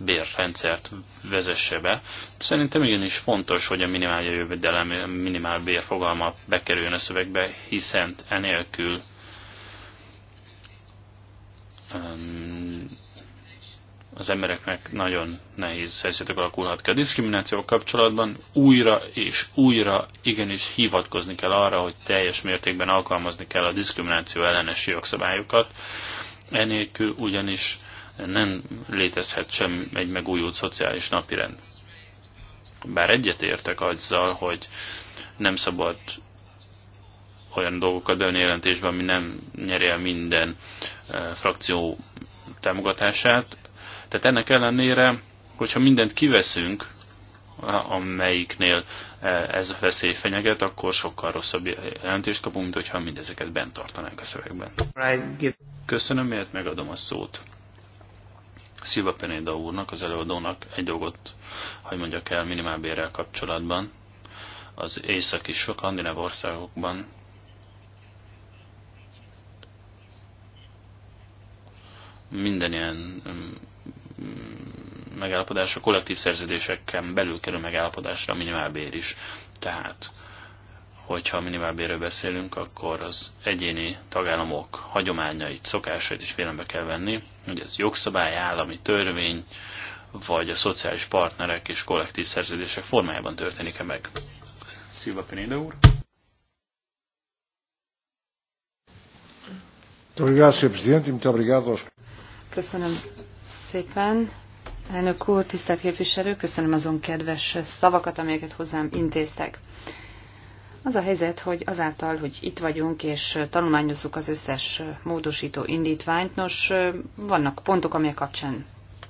bérrendszert vezesse be. Szerintem igenis fontos, hogy a minimál jövedelem, a minimál bér fogalma bekerüljön a szövegbe, hiszen enélkül az embereknek nagyon nehéz helyzetek alakulhat ki. A diszkrimináció kapcsolatban újra és újra igenis hivatkozni kell arra, hogy teljes mértékben alkalmazni kell a diszkrimináció ellenes jogszabályokat. Enélkül ugyanis nem létezhet sem egy megújult szociális napirend. Bár egyetértek azzal, hogy nem szabad olyan dolgokat bevenni jelentésbe, ami nem nyeri el minden eh, frakció támogatását, Tehát ennek ellenére, hogyha mindent kiveszünk, amelyiknél e, ez a veszély fenyeget, akkor sokkal rosszabb jelentést kapunk, mint hogyha mindezeket bent tartanánk a szövegben. Köszönöm, miért megadom a szót. Szilva Penéda úrnak, az előadónak egy dolgot, hogy mondjak el, minimálbérrel kapcsolatban. Az északi andinev országokban minden ilyen um, megállapodás, a kollektív szerződéseken belül kerül megállapodásra a minimálbér is. Tehát, hogyha a minimálbérről beszélünk, akkor az egyéni tagállamok hagyományait, szokásait is vélembe kell venni, hogy ez jogszabály, állami törvény, vagy a szociális partnerek és kollektív szerződések formájában történik-e meg. Szilva Pinéda úr. E Köszönöm szépen. Elnök úr, tisztelt képviselő, köszönöm azon kedves szavakat, amelyeket hozzám intéztek. Az a helyzet, hogy azáltal, hogy itt vagyunk és tanulmányozzuk az összes módosító indítványt, nos, vannak pontok, amelyek kapcsán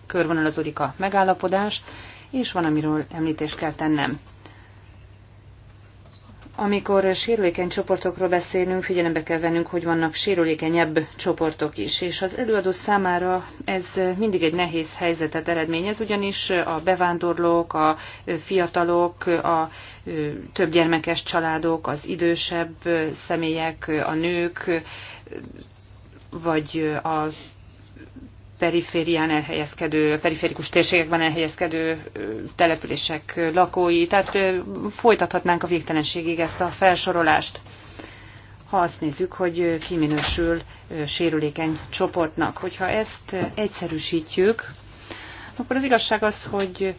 körvonalazódik a megállapodás, és van, amiről említést kell tennem. Amikor sérülékeny csoportokról beszélünk, figyelembe kell vennünk, hogy vannak sérülékenyebb csoportok is, és az előadó számára ez mindig egy nehéz helyzetet eredményez, ugyanis a bevándorlók, a fiatalok, a több gyermekes családok, az idősebb személyek, a nők, vagy a periférián elhelyezkedő, periférikus térségekben elhelyezkedő települések lakói. Tehát folytathatnánk a végtelenségig ezt a felsorolást. Ha azt nézzük, hogy ki minősül sérülékeny csoportnak. Hogyha ezt egyszerűsítjük, akkor az igazság az, hogy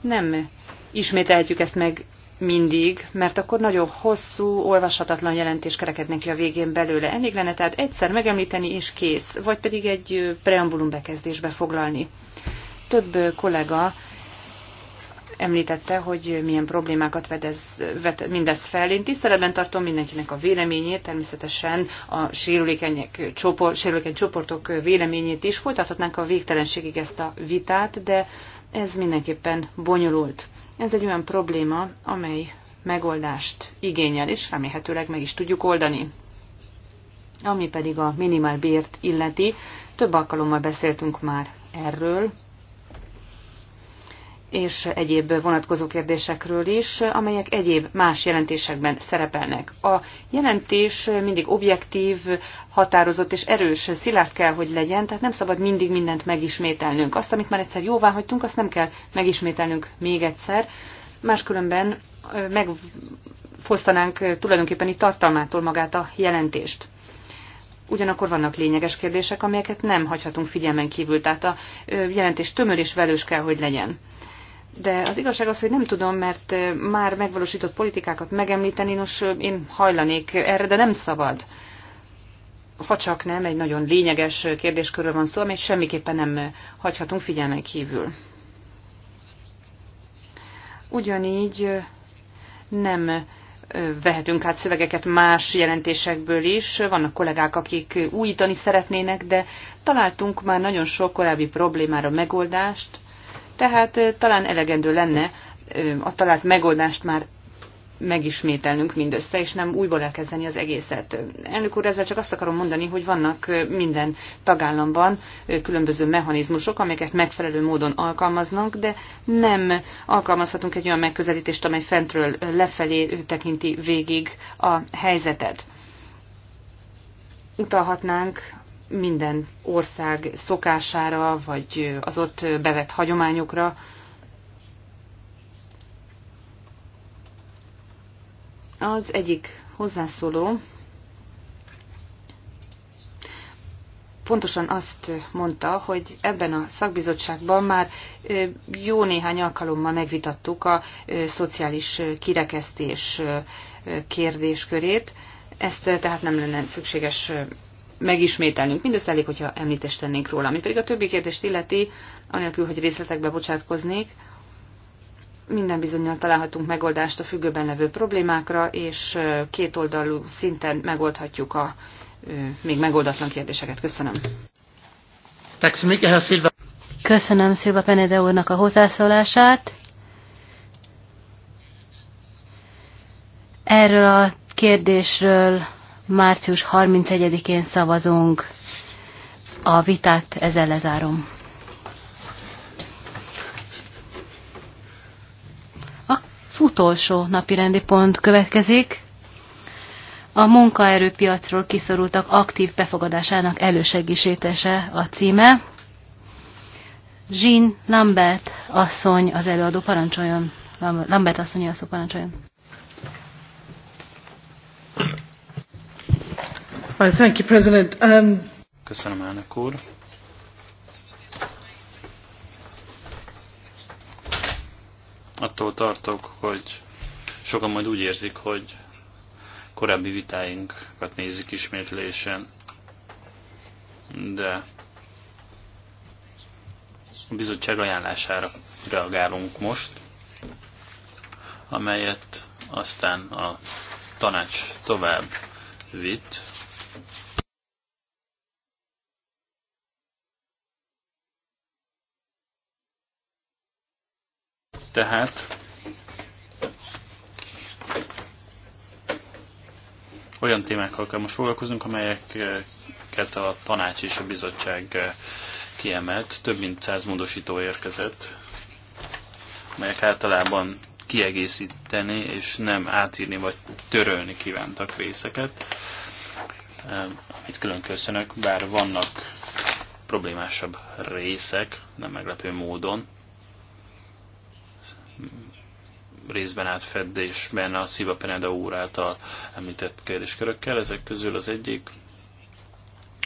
nem ismételhetjük ezt meg mindig, mert akkor nagyon hosszú, olvashatatlan jelentés kerekednek ki a végén belőle. Elég lenne tehát egyszer megemlíteni és kész, vagy pedig egy preambulum bekezdésbe foglalni. Több kollega említette, hogy milyen problémákat vedez, vet, mindez fel. Én tiszteletben tartom mindenkinek a véleményét, természetesen a sérülékenyek, csoport, sérülékeny csoportok véleményét is. Folytathatnánk a végtelenségig ezt a vitát, de ez mindenképpen bonyolult. Ez egy olyan probléma, amely megoldást igényel, és remélhetőleg meg is tudjuk oldani. Ami pedig a minimálbért illeti, több alkalommal beszéltünk már erről, és egyéb vonatkozó kérdésekről is, amelyek egyéb más jelentésekben szerepelnek. A jelentés mindig objektív, határozott és erős, szilárd kell, hogy legyen, tehát nem szabad mindig mindent megismételnünk. Azt, amit már egyszer jóvá hagytunk, azt nem kell megismételnünk még egyszer, máskülönben megfosztanánk tulajdonképpen itt tartalmától magát a jelentést. Ugyanakkor vannak lényeges kérdések, amelyeket nem hagyhatunk figyelmen kívül, tehát a jelentés tömör és velős kell, hogy legyen. De az igazság az, hogy nem tudom, mert eh, már megvalósított politikákat megemlíteni, nos, eh, én hajlanék erre, de nem szabad. Ha csak nem, egy nagyon lényeges eh, kérdéskörről van szó, amit semmiképpen nem hagyhatunk figyelmen kívül. Ugyanígy nem vehetünk át szövegeket más jelentésekből is. Vannak kollégák, akik újítani szeretnének, de találtunk már nagyon sok korábbi problémára megoldást, Tehát talán elegendő lenne a talált megoldást már megismételnünk mindössze, és nem újból elkezdeni az egészet. Elnök úr, ezzel csak azt akarom mondani, hogy vannak minden tagállamban különböző mechanizmusok, amelyeket megfelelő módon alkalmaznak, de nem alkalmazhatunk egy olyan megközelítést, amely fentről lefelé tekinti végig a helyzetet. Utalhatnánk minden ország szokására, vagy az ott bevett hagyományokra. Az egyik hozzászóló pontosan azt mondta, hogy ebben a szakbizottságban már jó néhány alkalommal megvitattuk a szociális kirekesztés kérdéskörét, ezt tehát nem lenne szükséges megismételnünk. Mindössze elég, hogyha említést tennénk róla. Ami pedig a többi kérdést illeti, anélkül, hogy részletekbe bocsátkoznék, minden bizonyal találhatunk megoldást a függőben levő problémákra, és kétoldalú szinten megoldhatjuk a még megoldatlan kérdéseket. Köszönöm. Köszönöm Szilva Penede úrnak a hozzászólását. Erről a kérdésről március 31-én szavazunk. A vitát ezzel lezárom. Az utolsó napi rendi pont következik. A munkaerőpiacról kiszorultak aktív befogadásának elősegítése a címe. Jean Lambert asszony az előadó parancsoljon. Lambert asszony a előadó parancsoljon. thank you, President. Um... Köszönöm, elnök úr. Attól tartok, hogy sokan majd úgy érzik, hogy korábbi vitáinkat nézik ismétlésen, de a bizottság ajánlására reagálunk most, amelyet aztán a tanács tovább vitt, Tehát olyan témákkal kell most foglalkozunk, amelyeket a tanács és a bizottság kiemelt. Több mint száz módosító érkezett, amelyek általában kiegészíteni és nem átírni vagy törölni kívántak részeket. Itt külön köszönök, bár vannak problémásabb részek, nem meglepő módon, részben átfedésben a Sziva Peneda úr által említett kérdéskörökkel. Ezek közül az egyik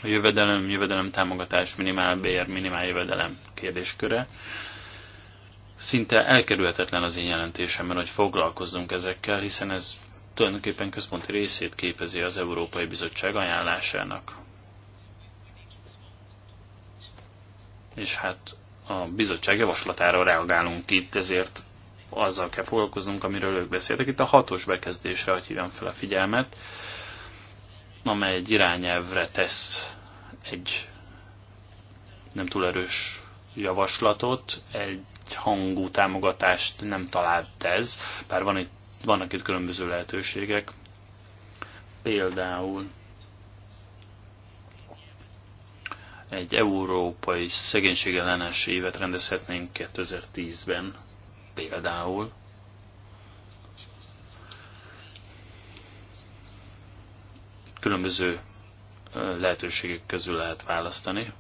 a jövedelem, jövedelem támogatás, bér, minimál jövedelem kérdésköre. Szinte elkerülhetetlen az én jelentésemben, hogy foglalkozzunk ezekkel, hiszen ez tulajdonképpen központi részét képezi az Európai Bizottság ajánlásának. És hát a bizottság javaslatára reagálunk itt, ezért azzal kell foglalkoznunk, amiről ők beszéltek. Itt a hatos bekezdésre hívjam fel a figyelmet, amely egy irányelvre tesz egy nem túl erős javaslatot, egy hangú támogatást nem talált ez, bár van itt, vannak itt különböző lehetőségek. Például egy európai szegénységellenes évet rendezhetnénk 2010-ben, Például különböző eh, lehetőségek közül lehet választani.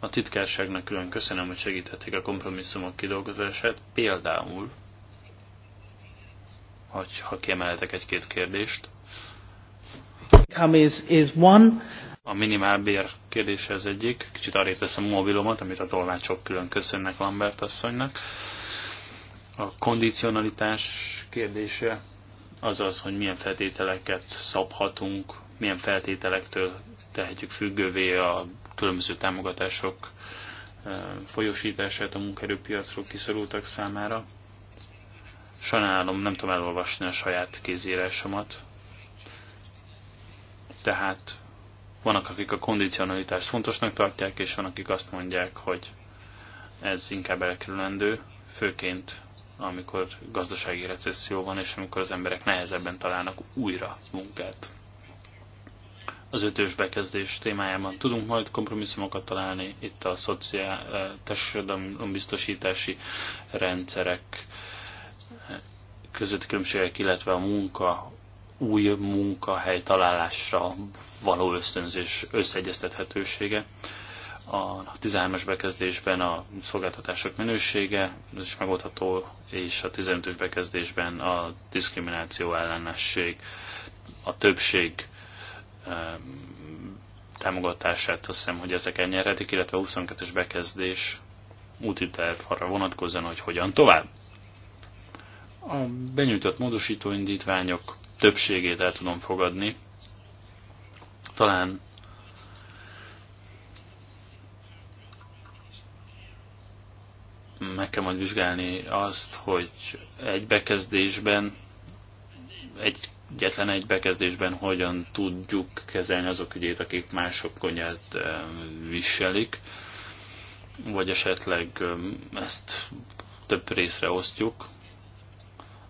A titkárságnak külön köszönöm, hogy segítették a kompromisszumok kidolgozását. Például, hogy, ha kiemeltek egy-két kérdést, a minimálbér kérdése az egyik. Kicsit arrébb teszem a mobilomat, amit a tolmácsok külön köszönnek Lambert asszonynak. A kondicionalitás kérdése az az, hogy milyen feltételeket szabhatunk, milyen feltételektől tehetjük függővé a különböző támogatások eh, folyosítását a munkerőpiacról kiszorultak számára. Sajnálom, nem tudom elolvasni a saját kézírásomat. Tehát Vannak, akik a kondicionalitást fontosnak tartják, és van akik azt mondják, hogy ez inkább elkerülendő, főként amikor gazdasági recesszió van, és amikor az emberek nehezebben találnak újra munkát. Az ötös bekezdés témájában tudunk majd kompromisszumokat találni, itt a szociál, biztosítási rendszerek között különbségek, illetve a munka új munkahely találásra való ösztönzés összeegyeztethetősége. A 13-as bekezdésben a szolgáltatások minősége, ez is megoldható, és a 15-ös bekezdésben a diszkrimináció ellenesség, a többség támogatását azt hiszem, hogy ezek elnyerhetik, illetve a 22-es bekezdés úti terv arra vonatkozzon, hogy hogyan tovább. A benyújtott módosítóindítványok többségét el tudom fogadni. Talán meg kell majd vizsgálni azt, hogy egy bekezdésben, egy, egyetlen egy bekezdésben hogyan tudjuk kezelni azok ügyét, akik mások konyát viselik, vagy esetleg ezt több részre osztjuk,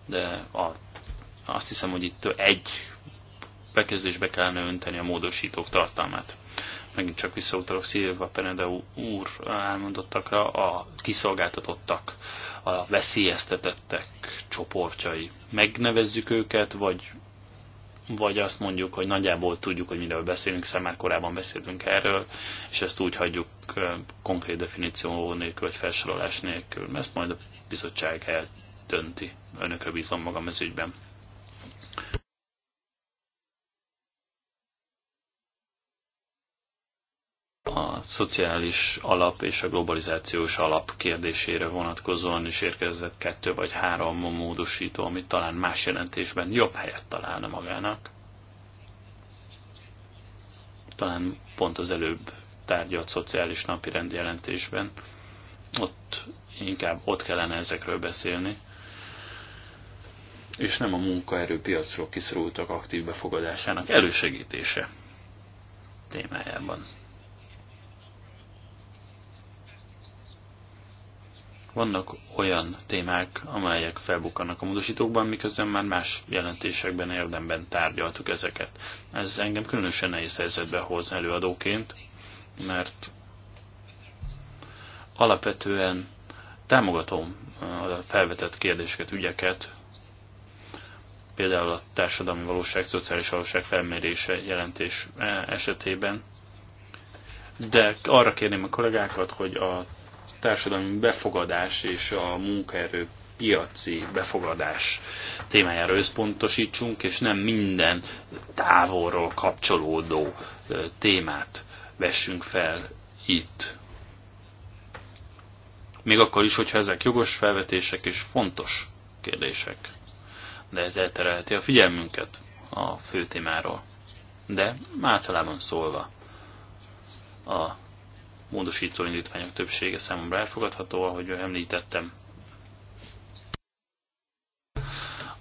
de a Azt hiszem, hogy itt egy bekezdésbe kellene önteni a módosítók tartalmát. Megint csak visszautalok Szilva Penedeu úr elmondottakra, a kiszolgáltatottak, a veszélyeztetettek csoportjai. Megnevezzük őket, vagy vagy azt mondjuk, hogy nagyjából tudjuk, hogy miről beszélünk, hiszen már korábban beszéltünk erről, és ezt úgy hagyjuk konkrét definíció nélkül, vagy felsorolás nélkül. Ezt majd a bizottság eldönti. Önökre bízom magam ez ügyben. a szociális alap és a globalizációs alap kérdésére vonatkozóan is érkezett kettő vagy három módosító, amit talán más jelentésben jobb helyet találna magának. Talán pont az előbb tárgyalt szociális napirend jelentésben. Ott inkább ott kellene ezekről beszélni, és nem a munkaerőpiacról kiszorultak aktív befogadásának elősegítése témájában. Vannak olyan témák, amelyek felbukkannak a módosítókban, miközben már más jelentésekben érdemben tárgyaltuk ezeket. Ez engem különösen nehéz helyzetbe hoz előadóként, mert alapvetően támogatom a felvetett kérdéseket, ügyeket, például a társadalmi valóság, szociális valóság felmérése jelentés e, esetében, de arra kérném a kollégákat, hogy a társadalmi befogadás és a munkaerő piaci befogadás témájára összpontosítsunk, és nem minden távolról kapcsolódó témát vessünk fel itt. Még akkor is, hogyha ezek jogos felvetések és fontos kérdések. De ez elterelheti a figyelmünket a fő témáról. De általában szólva a módosító indítványok többsége számomra elfogadható, ahogy említettem.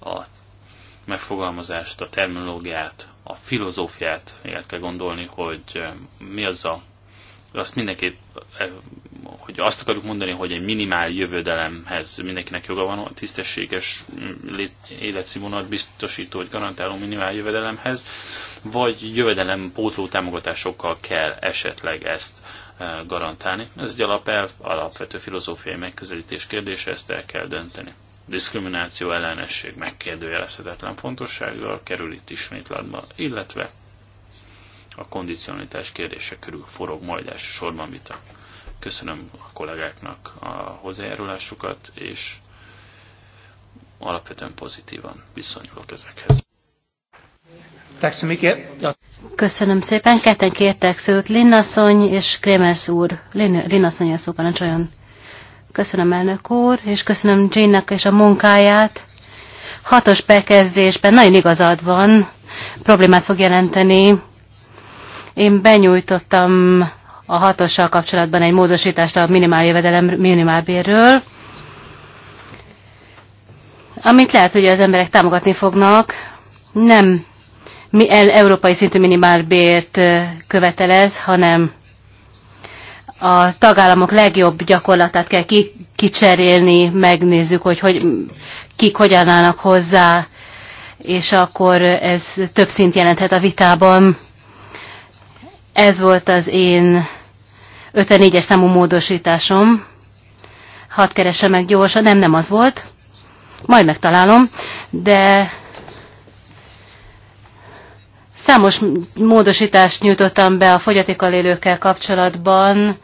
A megfogalmazást, a terminológiát, a filozófiát el kell gondolni, hogy eh, mi az a azt mindenképp, eh, hogy azt akarjuk mondani, hogy egy minimál jövedelemhez mindenkinek joga van, a tisztességes mm, életszínvonalat biztosító, hogy garantáló minimál jövedelemhez, vagy jövedelem pótló támogatásokkal kell esetleg ezt Eh, garantálni. Ez egy alapelv, alapvető filozófiai megközelítés kérdése, ezt el kell dönteni. A diszkrimináció ellenesség megkérdőjelezhetetlen fontossággal kerül itt ismétlatba, illetve a kondicionalitás kérdése körül forog majd elsősorban vita. Köszönöm a kollégáknak a hozzájárulásukat, és alapvetően pozitívan viszonyulok ezekhez. Köszönöm szépen, ketten kértek szót, Linnasszony és Kremers úr. Linnasszony a szó parancsoljon. Köszönöm elnök úr, és köszönöm jane és a munkáját. Hatos bekezdésben nagyon igazad van, problémát fog jelenteni. Én benyújtottam a hatossal kapcsolatban egy módosítást a minimál jövedelem minimálbérről, amit lehet, hogy az emberek támogatni fognak. Nem mi el európai szintű minimálbért követelez, hanem a tagállamok legjobb gyakorlatát kell kicserélni, megnézzük, hogy, hogy kik hogyan állnak hozzá, és akkor ez több szint jelenthet a vitában. Ez volt az én 54-es számú módosításom. Hadd keresse meg gyorsan, nem, nem az volt. Majd megtalálom, de Számos módosítást nyújtottam be a fogyatékkal élőkkel kapcsolatban,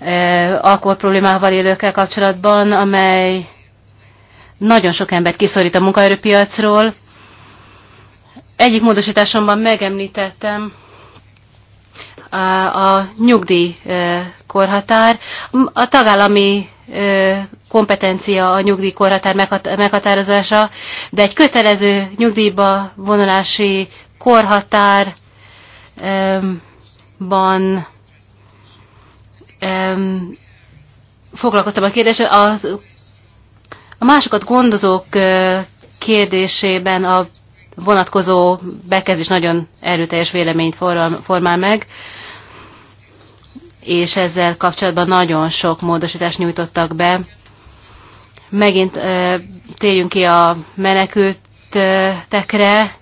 e, alkoholproblémával élőkkel kapcsolatban, amely nagyon sok embert kiszorít a munkaerőpiacról. Egyik módosításomban megemlítettem a, a nyugdíj e, korhatár. A tagállami e, kompetencia a nyugdíj korhatár meghatározása, de egy kötelező nyugdíjba vonulási korhatárban foglalkoztam a kérdésre. A, a másokat gondozók kérdésében a vonatkozó bekezdés nagyon erőteljes véleményt formál meg, és ezzel kapcsolatban nagyon sok módosítást nyújtottak be. Megint térjünk ki a menekültekre.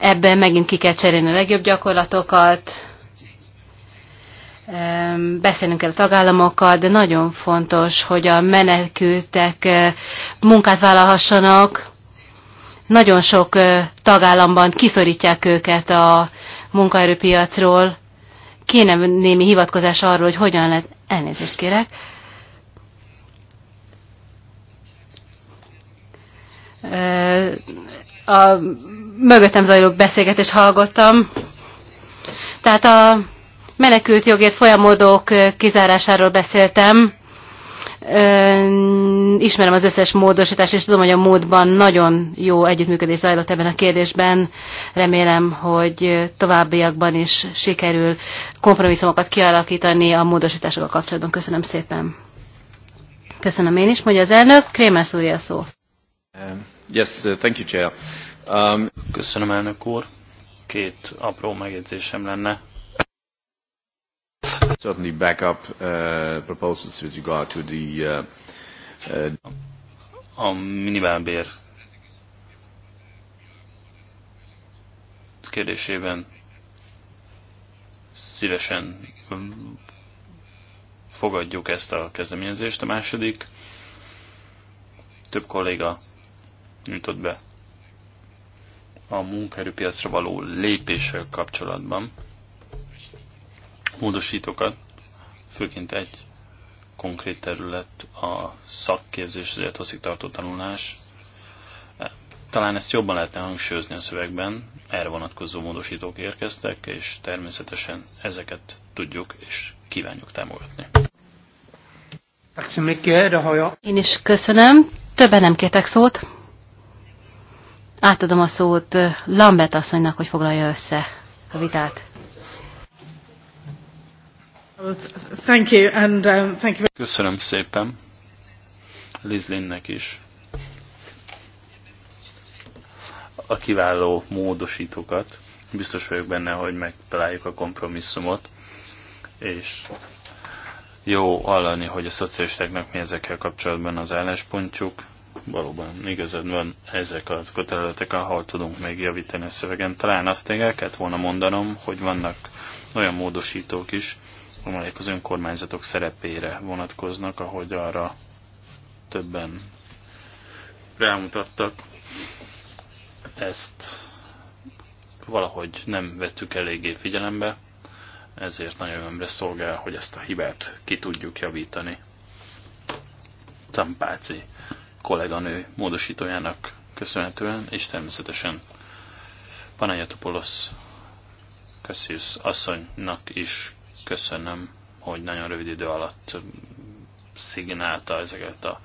Ebben megint ki kell cserélni a legjobb gyakorlatokat, beszélnünk kell a tagállamokkal, de nagyon fontos, hogy a menekültek eh, munkát vállalhassanak. Nagyon sok eh, tagállamban kiszorítják őket a munkaerőpiacról. Kéne némi hivatkozás arról, hogy hogyan lehet... Elnézést kérek. A mögöttem zajló beszélgetést hallgattam. Tehát a menekült jogért folyamodók kizárásáról beszéltem. Ismerem az összes módosítást, és tudom, hogy a módban nagyon jó együttműködés zajlott ebben a kérdésben. Remélem, hogy továbbiakban is sikerül kompromisszumokat kialakítani a módosításokkal kapcsolatban. Köszönöm szépen. Köszönöm én is, mondja az elnök. Krémász úr szó. Um, yes, uh, thank you, Chair. Um, Köszönöm, elnök úr. Két apró megjegyzésem lenne. Certainly back up uh, proposals with regard to the uh, uh, a minimálbér kérdésében szívesen um, fogadjuk ezt a kezdeményezést. A második több kolléga nyitott be a munkaerőpiacra való lépéssel kapcsolatban módosítókat, főként egy konkrét terület a szakképzés, az élethosszig tartó tanulás. Talán ezt jobban lehetne hangsúlyozni a szövegben, erre vonatkozó módosítók érkeztek, és természetesen ezeket tudjuk és kívánjuk támogatni. Én is köszönöm. Többen nem kértek szót. Átadom a szót Lambert asszonynak, hogy foglalja össze a vitát. Thank you, and, um, thank you. Köszönöm szépen Lizlinnek is a kiváló módosítókat. Biztos vagyok benne, hogy megtaláljuk a kompromisszumot, és jó hallani, hogy a szocialistáknak mi ezekkel kapcsolatban az álláspontjuk, valóban igazad van, ezek az a ahol tudunk még javítani a szövegen. Talán azt még el kellett volna mondanom, hogy vannak olyan módosítók is, amelyek az önkormányzatok szerepére vonatkoznak, ahogy arra többen rámutattak. Ezt valahogy nem vettük eléggé figyelembe, ezért nagyon ömre szolgál, hogy ezt a hibát ki tudjuk javítani. Campáci kolléganő módosítójának köszönhetően, és természetesen Panayatopoulos Kasszius asszonynak is köszönöm, hogy nagyon rövid idő alatt szignálta ezeket a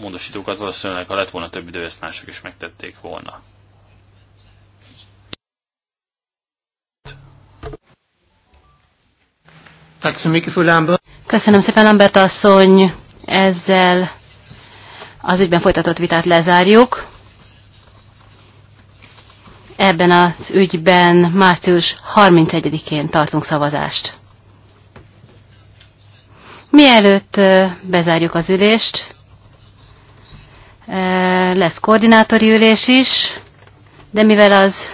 módosítókat. Valószínűleg, ha lett volna több idő, ezt mások is megtették volna. Tack så mycket för Köszönöm szépen, Lambert asszony. Ezzel az ügyben folytatott vitát lezárjuk. Ebben az ügyben március 31-én tartunk szavazást. Mielőtt bezárjuk az ülést, lesz koordinátori ülés is, de mivel az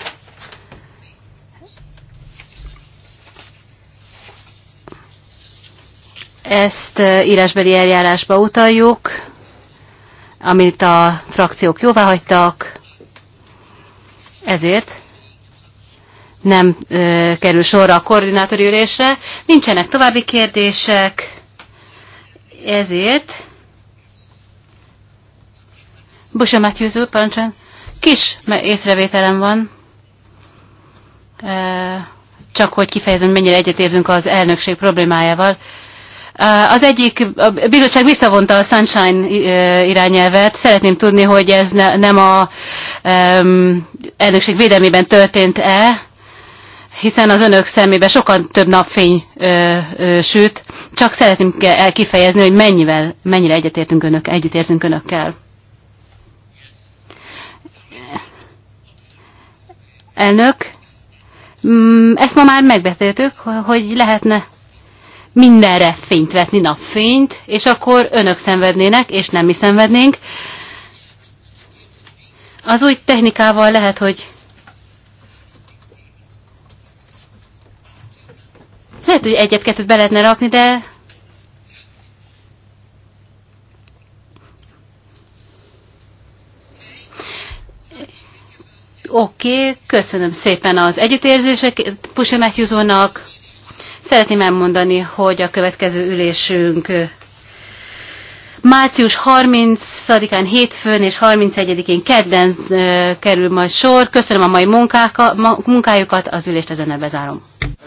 Ezt írásbeli eljárásba utaljuk, amit a frakciók jóváhagytak, ezért nem ö, kerül sorra a koordinátori ülésre. Nincsenek további kérdések, ezért Busa Matthews úr, parancsán. Kis észrevételem van, csak hogy kifejezem, mennyire egyetérzünk az elnökség problémájával. Eh, az egyik, a bizottság visszavonta a Sunshine eh, irányelvet. Szeretném tudni, hogy ez ne, nem a um, elnökség védelmében történt-e, hiszen az önök szemébe sokkal több napfény ö, ö, süt. Csak szeretném el kifejezni, hogy mennyivel, mennyire egyetértünk önök, együttérzünk önökkel. Elnök, mm, ezt ma már megbeszéltük, hogy lehetne mindenre fényt vetni, napfényt, és akkor önök szenvednének, és nem mi szenvednénk. Az új technikával lehet, hogy lehet, hogy egyet-kettőt be lehetne rakni, de Oké, okay, köszönöm szépen az együttérzések Puse Matthews úrnak Szeretném elmondani, hogy a következő ülésünk március 30-án hétfőn és 31-én kedden kerül majd sor. Köszönöm a mai munkájukat, az ülést ezen bezárom.